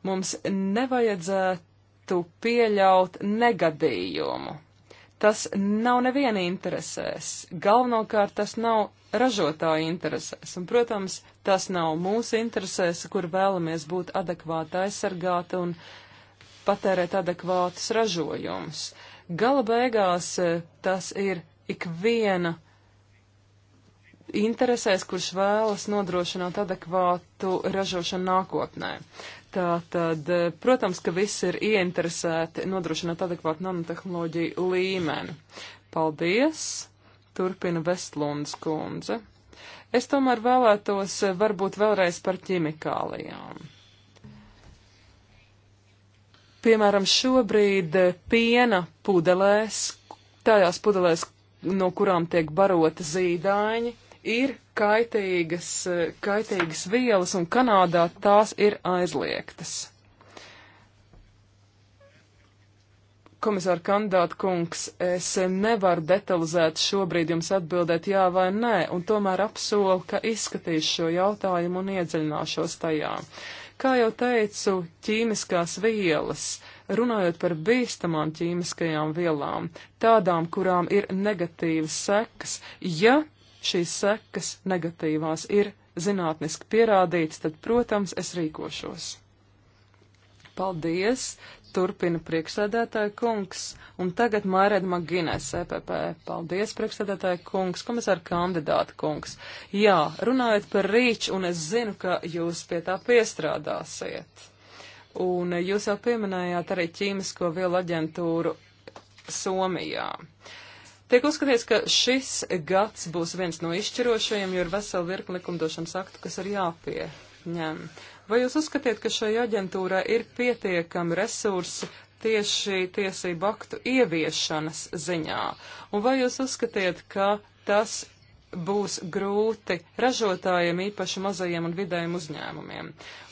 Mums nevajadzētu pieļaut negadījumu. Tas nav neviena interesēs. Galvenokārt tas nav ražotāja interesēs. Un, protams, tas nav mūsu interesēs, kur vēlamies būt adekvāti aizsargāti un patērēt adekvātus ražojumus. Gala beigās eh, tas ir ikviena interesēs, kurš vēlas nodrošināt adekvātu ražošanu nākotnē. Tātad, eh, protams, ka viss ir ieinteresēti nodrošināt adekvātu nanotehnoloģiju līmeni. Paldies! Turpina Vestlundas kundze. Es tomēr vēlētos eh, varbūt vēlreiz par ķimikālijām. Piemēram, šobrīd piena pudelēs, tajās pudelēs, no kurām tiek barota zīdaiņi, ir kaitīgas, kaitīgas vielas, un Kanādā tās ir aizliegtas. Komisāra kandidāta kungs, es nevaru detalizēt šobrīd jums atbildēt jā vai nē, un tomēr apsolu, ka izskatīšu šo jautājumu un iedziļināšos tajā. Kā jau teicu, ķīmiskās vielas, runājot par bīstamām ķīmiskajām vielām, tādām, kurām ir negatīvas sekas, ja šīs sekas negatīvās ir zinātniski pierādītas, tad, protams, es rīkošos. Paldies! turpina priekšsēdētāja kungs, un tagad Mārēda Maginēs, EPP. Paldies, priekšsēdētāja kungs, komisāra kandidāta kungs. Jā, runājot par rīču, un es zinu, ka jūs pie tā piestrādāsiet. Un jūs jau pieminējāt arī ķīmisko vielu aģentūru Somijā. Tiek uzskatīts, ka šis gads būs viens no izšķirošajiem, jo ir vesela virkni likumdošanas aktu, kas ir jāpieņem. Vai jūs uzskatiet, ka šai aģentūrai ir pietiekami resursi tieši tiesību aktu ieviešanas ziņā? Un vai jūs uzskatiet, ka tas būs grūti ražotājiem, īpaši mazajiem un vidējiem uzņēmumiem?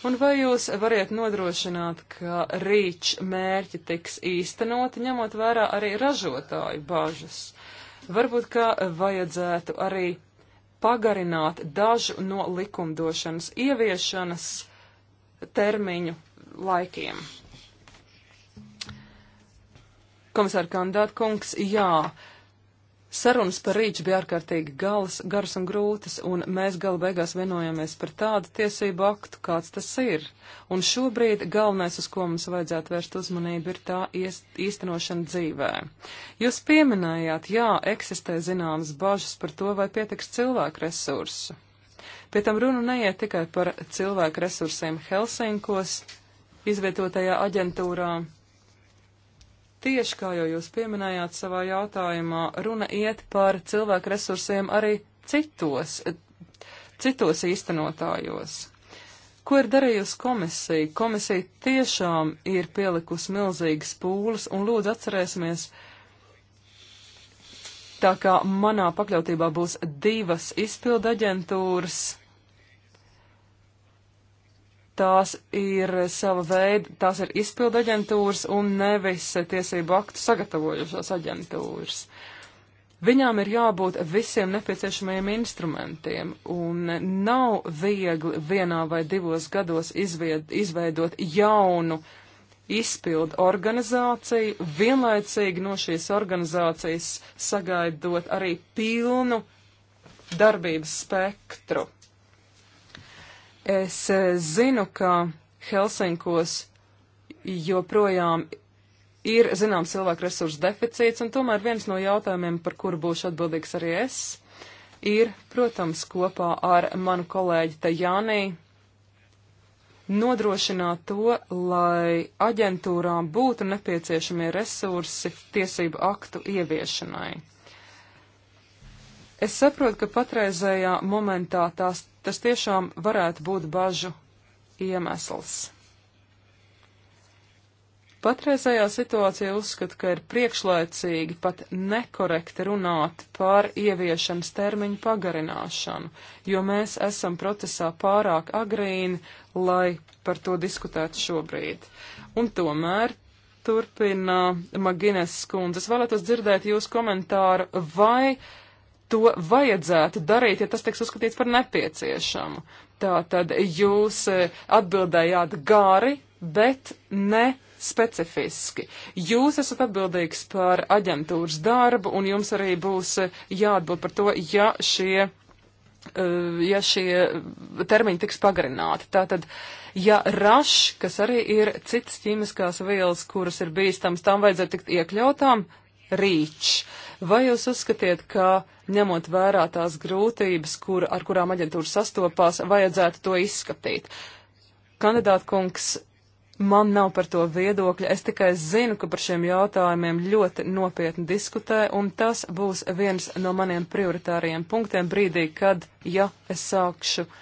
Un vai jūs variet nodrošināt, ka rīč mērķi tiks īstenoti, ņemot vērā arī ražotāju bažas? Varbūt, ka vajadzētu arī pagarināt dažu no likumdošanas ieviešanas termiņu laikiem. Komisāra kandidāta kungs, jā, sarunas par rīču bija ārkārtīgi galas, garas un grūtas, un mēs gala beigās vienojamies par tādu tiesību aktu, kāds tas ir. Un šobrīd galvenais, uz ko mums vajadzētu vērst uzmanību, ir tā īstenošana dzīvē. Jūs pieminējāt, jā, eksistē zināmas bažas par to, vai pietiks cilvēku resursu. Pie tam runa neiet tikai par cilvēku resursiem Helsinkos, izvietotajā aģentūrā. Tieši kā jau jūs pieminējāt savā jautājumā, runa iet par cilvēku resursiem arī citos, citos īstenotājos. Ko ir darījusi komisija? Komisija tiešām ir pielikusi milzīgas pūles un lūdzu atcerēsimies, tā kā manā pakļautībā būs divas izpilda aģentūras tās ir sava veida, tās ir izpildu aģentūras un nevis tiesību aktu sagatavojušās aģentūras. Viņām ir jābūt visiem nepieciešamajiem instrumentiem, un nav viegli vienā vai divos gados izvied, izveidot jaunu izpildu organizāciju, vienlaicīgi no šīs organizācijas sagaidot arī pilnu darbības spektru. Es eh, zinu, ka Helsinkos joprojām ir zināms cilvēku resursu deficīts, un tomēr viens no jautājumiem, par kuru būšu atbildīgs arī es, ir, protams, kopā ar manu kolēģi Tajānī nodrošināt to, lai aģentūrām būtu nepieciešamie resursi tiesību aktu ieviešanai. Es saprotu, ka patreizējā momentā tās Tas tiešām varētu būt bažu iemesls. Patreizējā situācija uzskata, ka ir priekšlaicīgi pat nekorekti runāt par ieviešanas termiņu pagarināšanu, jo mēs esam procesā pārāk agrīni, lai par to diskutētu šobrīd. Un tomēr turpina Magines skundze. Es vēlētos dzirdēt jūsu komentāru, vai uh, to vajadzētu darīt, ja tas tiks uzskatīts par nepieciešamu. Tātad jūs e, atbildējāt gari, bet ne specifiski. Jūs esat atbildīgs par aģentūras darbu, un jums arī būs e, jāatbild par to, ja šie, e, ja šie termiņi tiks pagarināti. Tātad, ja rašs, kas arī ir citas ķīmiskās vielas, kuras ir bīstams, tām vajadzētu tikt iekļautām rīčs. Vai jūs uzskatiet, ka ņemot vērā tās grūtības, kur, ar kurām aģentūra sastopās, vajadzētu to izskatīt? Kandidāta kungs, man nav par to viedokļa, es tikai zinu, ka par šiem jautājumiem ļoti nopietni diskutē, un tas būs viens no maniem prioritāriem punktiem brīdī, kad, ja es sākšu uh,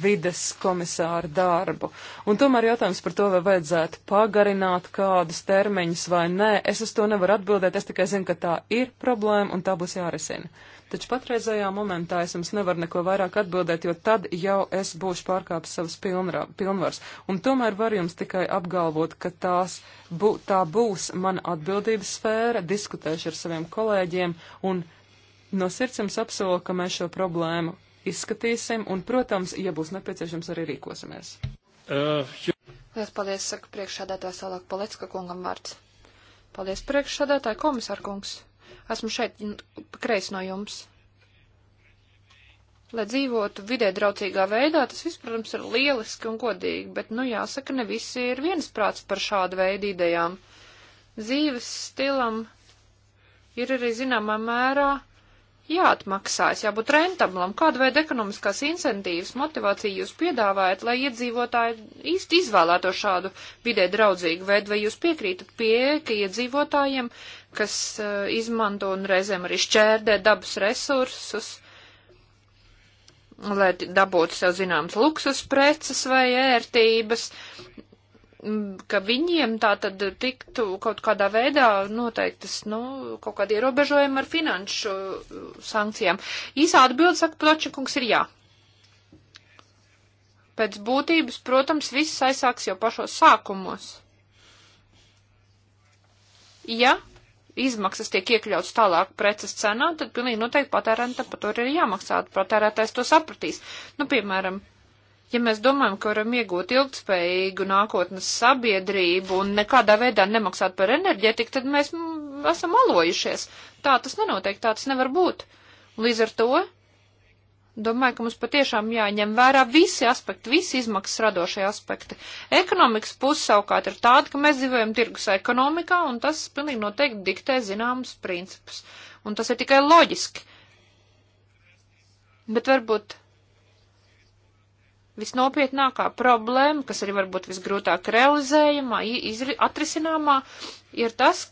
vides komisāra darbu. Un tomēr jautājums par to, vai vajadzētu pagarināt kādus termiņus vai nē, es uz to nevaru atbildēt, es tikai zinu, ka tā ir problēma un tā būs jārisina. Taču patreizajā momentā es jums nevaru neko vairāk atbildēt, jo tad jau es būšu pārkāpis savas pilnrā, pilnvars. Un tomēr varu jums tikai apgalvot, ka tās, bū, tā būs mana atbildības sfēra, diskutēšu ar saviem kolēģiem un no sirds jums apsolu, ka mēs šo problēmu izskatīsim, un, protams, ja būs nepieciešams, arī rīkosimies. Uh, jo... Lielas paldies, saka priekšsādātājs Alāk Palecka kungam vārds. Paldies, priekšsādātāji komisārkungs. Esmu šeit kreis no jums. Lai dzīvotu vidē draudzīgā veidā, tas viss, protams, ir lieliski un godīgi, bet, nu, jāsaka, ne visi ir viensprāts par šādu veidu idejām. Dzīves stilam ir arī zināmā mērā jāatmaksājas, jābūt rentablam. Kāda veida ekonomiskās incentīvas, motivācija jūs piedāvājat, lai iedzīvotāji īsti izvēlēto šādu vidē draudzīgu veidu, vai jūs piekrītat pieeja, ka iedzīvotājiem, kas uh, izmanto un reizēm arī šķērdē dabas resursus, lai dabūtu sev zināms luksus preces vai ērtības, Mm, ka viņiem tā tad tiktu kaut kādā veidā noteiktas, nu, kaut kādi ierobežojumi ar finanšu mm, sankcijām. Īsā atbilde, saka Plačakungs, ir jā. Pēc būtības, protams, viss aizsāks jau pašos sākumos. Ja izmaksas tiek iekļauts tālāk preces cenā, tad pilnīgi noteikti patērētam par to ir jāmaksā. Patērētājs to sapratīs. Nu, piemēram, Ja mēs domājam, ka varam iegūt ilgtspējīgu nākotnes sabiedrību un nekādā veidā nemaksāt par enerģētiku, tad mēs esam alojušies. Tā tas nenotiek, tā tas nevar būt. Līdz ar to Domāju, ka mums patiešām jāņem vērā visi aspekti, visi izmaksas radošie aspekti. Ekonomikas puse savukārt ir tāda, ka mēs dzīvojam tirgus ekonomikā, un tas pilnīgi noteikti diktē zināmus principus. Un tas ir tikai loģiski. Bet varbūt visnopietnākā problēma, kas arī varbūt visgrūtāk realizējumā, atrisināmā, ir tas,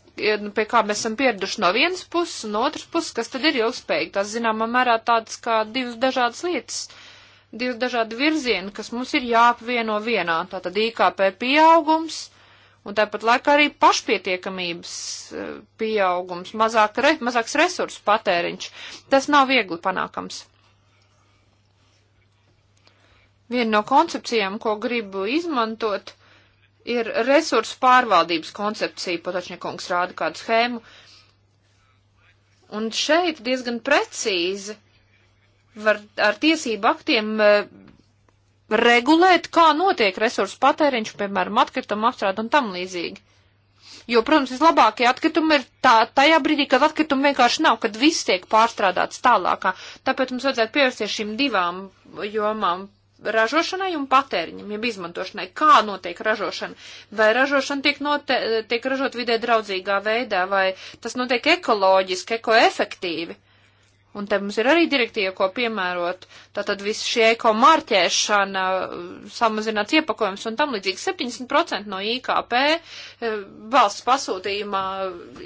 nu, pie kā mēs esam pieraduši no vienas puses, un otras puses, kas tad ir ilgspējīgi. Tas, zināmā mērā, tāds kā divas dažādas lietas, divas dažādi virzieni, kas mums ir jāapvieno vienā. Tātad IKP pieaugums, un tāpat laikā arī pašpietiekamības eh, pieaugums, mazāk re, mazāks resursu patēriņš. Tas nav viegli panākams. Viena no koncepcijām, ko gribu izmantot, ir resursu pārvaldības koncepcija, Potočņikungs rāda kādu schēmu. Un šeit diezgan precīzi var ar tiesību aktiem e, regulēt, kā notiek resursu patēriņš, piemēram, atkritumu apstrāde un tam līdzīgi. Jo, protams, vislabākie atkritumi ir tā, tajā brīdī, kad atkritumi vienkārši nav, kad viss tiek pārstrādāts tālākā. Tāpēc mums vajadzētu pievērsties šīm divām jomām ražošanai un patēriņam, jeb izmantošanai, kā notiek ražošana, vai ražošana tiek, note, tiek ražot vidē draudzīgā veidā, vai tas notiek ekoloģiski, ekoefektīvi. Un te mums ir arī direktīva, ko piemērot. Tātad viss šī eko marķēšana, samazināts iepakojums un tam līdzīgi 70% no IKP eh, valsts pasūtījumā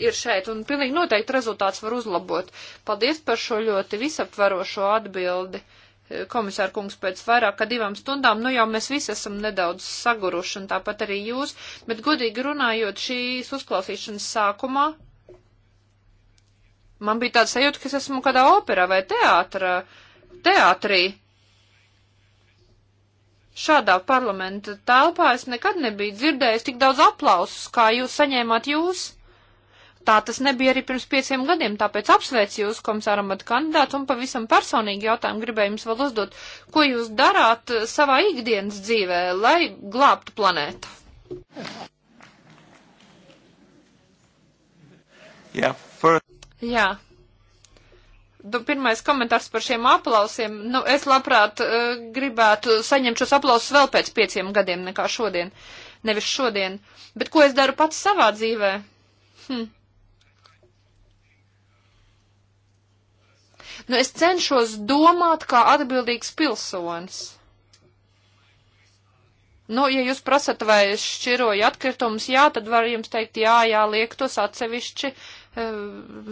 ir šeit. Un pilnīgi noteikti rezultāts var uzlabot. Paldies par šo ļoti visaptverošo atbildi komisāra kungs, pēc vairāk kā divām stundām, nu jau mēs visi esam nedaudz saguruši, un tāpat arī jūs, bet godīgi runājot šīs uzklausīšanas sākumā, man bija tāds sajūta, ka es esmu kādā operā vai teātra, teātrī. Šādā parlamenta telpā es nekad nebiju dzirdējis tik daudz aplausus, kā jūs saņēmāt jūs. Tā tas nebija arī pirms pieciem gadiem, tāpēc apsveicu jūs, komisāram, at kandidātu, un pavisam personīgi jautājumu gribēju jums vēl uzdot, ko jūs darāt eh, savā ikdienas dzīvē, lai glābtu planētu? Jā, yeah, for... Jā. Du, pirmais komentārs par šiem aplausiem. Nu, es labprāt uh, gribētu saņemt šos aplausus vēl pēc pieciem gadiem nekā šodien. Nevis šodien. Bet ko es daru pats savā dzīvē? Hm. Nu, es cenšos domāt kā atbildīgs pilsonis. Nu, ja jūs prasat, vai es šķiroju atkritumus, jā, tad var jums teikt, jā, jā, liek tos atsevišķi uh,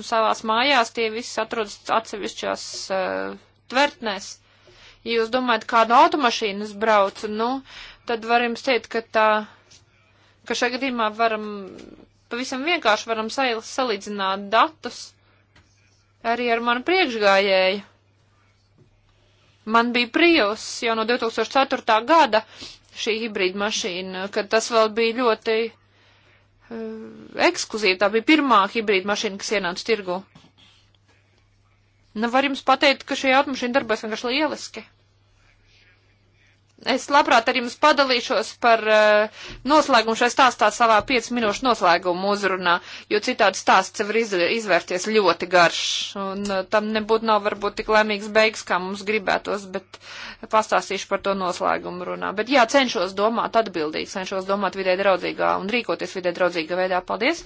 savās mājās, tie visi atrodas atsevišķās uh, tvertnēs. Ja jūs domājat, kāda automašīna es braucu, nu, tad var jums teikt, ka tā, ka šajā gadījumā varam, pavisam vienkārši varam salīdzināt datus arī ar manu priekšgājēju. Man bija Prius jau no 2004. gada šī hibrīda mašīna, kad tas vēl bija ļoti uh, eh, ekskluzīva. Tā bija pirmā hibrīda mašīna, kas ienāca tirgu. Nu, var jums pateikt, ka šī automašīna darbojas vienkārši lieliski es labprāt ar jums padalīšos par uh, noslēgumu šai stāstā savā 5 minūšu noslēgumu uzrunā, jo citādi stāsts var iz, izvērties ļoti garš, un uh, tam nebūtu nav varbūt tik laimīgs beigas, kā mums gribētos, bet pastāstīšu par to noslēgumu runā. Bet jā, cenšos domāt atbildīgi, cenšos domāt vidē draudzīgā un rīkoties vidē draudzīgā veidā. Paldies!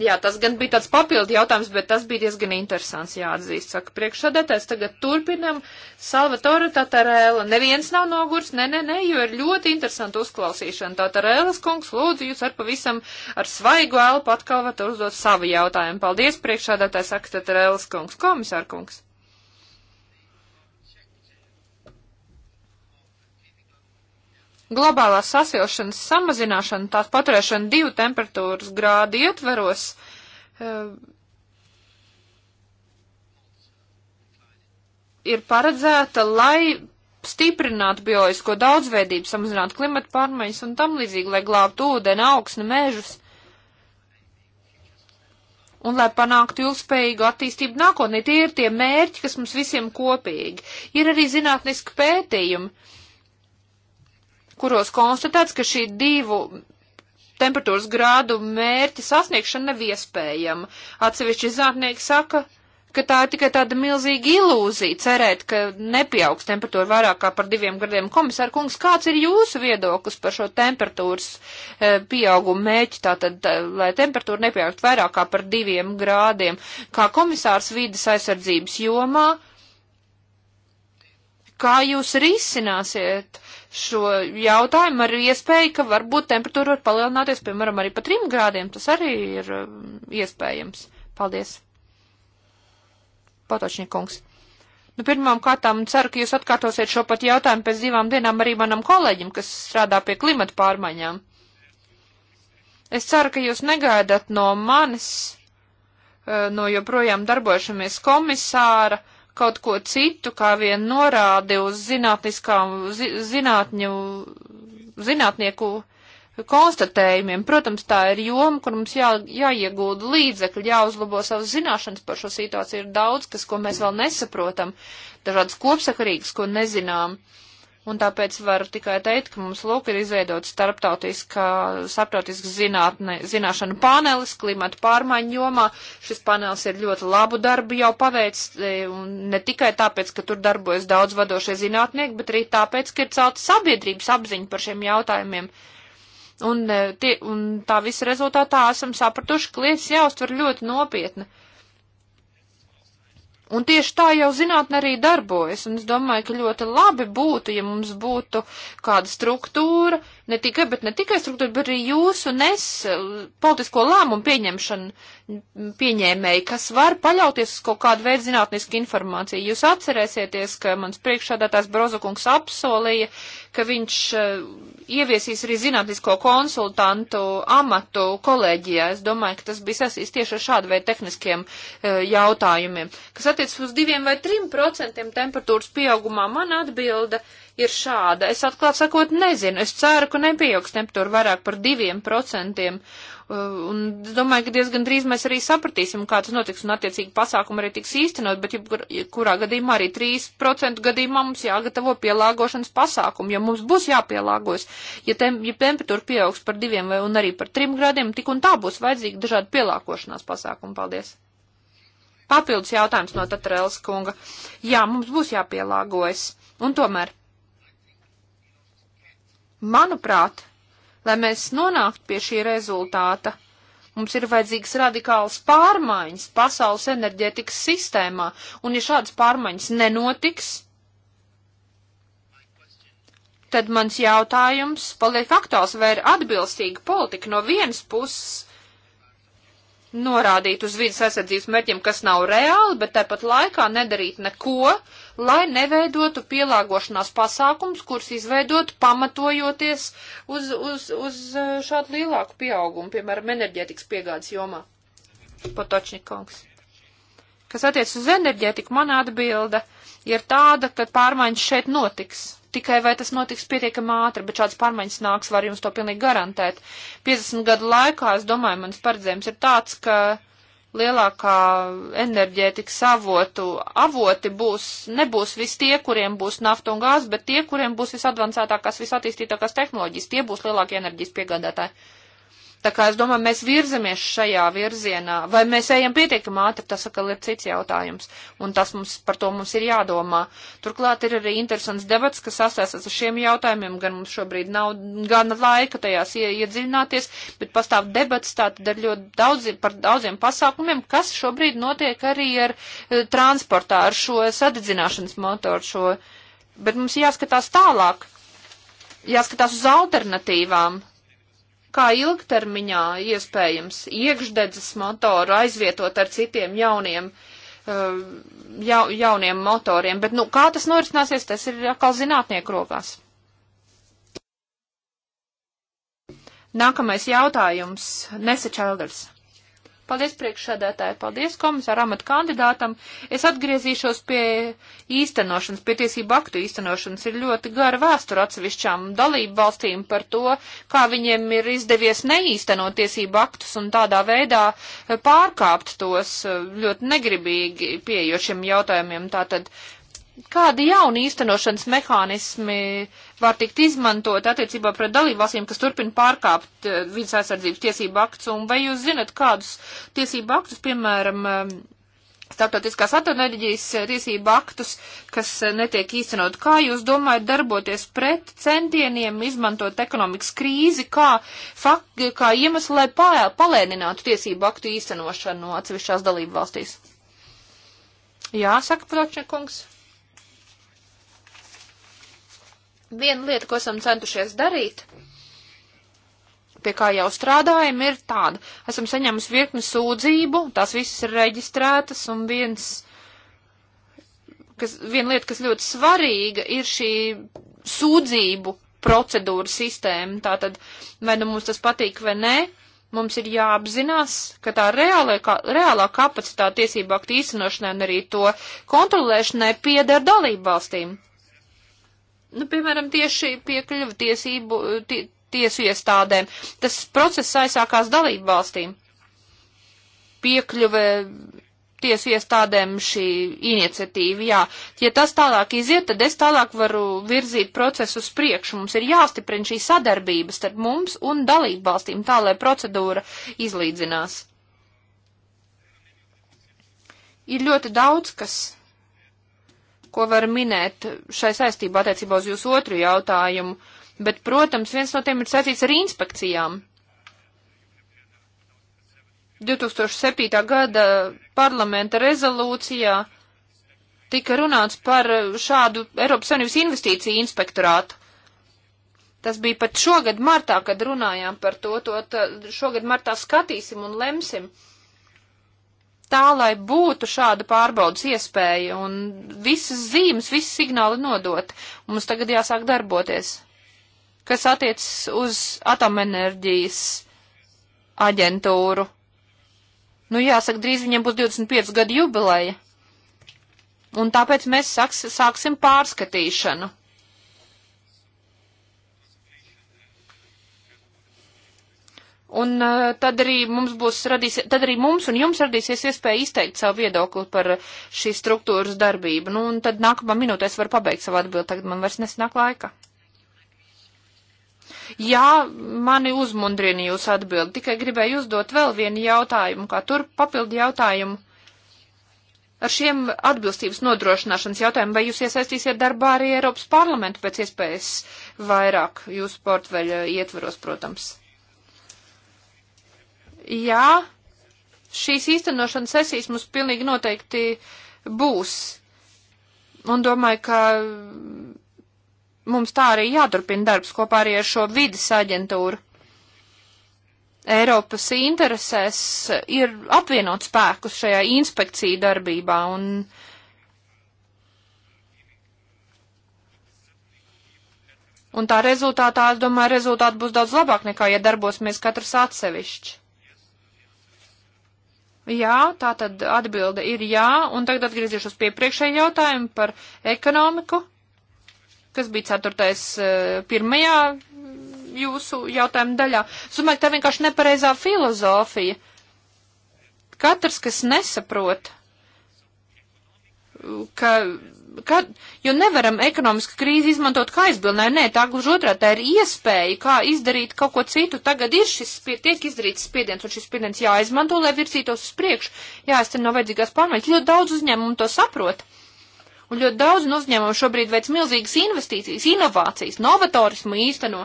Jā, tas gan bija tāds papildu jautājums, bet tas bija diezgan interesants jāatzīst. Saka, priekšsādētājs tagad turpinam. Salvatore Tatarēla. Neviens nav nogurs, nē, nē, nē, jo ir ļoti interesanti uzklausīšana. Tatarēlas kungs, lūdzu, jūs ar pavisam ar svaigu elpu atkal varat uzdot savu jautājumu. Paldies, priekšsādētājs, saka Tatarēlas kungs, komisār kungs. globālās sasilšanas samazināšana, tās paturēšana divu temperatūras grādu ietveros, eh, ir paredzēta, lai stiprinātu bioloģisko daudzveidību, samazinātu klimatu pārmaiņas un tam līdzīgi, lai glābtu ūdeni, augsni, mežus. Un, lai panāktu ilgspējīgu attīstību nākotnē, tie ir tie mērķi, kas mums visiem kopīgi. Ir arī zinātniski pētījumi kuros konstatēts, ka šī divu temperatūras grādu mērķa sasniegšana nav iespējama. Atsevišķi zinātnieki saka, ka tā ir tikai tāda milzīga ilūzija cerēt, ka nepieaugs temperatūra vairāk kā par diviem gradiem. Komisār kungs, kāds ir jūsu viedoklis par šo temperatūras e, pieaugumu mēķi, tātad, tā, e, lai temperatūra nepieaugt vairāk kā par diviem grādiem, kā komisārs vīdes aizsardzības jomā? Kā jūs risināsiet šo jautājumu ar iespēju, ka varbūt temperatūra var palielināties, piemēram, arī pa 3 grādiem. Tas arī ir um, iespējams. Paldies. Patočņa kungs. Nu, pirmām kārtām ceru, ka jūs atkārtosiet šo pat jautājumu pēc divām dienām arī manam kolēģim, kas strādā pie klimata pārmaiņām. Es ceru, ka jūs negaidat no manis, uh, no joprojām darbojušamies komisāra, uh, kaut ko citu, kā vien norādi uz zinātniskām, zi, zinātņu, zinātnieku konstatējumiem. Protams, tā ir joma, kur mums jā, jāiegūda līdzekļi, jāuzlabo savas zināšanas par šo situāciju. Ir daudz, kas, ko mēs vēl nesaprotam, dažādas kopsakarīgas, ko nezinām. Uh, Un tāpēc varu tikai teikt, ka mums lūk ir izveidot starptautisks zinātne, zināšanu panelis klimata pārmaiņu jomā. Šis panelis ir ļoti labu darbu jau paveicis, e, un ne tikai tāpēc, ka tur darbojas daudz vadošie zinātnieki, bet arī tāpēc, ka ir celta sabiedrības apziņa par šiem jautājumiem. Un, e, tie, un tā visa rezultātā esam sapratuši, ka lietas jāuztver ļoti nopietni. Uh, Un tieši tā jau zinātne arī darbojas, un es domāju, ka ļoti labi būtu, ja mums būtu kāda struktūra, ne tikai, bet ne tikai struktūra, bet arī jūsu nes eh, politisko lēmumu pieņemšanu pieņēmēji, kas var paļauties uz kaut kādu veidu zinātnisku informāciju. Jūs atcerēsieties, ka mans priekšādātājs Brozokungs apsolīja, ka viņš eh, ieviesīs arī zinātnisko konsultantu amatu kolēģijā. Es domāju, ka tas bija sasīs tieši ar šādu veidu tehniskiem eh, jautājumiem. Kas attiecas uz diviem vai trim procentiem temperatūras pieaugumā, man atbilda. Uh, ir šāda. Es atklāt sakot nezinu. Es ceru, ka nepieaugs neptur vairāk par diviem procentiem. Uh, un es domāju, ka diezgan drīz mēs arī sapratīsim, kā tas notiks un attiecīgi pasākumi arī tiks īstenot, bet jebkurā gadījumā arī 3% gadījumā mums jāgatavo pielāgošanas pasākumu, jo mums būs jāpielāgojas. Ja, tem, ja temperatūra pieaugs par diviem vai un arī par trim grādiem, tik un tā būs vajadzīga dažādi pielāgošanās pasākumi. Paldies! Papildus jautājums no Tatrēlas kunga. Jā, mums būs jāpielāgojas. Un tomēr Manuprāt, lai mēs nonāktu pie šī rezultāta, mums ir vajadzīgas radikālas pārmaiņas pasaules enerģētikas sistēmā, un ja šādas pārmaiņas nenotiks, tad mans jautājums paliek aktuāls, vai ir atbilstīga politika no vienas puses norādīt uz vidas aizsardzības mērķiem, kas nav reāli, bet tāpat laikā nedarīt neko, lai neveidotu pielāgošanās pasākums, kurus izveidot pamatojoties uz, uz, uz eh, šādu lielāku pieaugumu, piemēram, enerģētikas piegādes jomā. Potočnikungs. Kas attiec uz enerģētiku, mana atbilda ir tāda, ka pārmaiņas šeit notiks tikai vai tas notiks pietiekami ātri, bet šāds pārmaiņas nāks, var jums to pilnīgi garantēt. 50 gadu laikā, es domāju, mans paredzējums ir tāds, ka uh, lielākā enerģētikas avotu avoti būs, nebūs visi tie, kuriem būs nafta un gāze, bet tie, kuriem būs visadvancētākās, visattīstītākās tehnoloģijas, tie būs lielākie enerģijas piegādātāji. Tā kā es domāju, mēs virzamies šajā virzienā, vai mēs ejam pietiekami ātri, tas atkal ir cits jautājums, un tas mums, par to mums ir jādomā. Turklāt ir arī interesants debats, kas sasēsas ar šiem jautājumiem, gan mums šobrīd nav gana laika tajās iedziļināties, bet pastāv debats tātad ar ļoti daudz, par daudziem pasākumiem, kas šobrīd notiek arī ar uh, transportā, ar šo sadedzināšanas motoru, šo, bet mums jāskatās tālāk, jāskatās uz alternatīvām kā ilgtermiņā iespējams iekšdedzes motoru aizvietot ar citiem jauniem, uh, ja, jauniem motoriem. Bet, nu, kā tas norisināsies, tas ir atkal zinātnieku rokās. Nākamais jautājums. Nese Čelders. Paldies priekšsēdētāji, paldies komisāra amata kandidātam. Es atgriezīšos pie īstenošanas, pie tiesību aktu īstenošanas. Ir ļoti gara vēstura atsevišķām dalību valstīm par to, kā viņiem ir izdevies neīstenot tiesību aktus un tādā veidā pārkāpt tos eh, ļoti negribīgi pieejošiem jautājumiem. Tātad kādi jauni īstenošanas mehānismi var tikt izmantot attiecībā pret dalībvalstīm, kas turpina pārkāpt eh, vidas aizsardzības tiesību aktus, un vai jūs zinat kādus tiesību aktus, piemēram, eh, starptautiskās atomenerģijas eh, tiesību aktus, kas netiek īstenot. Kā jūs domājat darboties pret centieniem izmantot ekonomikas krīzi, kā, fak, kā iemeslu, lai pā, palēninātu tiesību aktu īstenošanu no atsevišķās dalību valstīs? Jā, saka Pročekungs. Viena lieta, ko esam centušies darīt, pie kā jau strādājam, ir tāda. Esam saņēmusi virkni sūdzību, tās visas ir reģistrētas, un viens, kas, viena lieta, kas ļoti svarīga, ir šī sūdzību procedūra sistēma. Tātad, vai nu mums tas patīk vai nē, mums ir jāapzinās, ka tā reālā, ka, reālā kapacitāte tiesību aktu īstenošanai un arī to kontrolēšanai pieder dalību valstīm nu, piemēram, tieši piekļuvu tiesību, tie, tiesu iestādēm. Tas process aizsākās dalību valstīm. Piekļuve tiesu iestādēm šī iniciatīva, jā. Ja tas tālāk iziet, tad es tālāk varu virzīt procesu uz priekšu. Mums ir jāstiprina šī sadarbība starp mums un dalību valstīm, tā lai procedūra izlīdzinās. Ir ļoti daudz, kas ko var minēt šai saistībā attiecībā uz jūsu otru jautājumu, bet, protams, viens no tiem ir saistīts ar inspekcijām. 2007. gada parlamenta rezolūcijā tika runāts par šādu Eiropas Savienības investīciju inspektorātu. Tas bija pat šogad martā, kad runājām par to, to tā, šogad martā skatīsim un lemsim. Uh, tā, lai būtu šāda pārbaudas iespēja un visas zīmes, visi signāli nodot. Mums tagad jāsāk darboties. Kas attiecas uz atomenerģijas aģentūru? Nu, jāsaka, drīz viņiem būs 25 gadu jubileja. Un tāpēc mēs saks, sāksim pārskatīšanu. Un uh, tad arī mums būs radīs, tad arī mums un jums radīsies iespēja izteikt savu viedokli par šīs struktūras darbību. Nu, un tad nākamā minūtē es varu pabeigt savu atbildi, tagad man vairs nesanāk laika. Jā, mani uzmundrina jūs atbildi, tikai gribēju uzdot vēl vienu jautājumu, kā tur papildu jautājumu. Ar šiem atbilstības nodrošināšanas jautājumiem, vai jūs iesaistīsiet darbā arī Eiropas parlamentu pēc iespējas vairāk jūsu portveļa ietvaros, protams? Jā, šīs īstenošanas sesijas mums pilnīgi noteikti būs. Un domāju, ka mums tā arī jāturpina darbs kopā arī ar šo vidas aģentūru. Eiropas interesēs ir apvienot spēkus šajā inspekciju darbībā un Un tā rezultātā, es domāju, rezultāti būs daudz labāk nekā, ja darbosimies katrs atsevišķi. Jā, tā tad atbilde ir jā, un tagad atgriezīšos pie priekšējā jautājuma par ekonomiku, kas bija ceturtais eh, pirmajā mm, jūsu jautājuma daļā. Es domāju, ka tā vienkārši nepareizā filozofija. Katrs, kas nesaprot, ka kad, jo nevaram ekonomisku krīzi izmantot kā aizbildnē, nē, tā gluži otrā, tā ir iespēja, kā izdarīt kaut ko citu. Tagad ir šis, spie, tiek izdarīts spiediens, un šis spiediens jāizmanto, lai virzītos uz priekšu. Jā, es te nav vajadzīgās pārmaiņas. Ļoti daudz uzņēmumu to saprot. Un ļoti daudz no uzņēmumu šobrīd veic milzīgas investīcijas, inovācijas, novatorismu īsteno,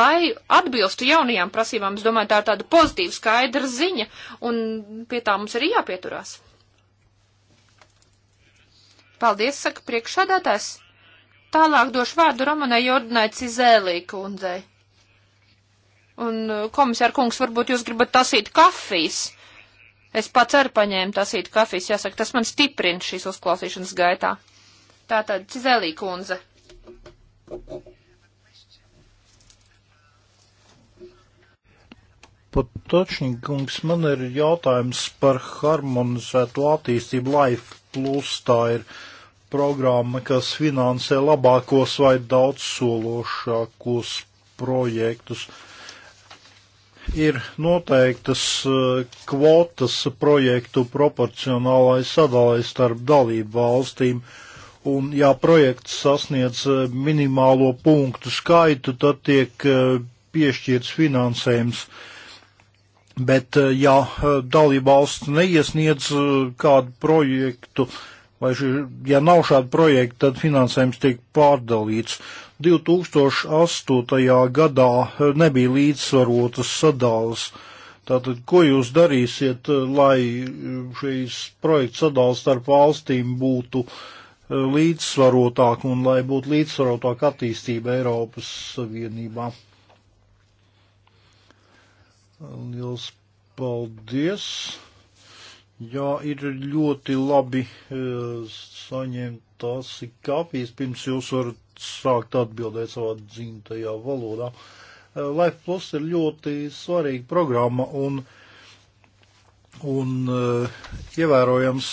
lai atbilstu jaunajām prasībām. Es domāju, tā ir tāda pozitīva, skaidra ziņa, un pie tā mums arī jāpieturās. Paldies, saka priekšādātājs. Tālāk došu vārdu Romanai Jordanai Cizēlī kundzei. Un uh, komisāra kungs, varbūt jūs gribat tasīt kafijas? Es pats arī paņēmu tasīt kafijas, jāsaka, tas man stiprina šīs uzklausīšanas gaitā. Tātad Cizelī kundze. Potočņikungs, man ir jautājums par harmonizēto attīstību Life Plus. Tā ir programma, kas finansē labākos vai daudzsološākos projektus. Ir noteiktas eh, kvotas projektu proporcionālai sadalai starp dalību valstīm, un ja projekts sasniedz eh, minimālo punktu skaitu, tad tiek eh, piešķirts finansējums. Bet ja dalība valsts neiesniedz kādu projektu, uh, vai šī, ja nav šāda projekta, tad finansējums tiek pārdalīts. 2008. gadā e, nebija līdzsvarotas sadāles. Tātad, ko jūs darīsiet, e, lai e, šīs projekta sadāles starp valstīm būtu līdzsvarotāk un lai būtu līdzsvarotāk attīstība Eiropas Savienībā? Liels paldies! Jā, ir ļoti labi e, saņemt tās kapijas, pirms jūs varat sākt atbildēt savā dzimtajā valodā. E, Life Plus ir ļoti svarīga programma un, un e, ievērojams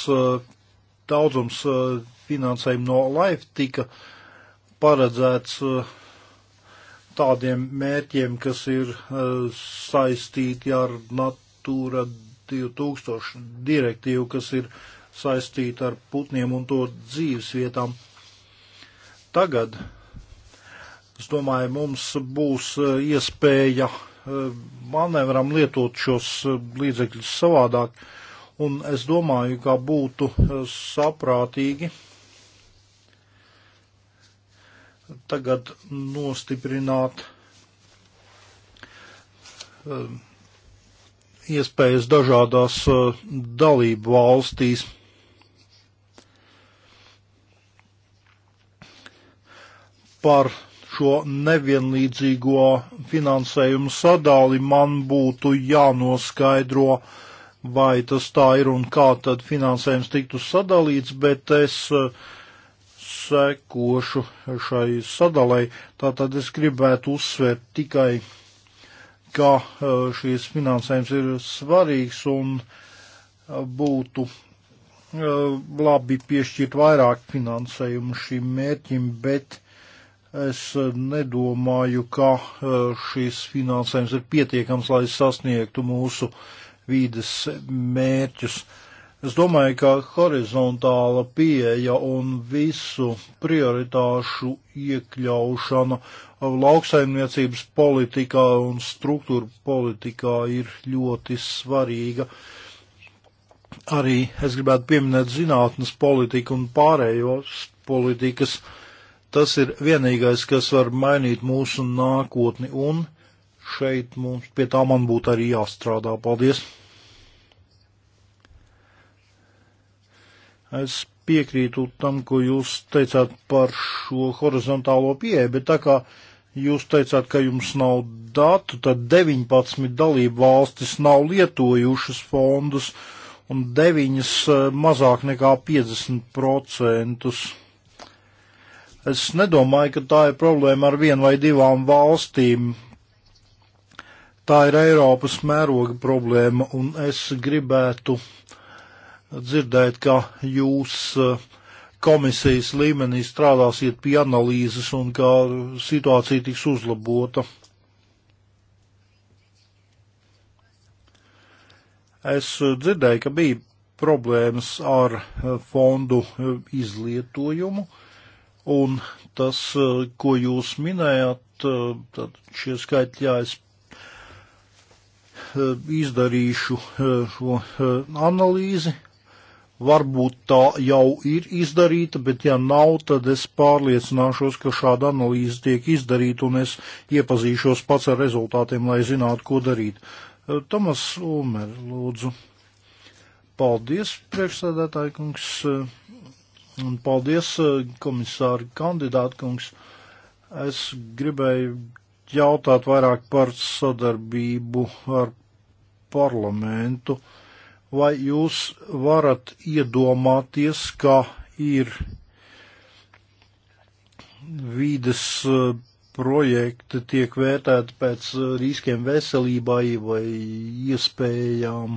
daudzums finansējumu no Life tika paredzēts tādiem mērķiem, kas ir saistīti ar Natūra 2000 direktīvu, kas ir saistīta ar putniem un to dzīves vietām. Tagad, es domāju, mums būs e, iespēja e, manevram lietot šos e, līdzekļus savādāk, un es domāju, ka būtu saprātīgi tagad nostiprināt um, iespējas dažādās uh, dalību valstīs. Par šo nevienlīdzīgo finansējumu sadali man būtu jānoskaidro, vai tas tā ir un kā tad finansējums tiktu sadalīts, bet es uh, sekošu šai sadalai. Tātad es gribētu uzsvērt tikai ka e, šīs finansējums ir svarīgs un e, būtu e, labi piešķirt vairāk finansējumu šim mērķim, bet es nedomāju, ka šis finansējums ir pietiekams, lai sasniegtu mūsu vīdes mērķus. Uh, Es domāju, ka horizontāla pieeja un visu prioritāšu iekļaušana lauksaimniecības politikā un struktūra politikā ir ļoti svarīga. Arī es gribētu pieminēt zinātnes politiku un pārējos politikas. Tas ir vienīgais, kas var mainīt mūsu nākotni, un šeit mums pie tā man būtu arī jāstrādā. Paldies! Es piekrītu tam, ko jūs teicāt par šo horizontālo pieeju, bet tā kā jūs teicāt, ka jums nav datu, tad 19 dalību valstis nav lietojušas fondus un 9 eh, mazāk nekā 50%. Es nedomāju, ka tā ir problēma ar vienu vai divām valstīm. Tā ir Eiropas mēroga problēma, un es gribētu uh, dzirdēt, ka jūs eh, komisijas līmenī strādāsiet pie analīzes un ka situācija tiks uzlabota. Es eh, dzirdēju, ka bija problēmas ar eh, fondu izlietojumu, un tas, ko jūs minējāt, tad šie skaitļi, jā, es izdarīšu šo analīzi Varbūt tā jau ir izdarīta, bet ja nav, tad es pārliecināšos, ka šāda analīze tiek izdarīta un es iepazīšos pats ar rezultātiem, lai zinātu, ko darīt. E, Tomas Ulmer, lūdzu. Paldies, priekšsēdētāji kungs, e, un paldies, e, komisāri kandidāti kungs. Es gribēju jautāt vairāk par sadarbību ar parlamentu. Uh, Vai jūs varat iedomāties, ka ir vīdes eh, projekti tiek vērtēti pēc eh, riskiem veselībai vai iespējām,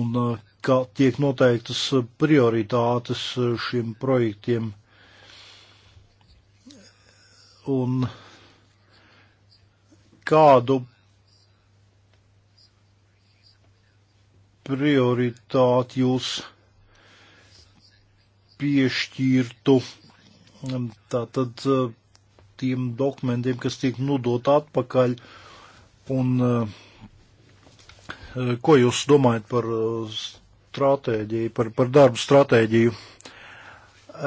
un eh, ka tiek noteiktas prioritātes šiem projektiem. Un kādu prioritāti jūs piešķirtu um, tātad uh, tiem dokumentiem, kas tiek nodot atpakaļ, un uh, ko jūs domājat par uh, stratēģiju, par, par darbu stratēģiju?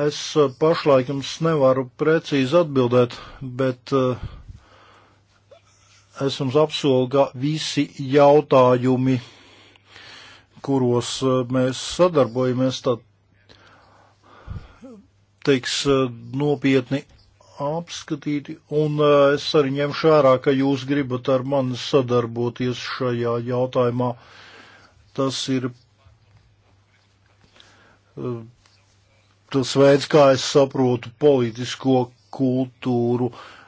Es pašlaik jums nevaru precīzi atbildēt, bet es jums apsolu, ka visi jautājumi kuros e, mēs sadarbojamies tā, teiks, e, nopietni apskatīti, un e, es arī ņemšu vērā, ka jūs gribat ar mani sadarboties šajā jautājumā. Tas ir tas veids, kā es saprotu politisko kultūru. Uh,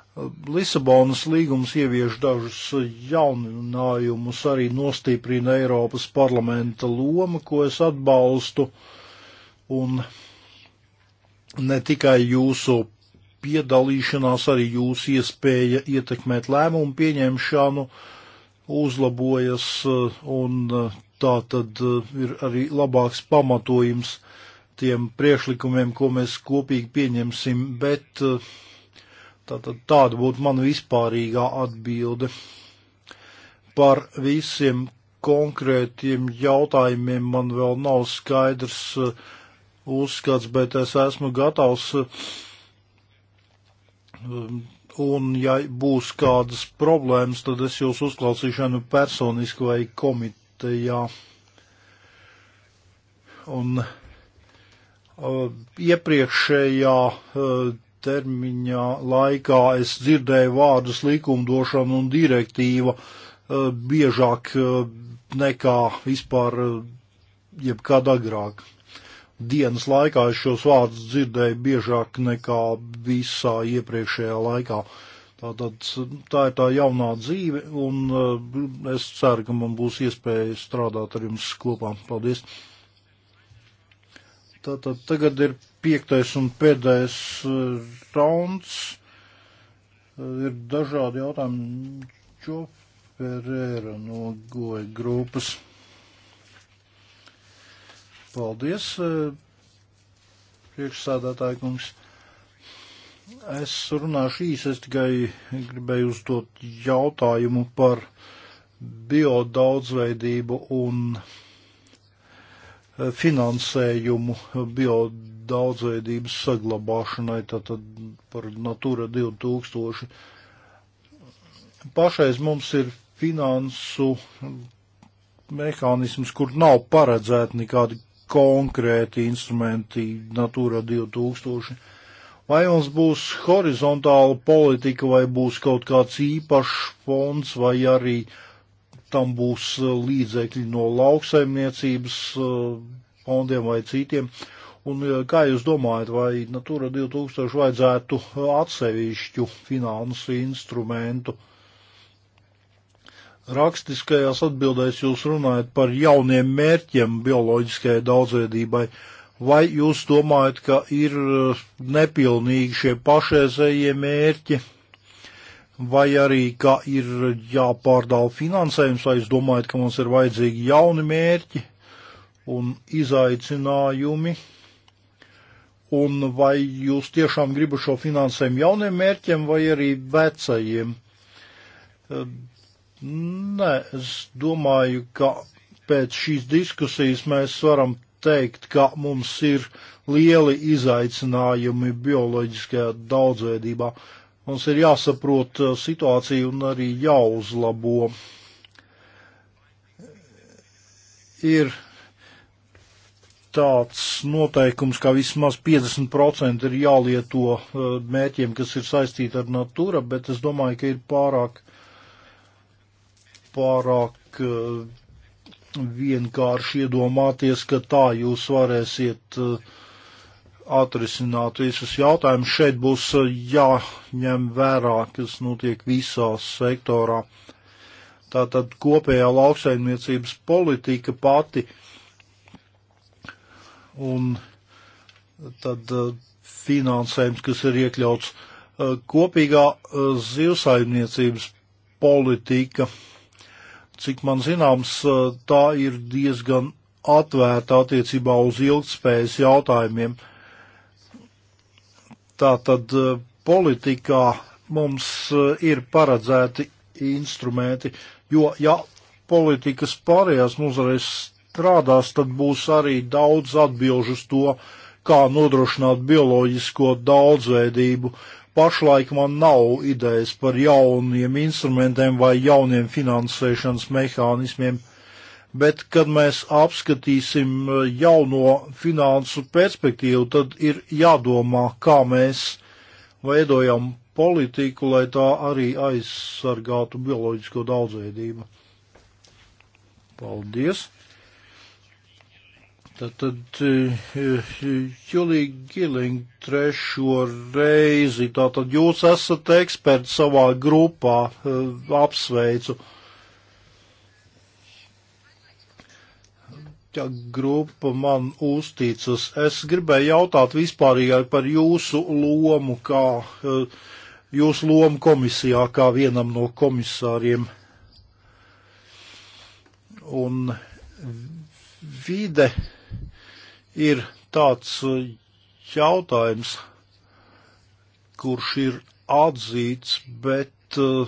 Lisabonas līgums ievieš dažus jauninājumus, arī nostiprina Eiropas parlamenta loma, ko es atbalstu, un ne tikai jūsu piedalīšanās, arī jūsu iespēja ietekmēt lēmumu pieņemšanu uzlabojas, un tā tad ir arī labāks pamatojums tiem priekšlikumiem, ko mēs kopīgi pieņemsim, bet uh, Tātad tāda būtu mana vispārīgā atbilde par visiem konkrētiem jautājumiem. Man vēl nav skaidrs uh, uzskats, bet es esmu gatavs. Uh, un ja būs kādas problēmas, tad es jūs uzklausīšanu personiski vai komitejā. Un uh, iepriekšējā uh, termiņā laikā es dzirdēju vārdus likumdošana un direktīva eh, biežāk eh, nekā vispār eh, jebkad agrāk. Dienas laikā es šos vārdus dzirdēju biežāk nekā visā iepriekšējā laikā. Tātad tā ir tā jaunā dzīve, un es ceru, ka man būs iespēja strādāt ar jums kopā. Paldies! Tātad tagad ir piektais un pēdējais eh, rauns. Eh, ir dažādi jautājumi. Čoferēra no goja grupas. Paldies, eh, priekšsādātāji kungs. Es runāšu īsi, es tikai gribēju uzdot jautājumu par biodaudzveidību un finansējumu biodaudzveidības saglabāšanai, tātad par Natura 2000. Pašais mums ir finansu mehānisms, kur nav paredzēti nekādi konkrēti instrumenti Natura 2000. Vai mums būs horizontāla politika, vai būs kaut kāds īpašs fonds, vai arī uh, tam būs uh, līdzekļi no lauksaimniecības uh, fondiem vai citiem. Un uh, kā jūs domājat, vai Natura 2000 vajadzētu atsevišķu finansu instrumentu? Rakstiskajās atbildēs jūs runājat par jauniem mērķiem bioloģiskajai daudzveidībai. Vai jūs domājat, ka ir nepilnīgi šie pašreizējie mērķi? vai arī, ka ir jāpārdala finansējums, vai es domāju, ka mums ir vajadzīgi jauni mērķi un izaicinājumi, un vai jūs tiešām gribat šo finansējumu jauniem mērķiem vai arī vecajiem. Nē, es domāju, ka pēc šīs diskusijas mēs varam teikt, ka mums ir lieli izaicinājumi bioloģiskajā daudzveidībā. Mums ir jāsaprot uh, situācija un arī jāuzlabo. Ir tāds noteikums, ka vismaz 50% ir jālieto uh, mērķiem, kas ir saistīti ar natūra, bet es domāju, ka ir pārāk, pārāk uh, vienkārši iedomāties, ka tā jūs varēsiet uh, atrisināt visus jautājumus. Šeit būs eh, jāņem vērā, kas notiek visā sektorā. Tātad kopējā lauksaimniecības politika pati un tad eh, finansējums, kas ir iekļauts eh, kopīgā zivsaimniecības politika. Cik man zināms, tā ir diezgan atvērta attiecībā uz ilgspējas jautājumiem. Uh, Tātad eh, politikā mums eh, ir paredzēti instrumenti, jo ja politikas pārējās nozares strādās, tad būs arī daudz atbilžu uz to, kā nodrošināt bioloģisko daudzveidību. Pašlaik man nav idejas par jauniem instrumentiem vai jauniem finansēšanas mehānismiem. Uh, bet kad mēs apskatīsim eh, jauno finansu perspektīvu, tad ir jādomā, kā mēs veidojam politiku, lai tā arī aizsargātu bioloģisko daudzveidību. Paldies! Tātad eh, Julija Giling trešo reizi, tātad jūs esat eksperts savā grupā, eh, apsveicu. mērķa grupa man uzticas. Es gribēju jautāt vispārīgāk par jūsu lomu, kā eh, jūsu lomu komisijā, kā vienam no komisāriem. Un vide ir tāds eh, jautājums, kurš ir atzīts, bet eh,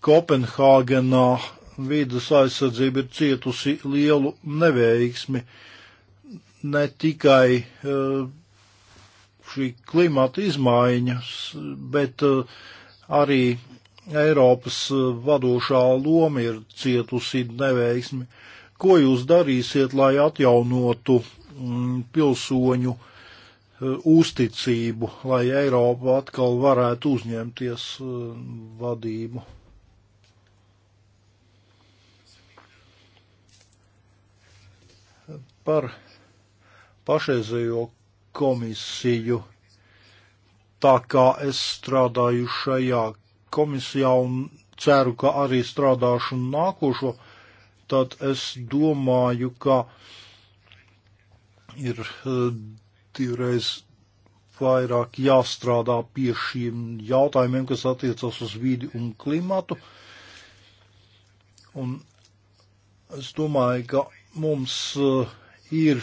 Kopenhāgenā vīdas aizsardzība ir cietusi lielu neveiksmi ne tikai eh, šī klimata izmaiņas, bet eh, arī Eiropas eh, vadošā loma ir cietusi neveiksmi. Ko jūs darīsiet, lai atjaunotu mm, pilsoņu uzticību, lai Eiropa atkal varētu uzņemties vadību? par pašreizējo komisiju. Tā kā es strādāju šajā komisijā un ceru, ka arī strādāšu nākošo, tad es domāju, ka ir e, divreiz vairāk jāstrādā pie šiem jautājumiem, kas attiecas uz vidi un klimatu. Un es domāju, ka mums uh, ir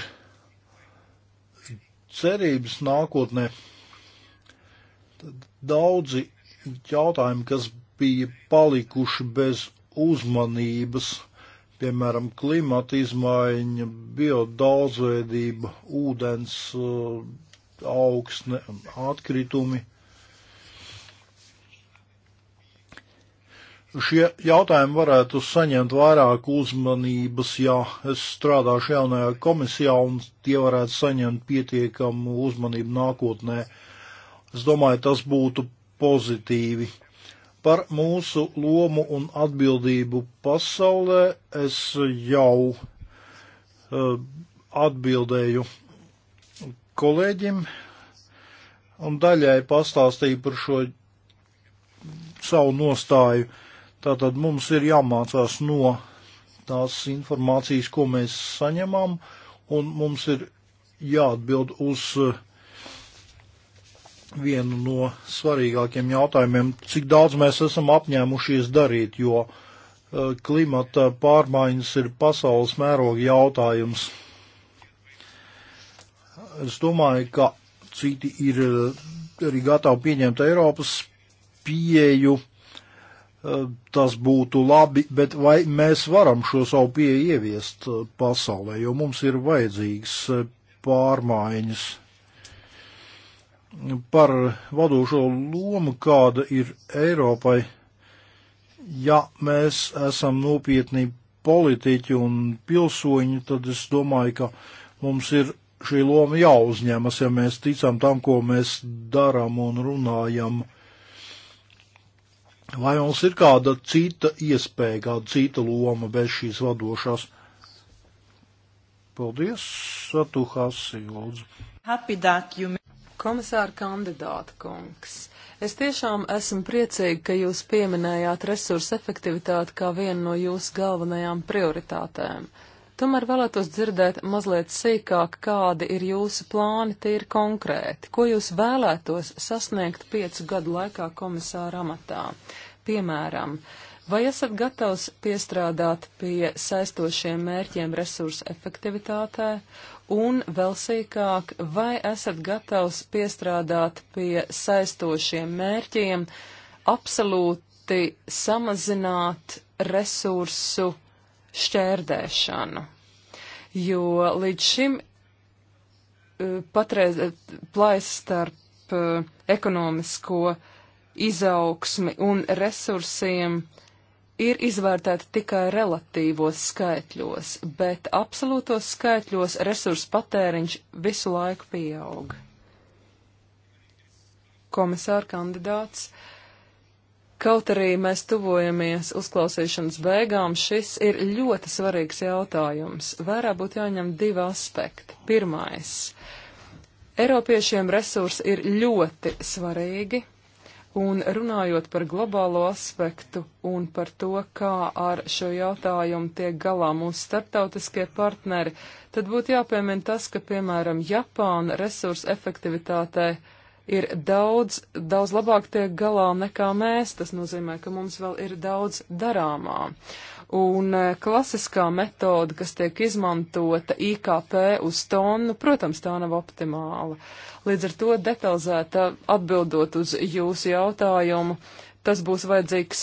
cerības nākotnē. Tad daudzi jautājumi, kas bija palikuši bez uzmanības, piemēram, klimata izmaiņa, biodaudzveidība, ūdens uh, augsne, atkritumi. šie jautājumi varētu saņemt vairāk uzmanības, ja es strādāšu jaunajā komisijā un tie varētu saņemt pietiekamu uzmanību nākotnē. Es domāju, tas būtu pozitīvi. Par mūsu lomu un atbildību pasaulē es jau uh, atbildēju kolēģim un daļai pastāstīju par šo savu nostāju. Uh, Tātad mums ir jāmācās no tās informācijas, ko mēs saņemam, un mums ir jāatbild uz eh, vienu no svarīgākiem jautājumiem, cik daudz mēs esam apņēmušies darīt, jo eh, klimata pārmaiņas ir pasaules mēroga jautājums. Es domāju, ka citi ir eh, arī gatavi pieņemt Eiropas pieeju tas būtu labi, bet vai mēs varam šo savu pieeju ieviest uh, pasaulē, jo mums ir vajadzīgs uh, pārmaiņas par vadošo lomu, kāda ir Eiropai. Ja mēs esam nopietni politiķi un pilsoņi, tad es domāju, ka mums ir šī loma jāuzņemas, ja mēs ticam tam, ko mēs darām un runājam. Uh, Vai mums ir kāda cita iespēja, kāda cita loma bez šīs vadošās? Paldies, Satuhasi, lūdzu. Happy that you Komisāra kandidāta kungs, es tiešām esmu priecīga, ka jūs pieminējāt resursu efektivitāti kā vienu no jūsu galvenajām prioritātēm. Uh, Tomēr vēlētos dzirdēt mazliet sīkāk, kādi ir jūsu plāni, tie ir konkrēti. Ko jūs vēlētos sasniegt piecu gadu laikā komisāra amatā? Piemēram, vai esat gatavs piestrādāt pie saistošiem mērķiem resursu efektivitātē Un vēl sīkāk, vai esat gatavs piestrādāt pie saistošiem mērķiem, absolūti samazināt resursu šķērdēšanu, jo līdz šim eh, patreiz eh, plājas starp eh, ekonomisko izaugsmi un resursiem ir izvērtēta tikai relatīvos skaitļos, bet absolūtos skaitļos resursu patēriņš visu laiku pieaug. Komisāra kandidāts uh, Kaut arī mēs tuvojamies uzklausīšanas beigām, šis ir ļoti svarīgs jautājums. Vērā būtu jāņem divi aspekti. Pirmais. Eiropiešiem resursi ir ļoti svarīgi, un runājot par globālo aspektu un par to, kā ar šo jautājumu tiek galā mūsu starptautiskie partneri, tad būtu jāpiemina tas, ka, piemēram, Japāna resursu efektivitātei ir daudz, daudz labāk tiek galā nekā mēs. Tas nozīmē, ka mums vēl ir daudz darāmā. Un eh, klasiskā metode, kas tiek izmantota IKP uz tonu, protams, tā nav optimāla. Līdz ar to detalizēta atbildot uz jūsu jautājumu, uh, tas būs vajadzīgs,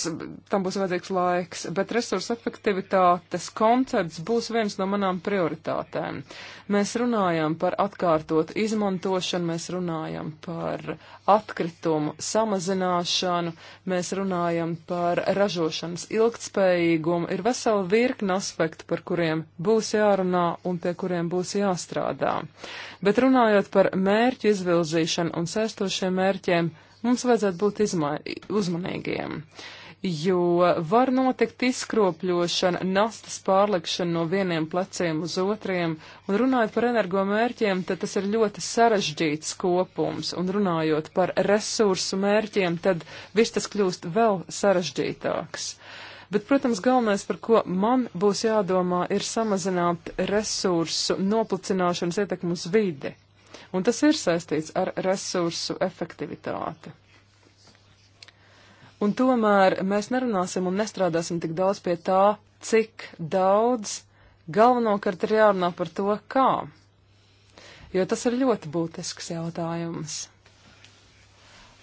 tam būs vajadzīgs laiks, bet resursu efektivitātes koncepts būs viens no manām prioritātēm. Mēs runājam par atkārtot izmantošanu, mēs runājam par atkritumu samazināšanu, mēs runājam par ražošanas ilgtspējīgumu. Ir vesela virkna aspektu, par kuriem būs jārunā un pie kuriem būs jāstrādā. Bet runājot par mērķu izvilzīšanu un sēstošiem mērķiem, Mums vajadzētu būt izmai, uzmanīgiem, jo var notikt izkropļošana, nastas pārlikšana no vieniem pleciem uz otriem, un runājot par energomērķiem, tad tas ir ļoti sarežģīts kopums, un runājot par resursu mērķiem, tad viss tas kļūst vēl sarežģītāks. Bet, protams, galvenais, par ko man būs jādomā, ir samazināt resursu noplicināšanas ietekmu uz vidi un tas ir saistīts ar resursu efektivitāti. Un tomēr mēs nerunāsim un nestrādāsim tik daudz pie tā, cik daudz, galvenokārt ir jārunā par to, kā. Jo tas ir ļoti būtisks jautājums.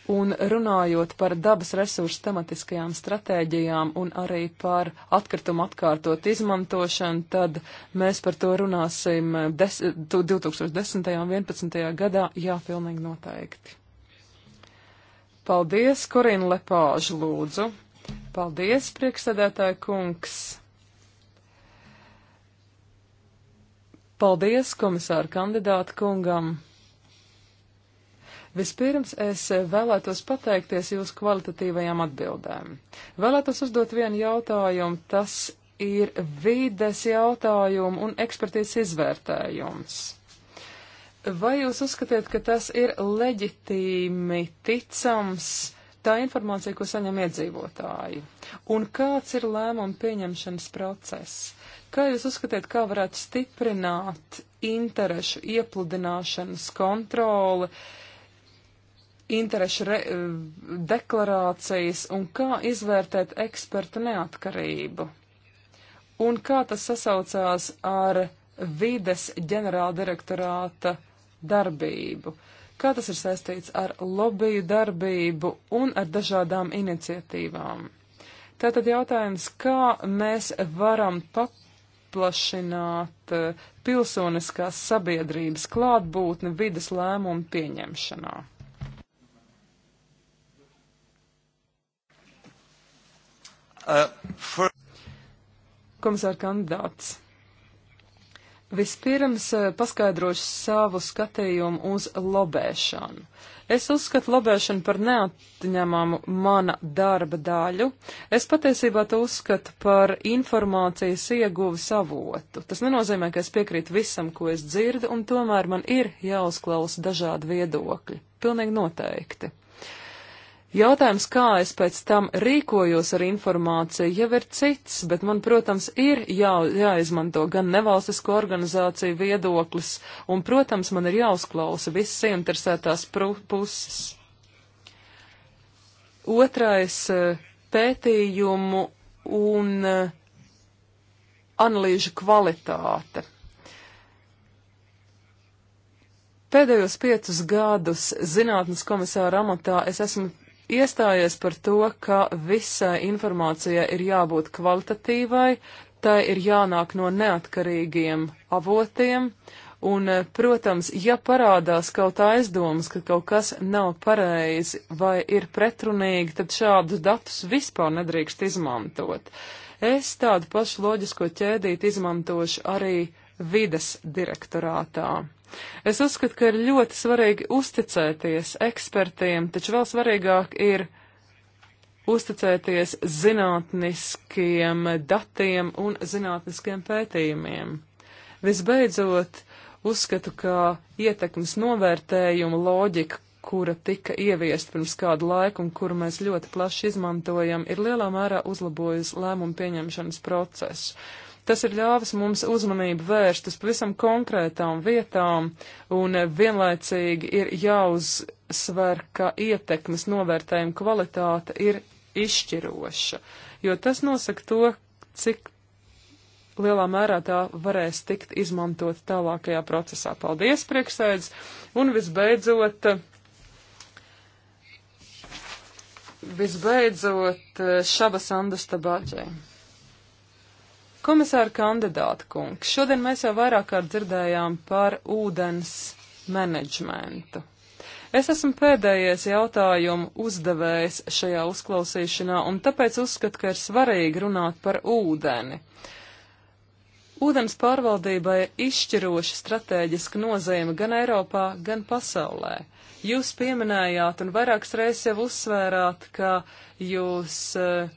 Un runājot par dabas resursu tematiskajām stratēģijām un arī par atkritumu atkārtot izmantošanu, tad mēs par to runāsim 2010. un 2011. gadā, jā, pilnīgi noteikti. Paldies, Korina Lepāža, lūdzu. Paldies, priekšsēdētāja kungs. Paldies, komisāra kandidāta kungam. Vispirms es vēlētos pateikties jūsu kvalitatīvajām atbildēm. Vēlētos uzdot vienu jautājumu, tas ir vides jautājumu un ekspertīzes izvērtējums. Vai jūs uzskatiet, ka tas ir leģitīmi ticams? tā informācija, ko saņem iedzīvotāji, un kāds ir lēmuma pieņemšanas process. Kā jūs uzskatiet, kā varētu stiprināt interešu iepludināšanas kontroli, interešu re, eh, deklarācijas un kā izvērtēt eksperta neatkarību. Un kā tas sasaucās ar vides ģenerāldirektorāta darbību? Kā tas ir saistīts ar lobiju darbību un ar dažādām iniciatīvām? Tātad jautājums, kā mēs varam paplašināt eh, pilsoniskās sabiedrības klātbūtni vides lēmumu pieņemšanā? Uh, for... Komisāra kandidāts. Vispirms eh, paskaidrošu savu skatījumu uz lobēšanu. Es uzskatu lobēšanu par neatņemamu mana darba daļu. Es patiesībā to uzskatu par informācijas ieguvu savotu. Tas nenozīmē, ka es piekrītu visam, ko es dzirdu, un tomēr man ir jāuzklausa dažādi viedokļi. Pilnīgi noteikti. Jautājums, kā es pēc tam rīkojos ar informāciju, jau ir cits, bet man, protams, ir jā, jāizmanto gan nevalstisko organizāciju viedoklis, un, protams, man ir jāuzklausa visas interesētās puses. Otrais eh, - pētījumu un eh, analīžu kvalitāte. Pēdējos piecus gadus zinātnes komisāra amatā es esmu iestājies par to, ka visai informācijai ir jābūt kvalitatīvai, tai ir jānāk no neatkarīgiem avotiem, Un, eh, protams, ja parādās kaut aizdomas, ka kaut kas nav pareizi vai ir pretrunīgi, tad šādus datus vispār nedrīkst izmantot. Es tādu pašu loģisko ķēdīti izmantošu arī vides direktorātā. Es uzskatu, ka ir ļoti svarīgi uzticēties ekspertiem, taču vēl svarīgāk ir uzticēties zinātniskiem datiem un zinātniskiem pētījumiem. Visbeidzot, uzskatu, ka ietekmes novērtējuma loģika, kura tika ieviest pirms kādu laiku un kuru mēs ļoti plaši izmantojam, ir lielā mērā uzlabojusi lēmumu pieņemšanas procesu. Tas ir ļāvis mums uzmanību vērst uz pavisam konkrētām vietām un vienlaicīgi ir jāuzsver, ka ietekmes novērtējuma kvalitāte ir izšķiroša, jo tas nosaka to, cik lielā mērā tā varēs tikt izmantot tālākajā procesā. Paldies, priekšsēdz! Un visbeidzot, visbeidzot, Šaba Sandas Tabāģē. Komisāra kandidāta kungs, šodien mēs jau vairāk kārt dzirdējām par ūdens menedžmentu. Es esmu pēdējais jautājumu uzdevējs šajā uzklausīšanā, un tāpēc uzskatu, ka ir svarīgi runāt par ūdeni. Ūdens pārvaldībai ir izšķiroša stratēģiska nozīme gan Eiropā, gan pasaulē. Jūs pieminējāt un vairākas reizes jau uzsvērāt, ka jūs uh,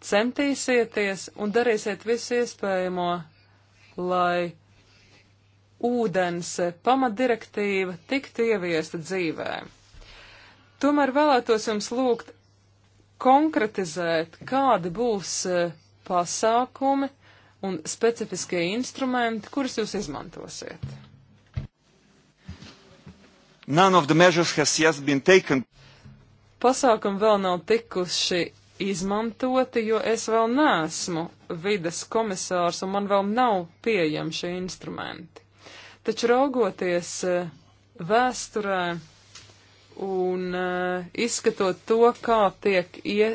centīsieties un darīsiet visu iespējamo, lai ūdens pamatdirektīva tiktu ieviesta dzīvē. Tomēr vēlētos jums lūgt konkretizēt, kādi būs eh, pasākumi un specifiskie instrumenti, kurus jūs izmantosiet. Pasākumi vēl nav tikuši izmantoti, jo es vēl neesmu vides komisārs un man vēl nav pieejami šie instrumenti. Taču raugoties eh, vēsturē un eh, izskatot to, kā tiek ie,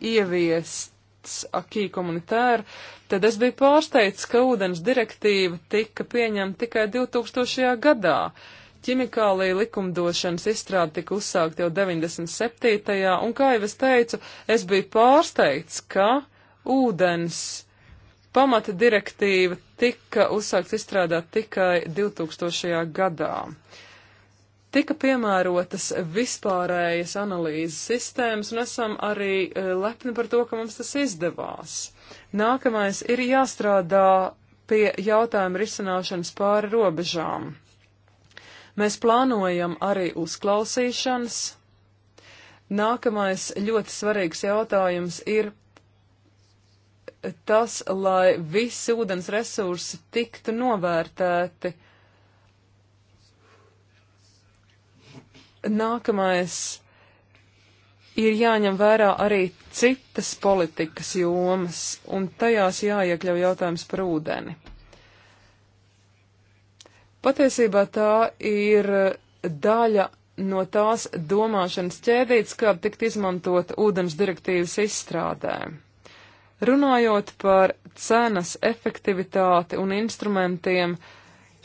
ieviests akī komunitāri, tad es biju pārsteigts, ka ūdens direktīva tika pieņemta tikai 2000. gadā ķimikālija likumdošanas izstrāde tika uzsākt jau 97. un, kā jau es teicu, es biju pārsteigts, ka ūdens pamata direktīva tika uzsākts izstrādāt tikai 2000. gadā. Tika piemērotas vispārējas analīzes sistēmas, un esam arī e, lepni par to, ka mums tas izdevās. Nākamais ir jāstrādā pie jautājuma risināšanas pāri robežām. Mēs plānojam arī uzklausīšanas. Nākamais ļoti svarīgs jautājums ir tas, lai visi ūdens resursi tiktu novērtēti. Nākamais ir jāņem vērā arī citas politikas jomas, un tajās jāiekļauj jautājums par ūdeni. Patiesībā tā ir daļa no tās domāšanas ķēdītes, kāda tikt izmantot ūdens direktīvas izstrādē. Runājot par cenas efektivitāti un instrumentiem,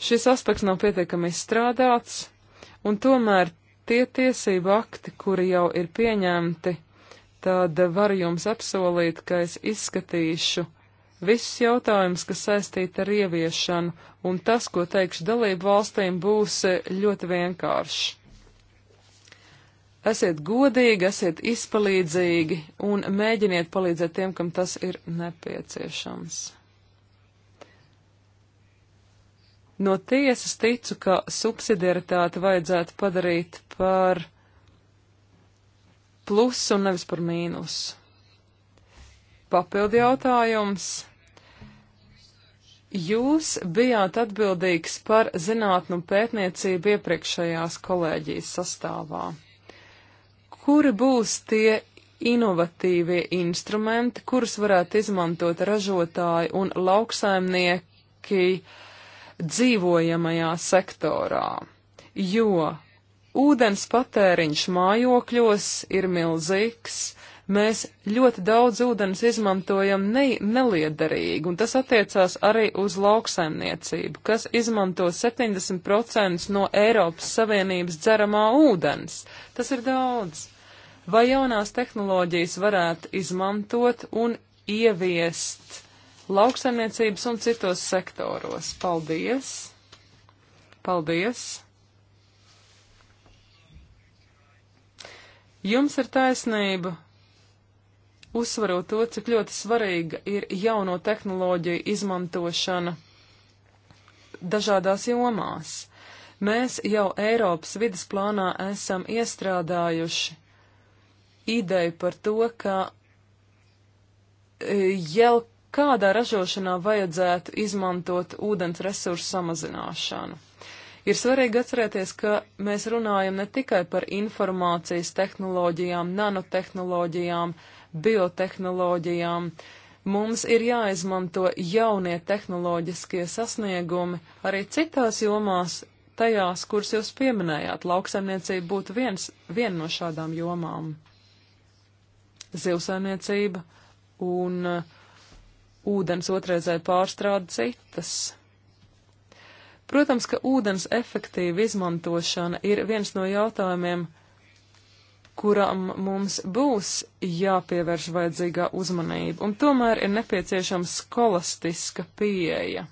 šis aspekts nav pietiekami izstrādāts, un tomēr tie tiesību akti, kuri jau ir pieņemti, tad varu jums apsolīt, ka es izskatīšu Viss jautājums, kas saistīta ar ieviešanu, un tas, ko teikšu dalību valstīm, būs eh, ļoti vienkāršs. Esiet godīgi, esiet izpalīdzīgi un mēģiniet palīdzēt tiem, kam tas ir nepieciešams. No tiesas ticu, ka subsidiaritāti vajadzētu padarīt par plusu un nevis par mīnusu. Papildi jautājums. Jūs bijāt atbildīgs par zinātnu pētniecību iepriekšējās kolēģijas sastāvā. Kuri būs tie inovatīvie instrumenti, kurus varētu izmantot ražotāji un lauksaimnieki dzīvojamajā sektorā? Jo ūdens patēriņš mājokļos ir milzīgs, Mēs ļoti daudz ūdens izmantojam ne, neliederīgi, un tas attiecās arī uz lauksaimniecību, kas izmanto 70% no Eiropas Savienības dzeramā ūdens. Tas ir daudz. Vai jaunās tehnoloģijas varētu izmantot un ieviest lauksaimniecības un citos sektoros? Paldies! Paldies! Jums ir taisnība, uzsvarot to, cik ļoti svarīga ir jauno tehnoloģiju izmantošana dažādās jomās. Mēs jau Eiropas vidas plānā esam iestrādājuši ideju par to, ka e, jau kādā ražošanā vajadzētu izmantot ūdens resursu samazināšanu. Ir svarīgi atcerēties, ka mēs runājam ne tikai par informācijas tehnoloģijām, nanotehnoloģijām, uh, biotehnoloģijām. Mums ir jāizmanto jaunie tehnoloģiskie sasniegumi arī citās jomās, tajās, kuras jūs pieminējāt. Lauksaimniecība būtu viens, viena no šādām jomām. Zivsaimniecība un uh, ūdens otrreizē pārstrāda citas. Protams, ka ūdens efektīva izmantošana ir viens no jautājumiem, kuram mums būs jāpievērš vajadzīgā uzmanība, un tomēr ir nepieciešama skolastiska pieeja.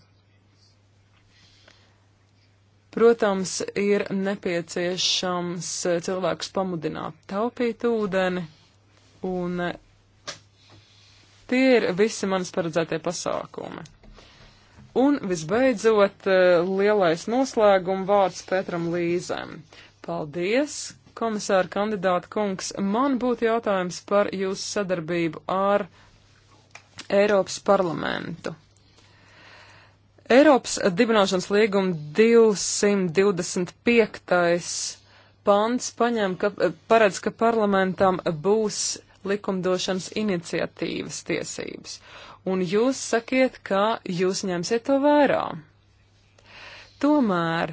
Protams, ir nepieciešams cilvēkus pamudināt taupīt ūdeni, un tie ir visi manas paredzētie pasākumi. Un visbeidzot, lielais noslēguma vārds Petram Līzēm. Paldies, Komisāra kandidāta kungs, man būtu jautājums par jūsu sadarbību ar Eiropas parlamentu. Eiropas dibināšanas līguma 225. pants paņem, ka, paredz, ka parlamentam būs likumdošanas iniciatīvas tiesības, un jūs sakiet, ka jūs ņemsiet to vērā. Tomēr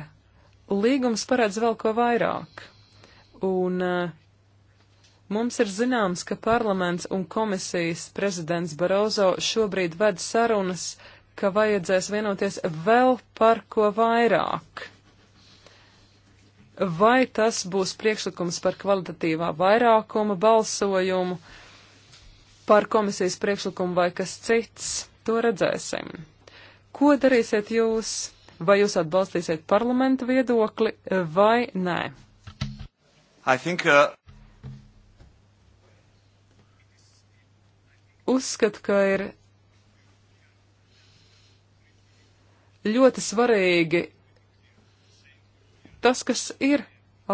līgums paredz vēl ko vairāk. Un eh, mums ir zināms, ka parlaments un komisijas prezidents Barozo šobrīd ved sarunas, ka vajadzēs vienoties vēl par ko vairāk. Vai tas būs priekšlikums par kvalitatīvā vairākuma balsojumu, par komisijas priekšlikumu vai kas cits, to redzēsim. Ko darīsiet jūs? Vai jūs atbalstīsiet parlamenta viedokli vai nē? I think, uh... Uzskatu, ka ir ļoti svarīgi tas, kas ir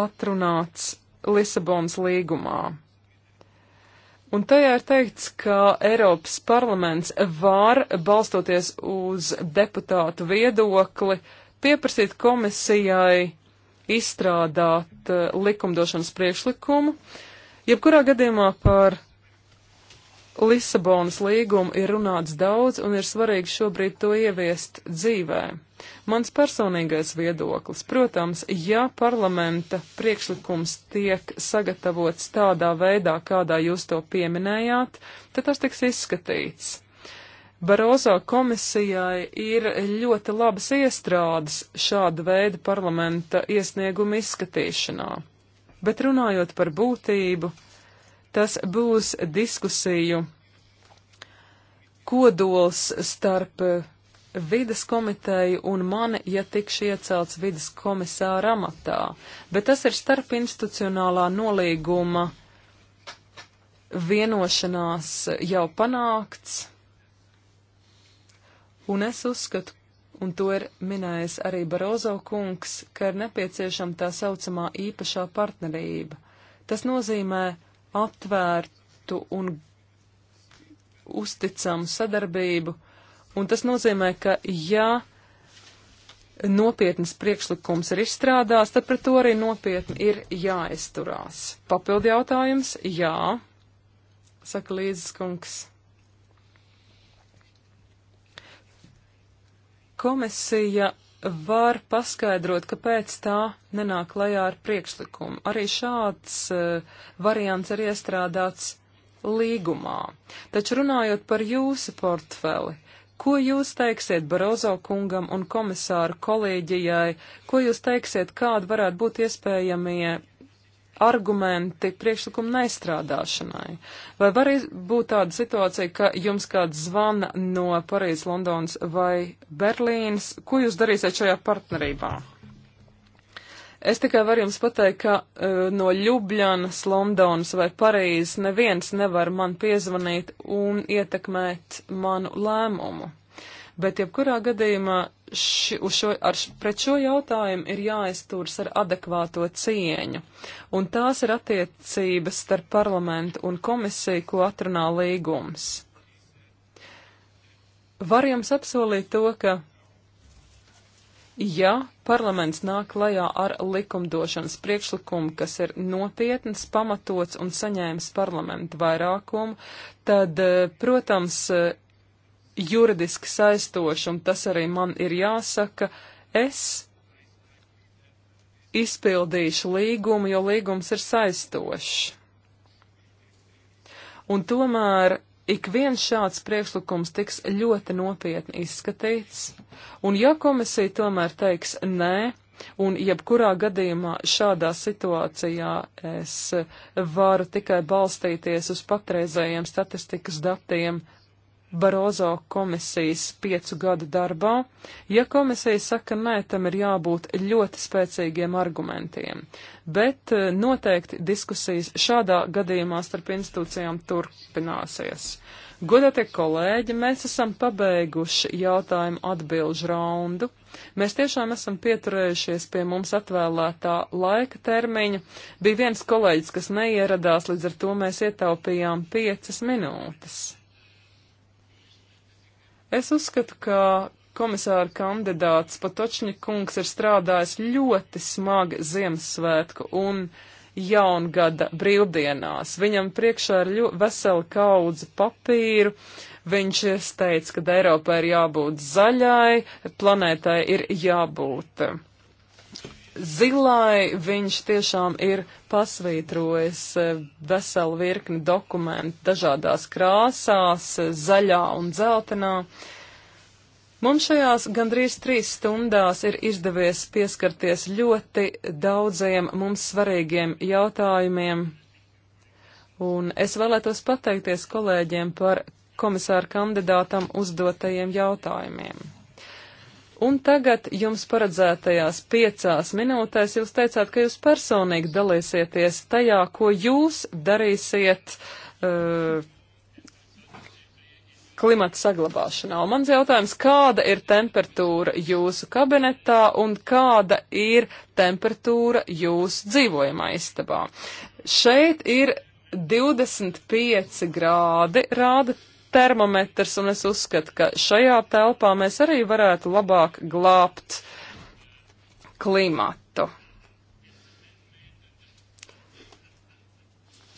atrunāts Lisabonas līgumā. Un tajā ir teikts, ka Eiropas parlaments var, balstoties uz deputātu viedokli, pieprasīt komisijai izstrādāt eh, likumdošanas priekšlikumu. Jebkurā gadījumā par Lisabonas līgumu ir runāts daudz un ir svarīgi šobrīd to ieviest dzīvē. Mans personīgais viedoklis, protams, ja parlamenta priekšlikums tiek sagatavots tādā veidā, kādā jūs to pieminējāt, tad tas tiks izskatīts. Barozo komisijai ir ļoti labas iestrādes šāda veida parlamenta iesniegumu izskatīšanā. Bet runājot par būtību, tas būs diskusiju kodols starp vidas komiteju un mani, ja tikšu iecelts vidas komisāra amatā, bet tas ir starp institucionālā nolīguma vienošanās jau panākts, Un es uzskatu, un to ir minējis arī Barozo kungs, ka ir nepieciešama tā saucamā īpašā partnerība. Tas nozīmē atvērtu un uzticamu sadarbību, un tas nozīmē, ka ja nopietnas priekšlikums ir izstrādās, tad pret to arī nopietni ir jāizturās. Papildi jautājums? Jā, saka Līdzes kungs. Komisija var paskaidrot, kāpēc tā nenāk klajā ar priekšlikumu. Arī šāds uh, variants ir iestrādāts līgumā. Taču runājot par jūsu portfeli, ko jūs teiksiet Barozo kungam un komisāru kolēģijai, ko jūs teiksiet, kāda varētu būt iespējamie argumenti priekšlikumu neizstrādāšanai? Vai var būt tāda situācija, ka jums kāds zvana no Parīzes, Londonas vai Berlīnas? Ko jūs darīsiet šajā partnerībā? Es tikai varu jums pateikt, ka uh, no Ljubljanas, Londonas vai Parīzes neviens nevar man piezvanīt un ietekmēt manu lēmumu bet jebkurā gadījumā ši, šo, ar, pret šo jautājumu ir jāizturas ar adekvāto cieņu, un tās ir attiecības starp parlamentu un komisiju, ko atrunā līgums. Var jums apsolīt to, ka Ja parlaments nāk klajā ar likumdošanas priekšlikumu, kas ir nopietns, pamatots un saņēmis parlamentu vairākumu, tad, eh, protams, eh, juridiski saistoši, un tas arī man ir jāsaka, es izpildīšu līgumu, jo līgums ir saistošs. Un tomēr ik viens šāds priekšlikums tiks ļoti nopietni izskatīts, un ja komisija tomēr teiks nē, un jebkurā gadījumā šādā situācijā es varu tikai balstīties uz patreizējiem statistikas datiem Barozo komisijas piecu gadu darbā, ja komisija saka nē, tam ir jābūt ļoti spēcīgiem argumentiem. Bet eh, noteikti diskusijas šādā gadījumā starp institūcijām turpināsies. Godātie kolēģi, mēs esam pabeiguši jautājumu atbilžu raundu. Mēs tiešām esam pieturējušies pie mums atvēlētā laika termiņa. Bija viens kolēģis, kas neieradās, līdz ar to mēs ietaupījām piecas minūtes. Es uzskatu, ka komisāra kandidāts Patočņa kungs ir strādājis ļoti smagi Ziemassvētku un jaungada brīvdienās. Viņam priekšā ir vesela kaudze papīru. Viņš teica, ka Eiropai ir jābūt zaļai, planētai ir jābūt Zilai viņš tiešām ir pasvītrojis eh, veselu virkni dokumentu dažādās krāsās, eh, zaļā un dzeltenā. Mums šajās gandrīz trīs stundās ir izdevies pieskarties ļoti daudziem mums svarīgiem jautājumiem, un es vēlētos pateikties kolēģiem par komisāru kandidātam uzdotajiem jautājumiem. Un tagad jums paredzētajās piecās minūtēs jūs teicāt, ka jūs personīgi dalīsieties tajā, ko jūs darīsiet uh, klimata saglabāšanā. Un mans jautājums, kāda ir temperatūra jūsu kabinetā un kāda ir temperatūra jūsu dzīvojamā istabā? Šeit ir 25 grādi, rāda termometrs, un es uzskatu, ka šajā telpā mēs arī varētu labāk glābt klimatu.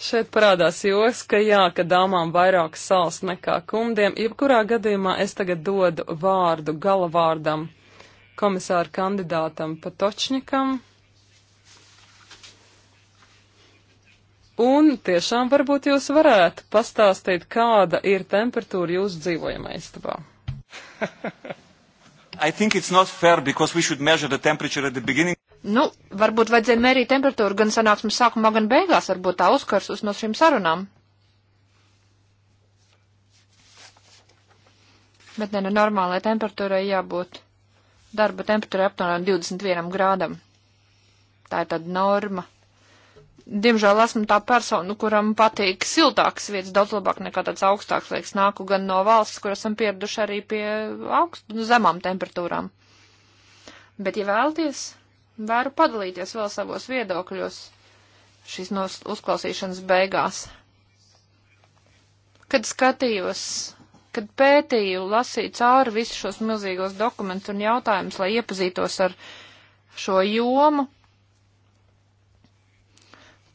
Šeit parādās joks, ka jā, ka dāmām vairāk sāls nekā kumdiem. Jebkurā gadījumā es tagad dodu vārdu galavārdam komisāra kandidātam Patočņikam. Un tiešām varbūt jūs varētu pastāstīt, kāda ir temperatūra jūsu dzīvojamā istabā. Nu, varbūt vajadzēja mērīt temperatūru gan sanāksmes sākumā, gan beigās, varbūt tā uzkarsus no šīm sarunām. Bet ne, nu no normālai temperatūrai jābūt darba temperatūrai aptuveni 21 grādam. Tā ir tāda norma diemžēl esmu tā persona, kuram patīk siltāks vietas daudz labāk nekā tāds augstāks, liekas, nāku gan no valsts, kur esam pieraduši arī pie augst, nu, zemām temperatūrām. Bet, ja vēlties, vēru padalīties vēl savos viedokļos šīs nos, uzklausīšanas beigās. Kad skatījos, kad pētīju, lasīju cauri visus šos milzīgos dokumentus un jautājumus, lai iepazītos ar šo jomu,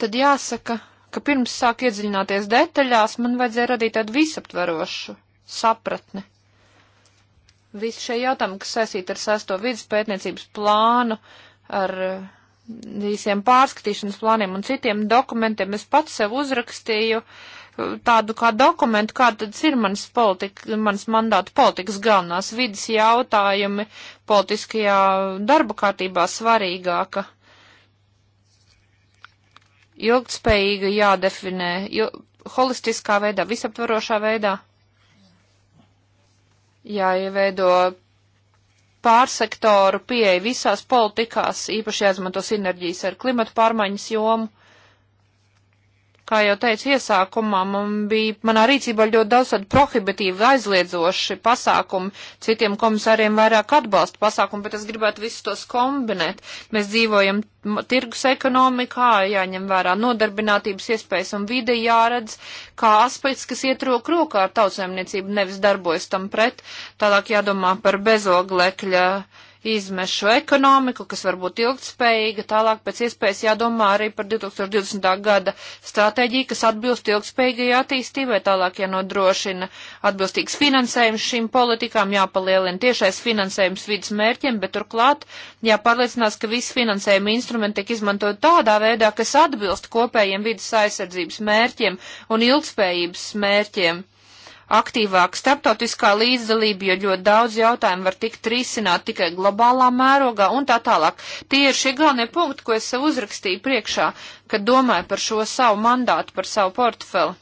tad jāsaka, ka pirms sāk iedziļināties detaļās, man vajadzēja radīt tādu visaptverošu sapratni. Visi šie jautājumi, kas saistīti ar sesto vidus pētniecības plānu, ar eh, visiem pārskatīšanas plāniem un citiem dokumentiem, es pats sev uzrakstīju eh, tādu kā dokumentu, kā tad ir mans, politika, mans mandāta politikas galvenās vidas jautājumi, politiskajā darba kārtībā svarīgāka ilgtspējīga jādefinē, il holistiskā veidā, visaptvarošā veidā, jāieveido pārsektoru pieeja visās politikās, īpaši jāizmanto sinerģijas ar klimatu pārmaiņas jomu Kā jau teicu iesākumā, man bija manā rīcībā ļoti daudz tādu prohibitīvu aizliedzoši pasākumu, citiem komisāriem vairāk atbalsta pasākumu, bet es gribētu visus tos kombinēt. Mēs dzīvojam tirgus ekonomikā, jāņem vērā nodarbinātības iespējas un vide jāredz kā aspekts, kas iet roku rokā ar tautsēmniecību, nevis darbojas tam pret. Tālāk jādomā par bezoglekļa. Uh, izmešu ekonomiku, kas var būt ilgtspējīga, tālāk pēc iespējas jādomā arī par 2020. gada stratēģiju, kas atbilst ilgtspējīgai attīstībai, tālāk jānodrošina atbilstīgs finansējums šīm politikām, jāpalielina tiešais finansējums vidas mērķiem, bet turklāt jāpārliecinās, ka visi finansējuma instrumenti tiek izmantot tādā veidā, kas atbilst kopējiem vidas aizsardzības mērķiem un ilgtspējības mērķiem aktīvāka starptautiskā līdzdalība, jo ļoti daudz jautājumu var tikt risināt tikai globālā mērogā un tā tālāk. Tie ir šie galvenie punkti, ko es sev uzrakstīju priekšā, kad domāju par šo savu mandātu, par savu portfeli.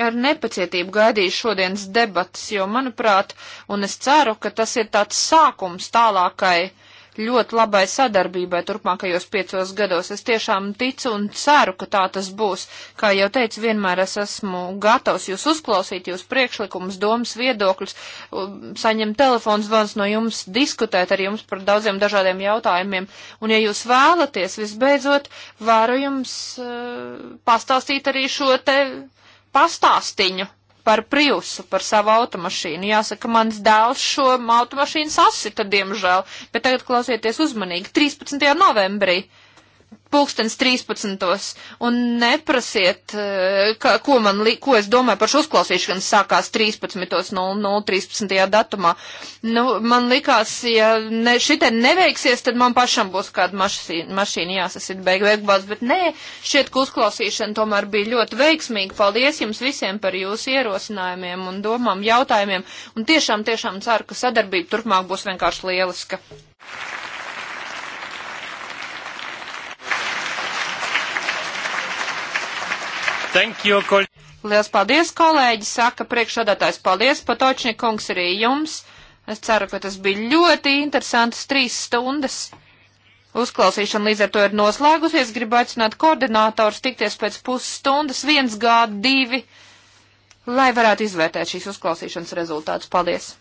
Ar nepacietību gaidīju šodienas debatas, jo, manuprāt, un es ceru, ka tas ir tāds sākums tālākai uh, ļoti labai sadarbībai turpmākajos piecos gados. Es tiešām ticu un ceru, ka tā tas būs. Kā jau teicu, vienmēr es esmu gatavs jūs uzklausīt, jūs priekšlikumus, domas, viedokļus, um, saņemt telefons zvans no jums, diskutēt ar jums par daudziem dažādiem jautājumiem. Un, ja jūs vēlaties, visbeidzot, varu jums uh, pastāstīt arī šo te pastāstiņu par Priusu, par savu automašīnu. Jāsaka, mans dēls šo automašīnu sasita, diemžēl, bet tagad klausieties uzmanīgi. 13. novembrī uh, pulkstens 13. un neprasiet, eh, ka, ko, man, ko es domāju par šo uzklausīšanu, sākās 13.00 13. datumā. Nu, man likās, ja ne, šitai neveiksies, tad man pašam būs kāda mašīna, mašīna jāsasit beig beigbās, bet nē, šķiet, ka uzklausīšana tomēr bija ļoti veiksmīga. Paldies jums visiem par jūsu ierosinājumiem un domām, jautājumiem, un tiešām, tiešām ceru, ka sadarbība turpmāk būs vienkārši lieliska. Thank you. You, kol Liels paldies, kolēģi, saka priekšsādātājs. Paldies, Patočnikungs, arī jums. Es ceru, ka tas bija ļoti interesants trīs stundas. Uzklausīšana līdz ar to ir noslēgusies. Gribu aicināt koordinātors tikties pēc pusstundas, viens gādi divi, lai varētu izvērtēt šīs uzklausīšanas rezultātus. Paldies!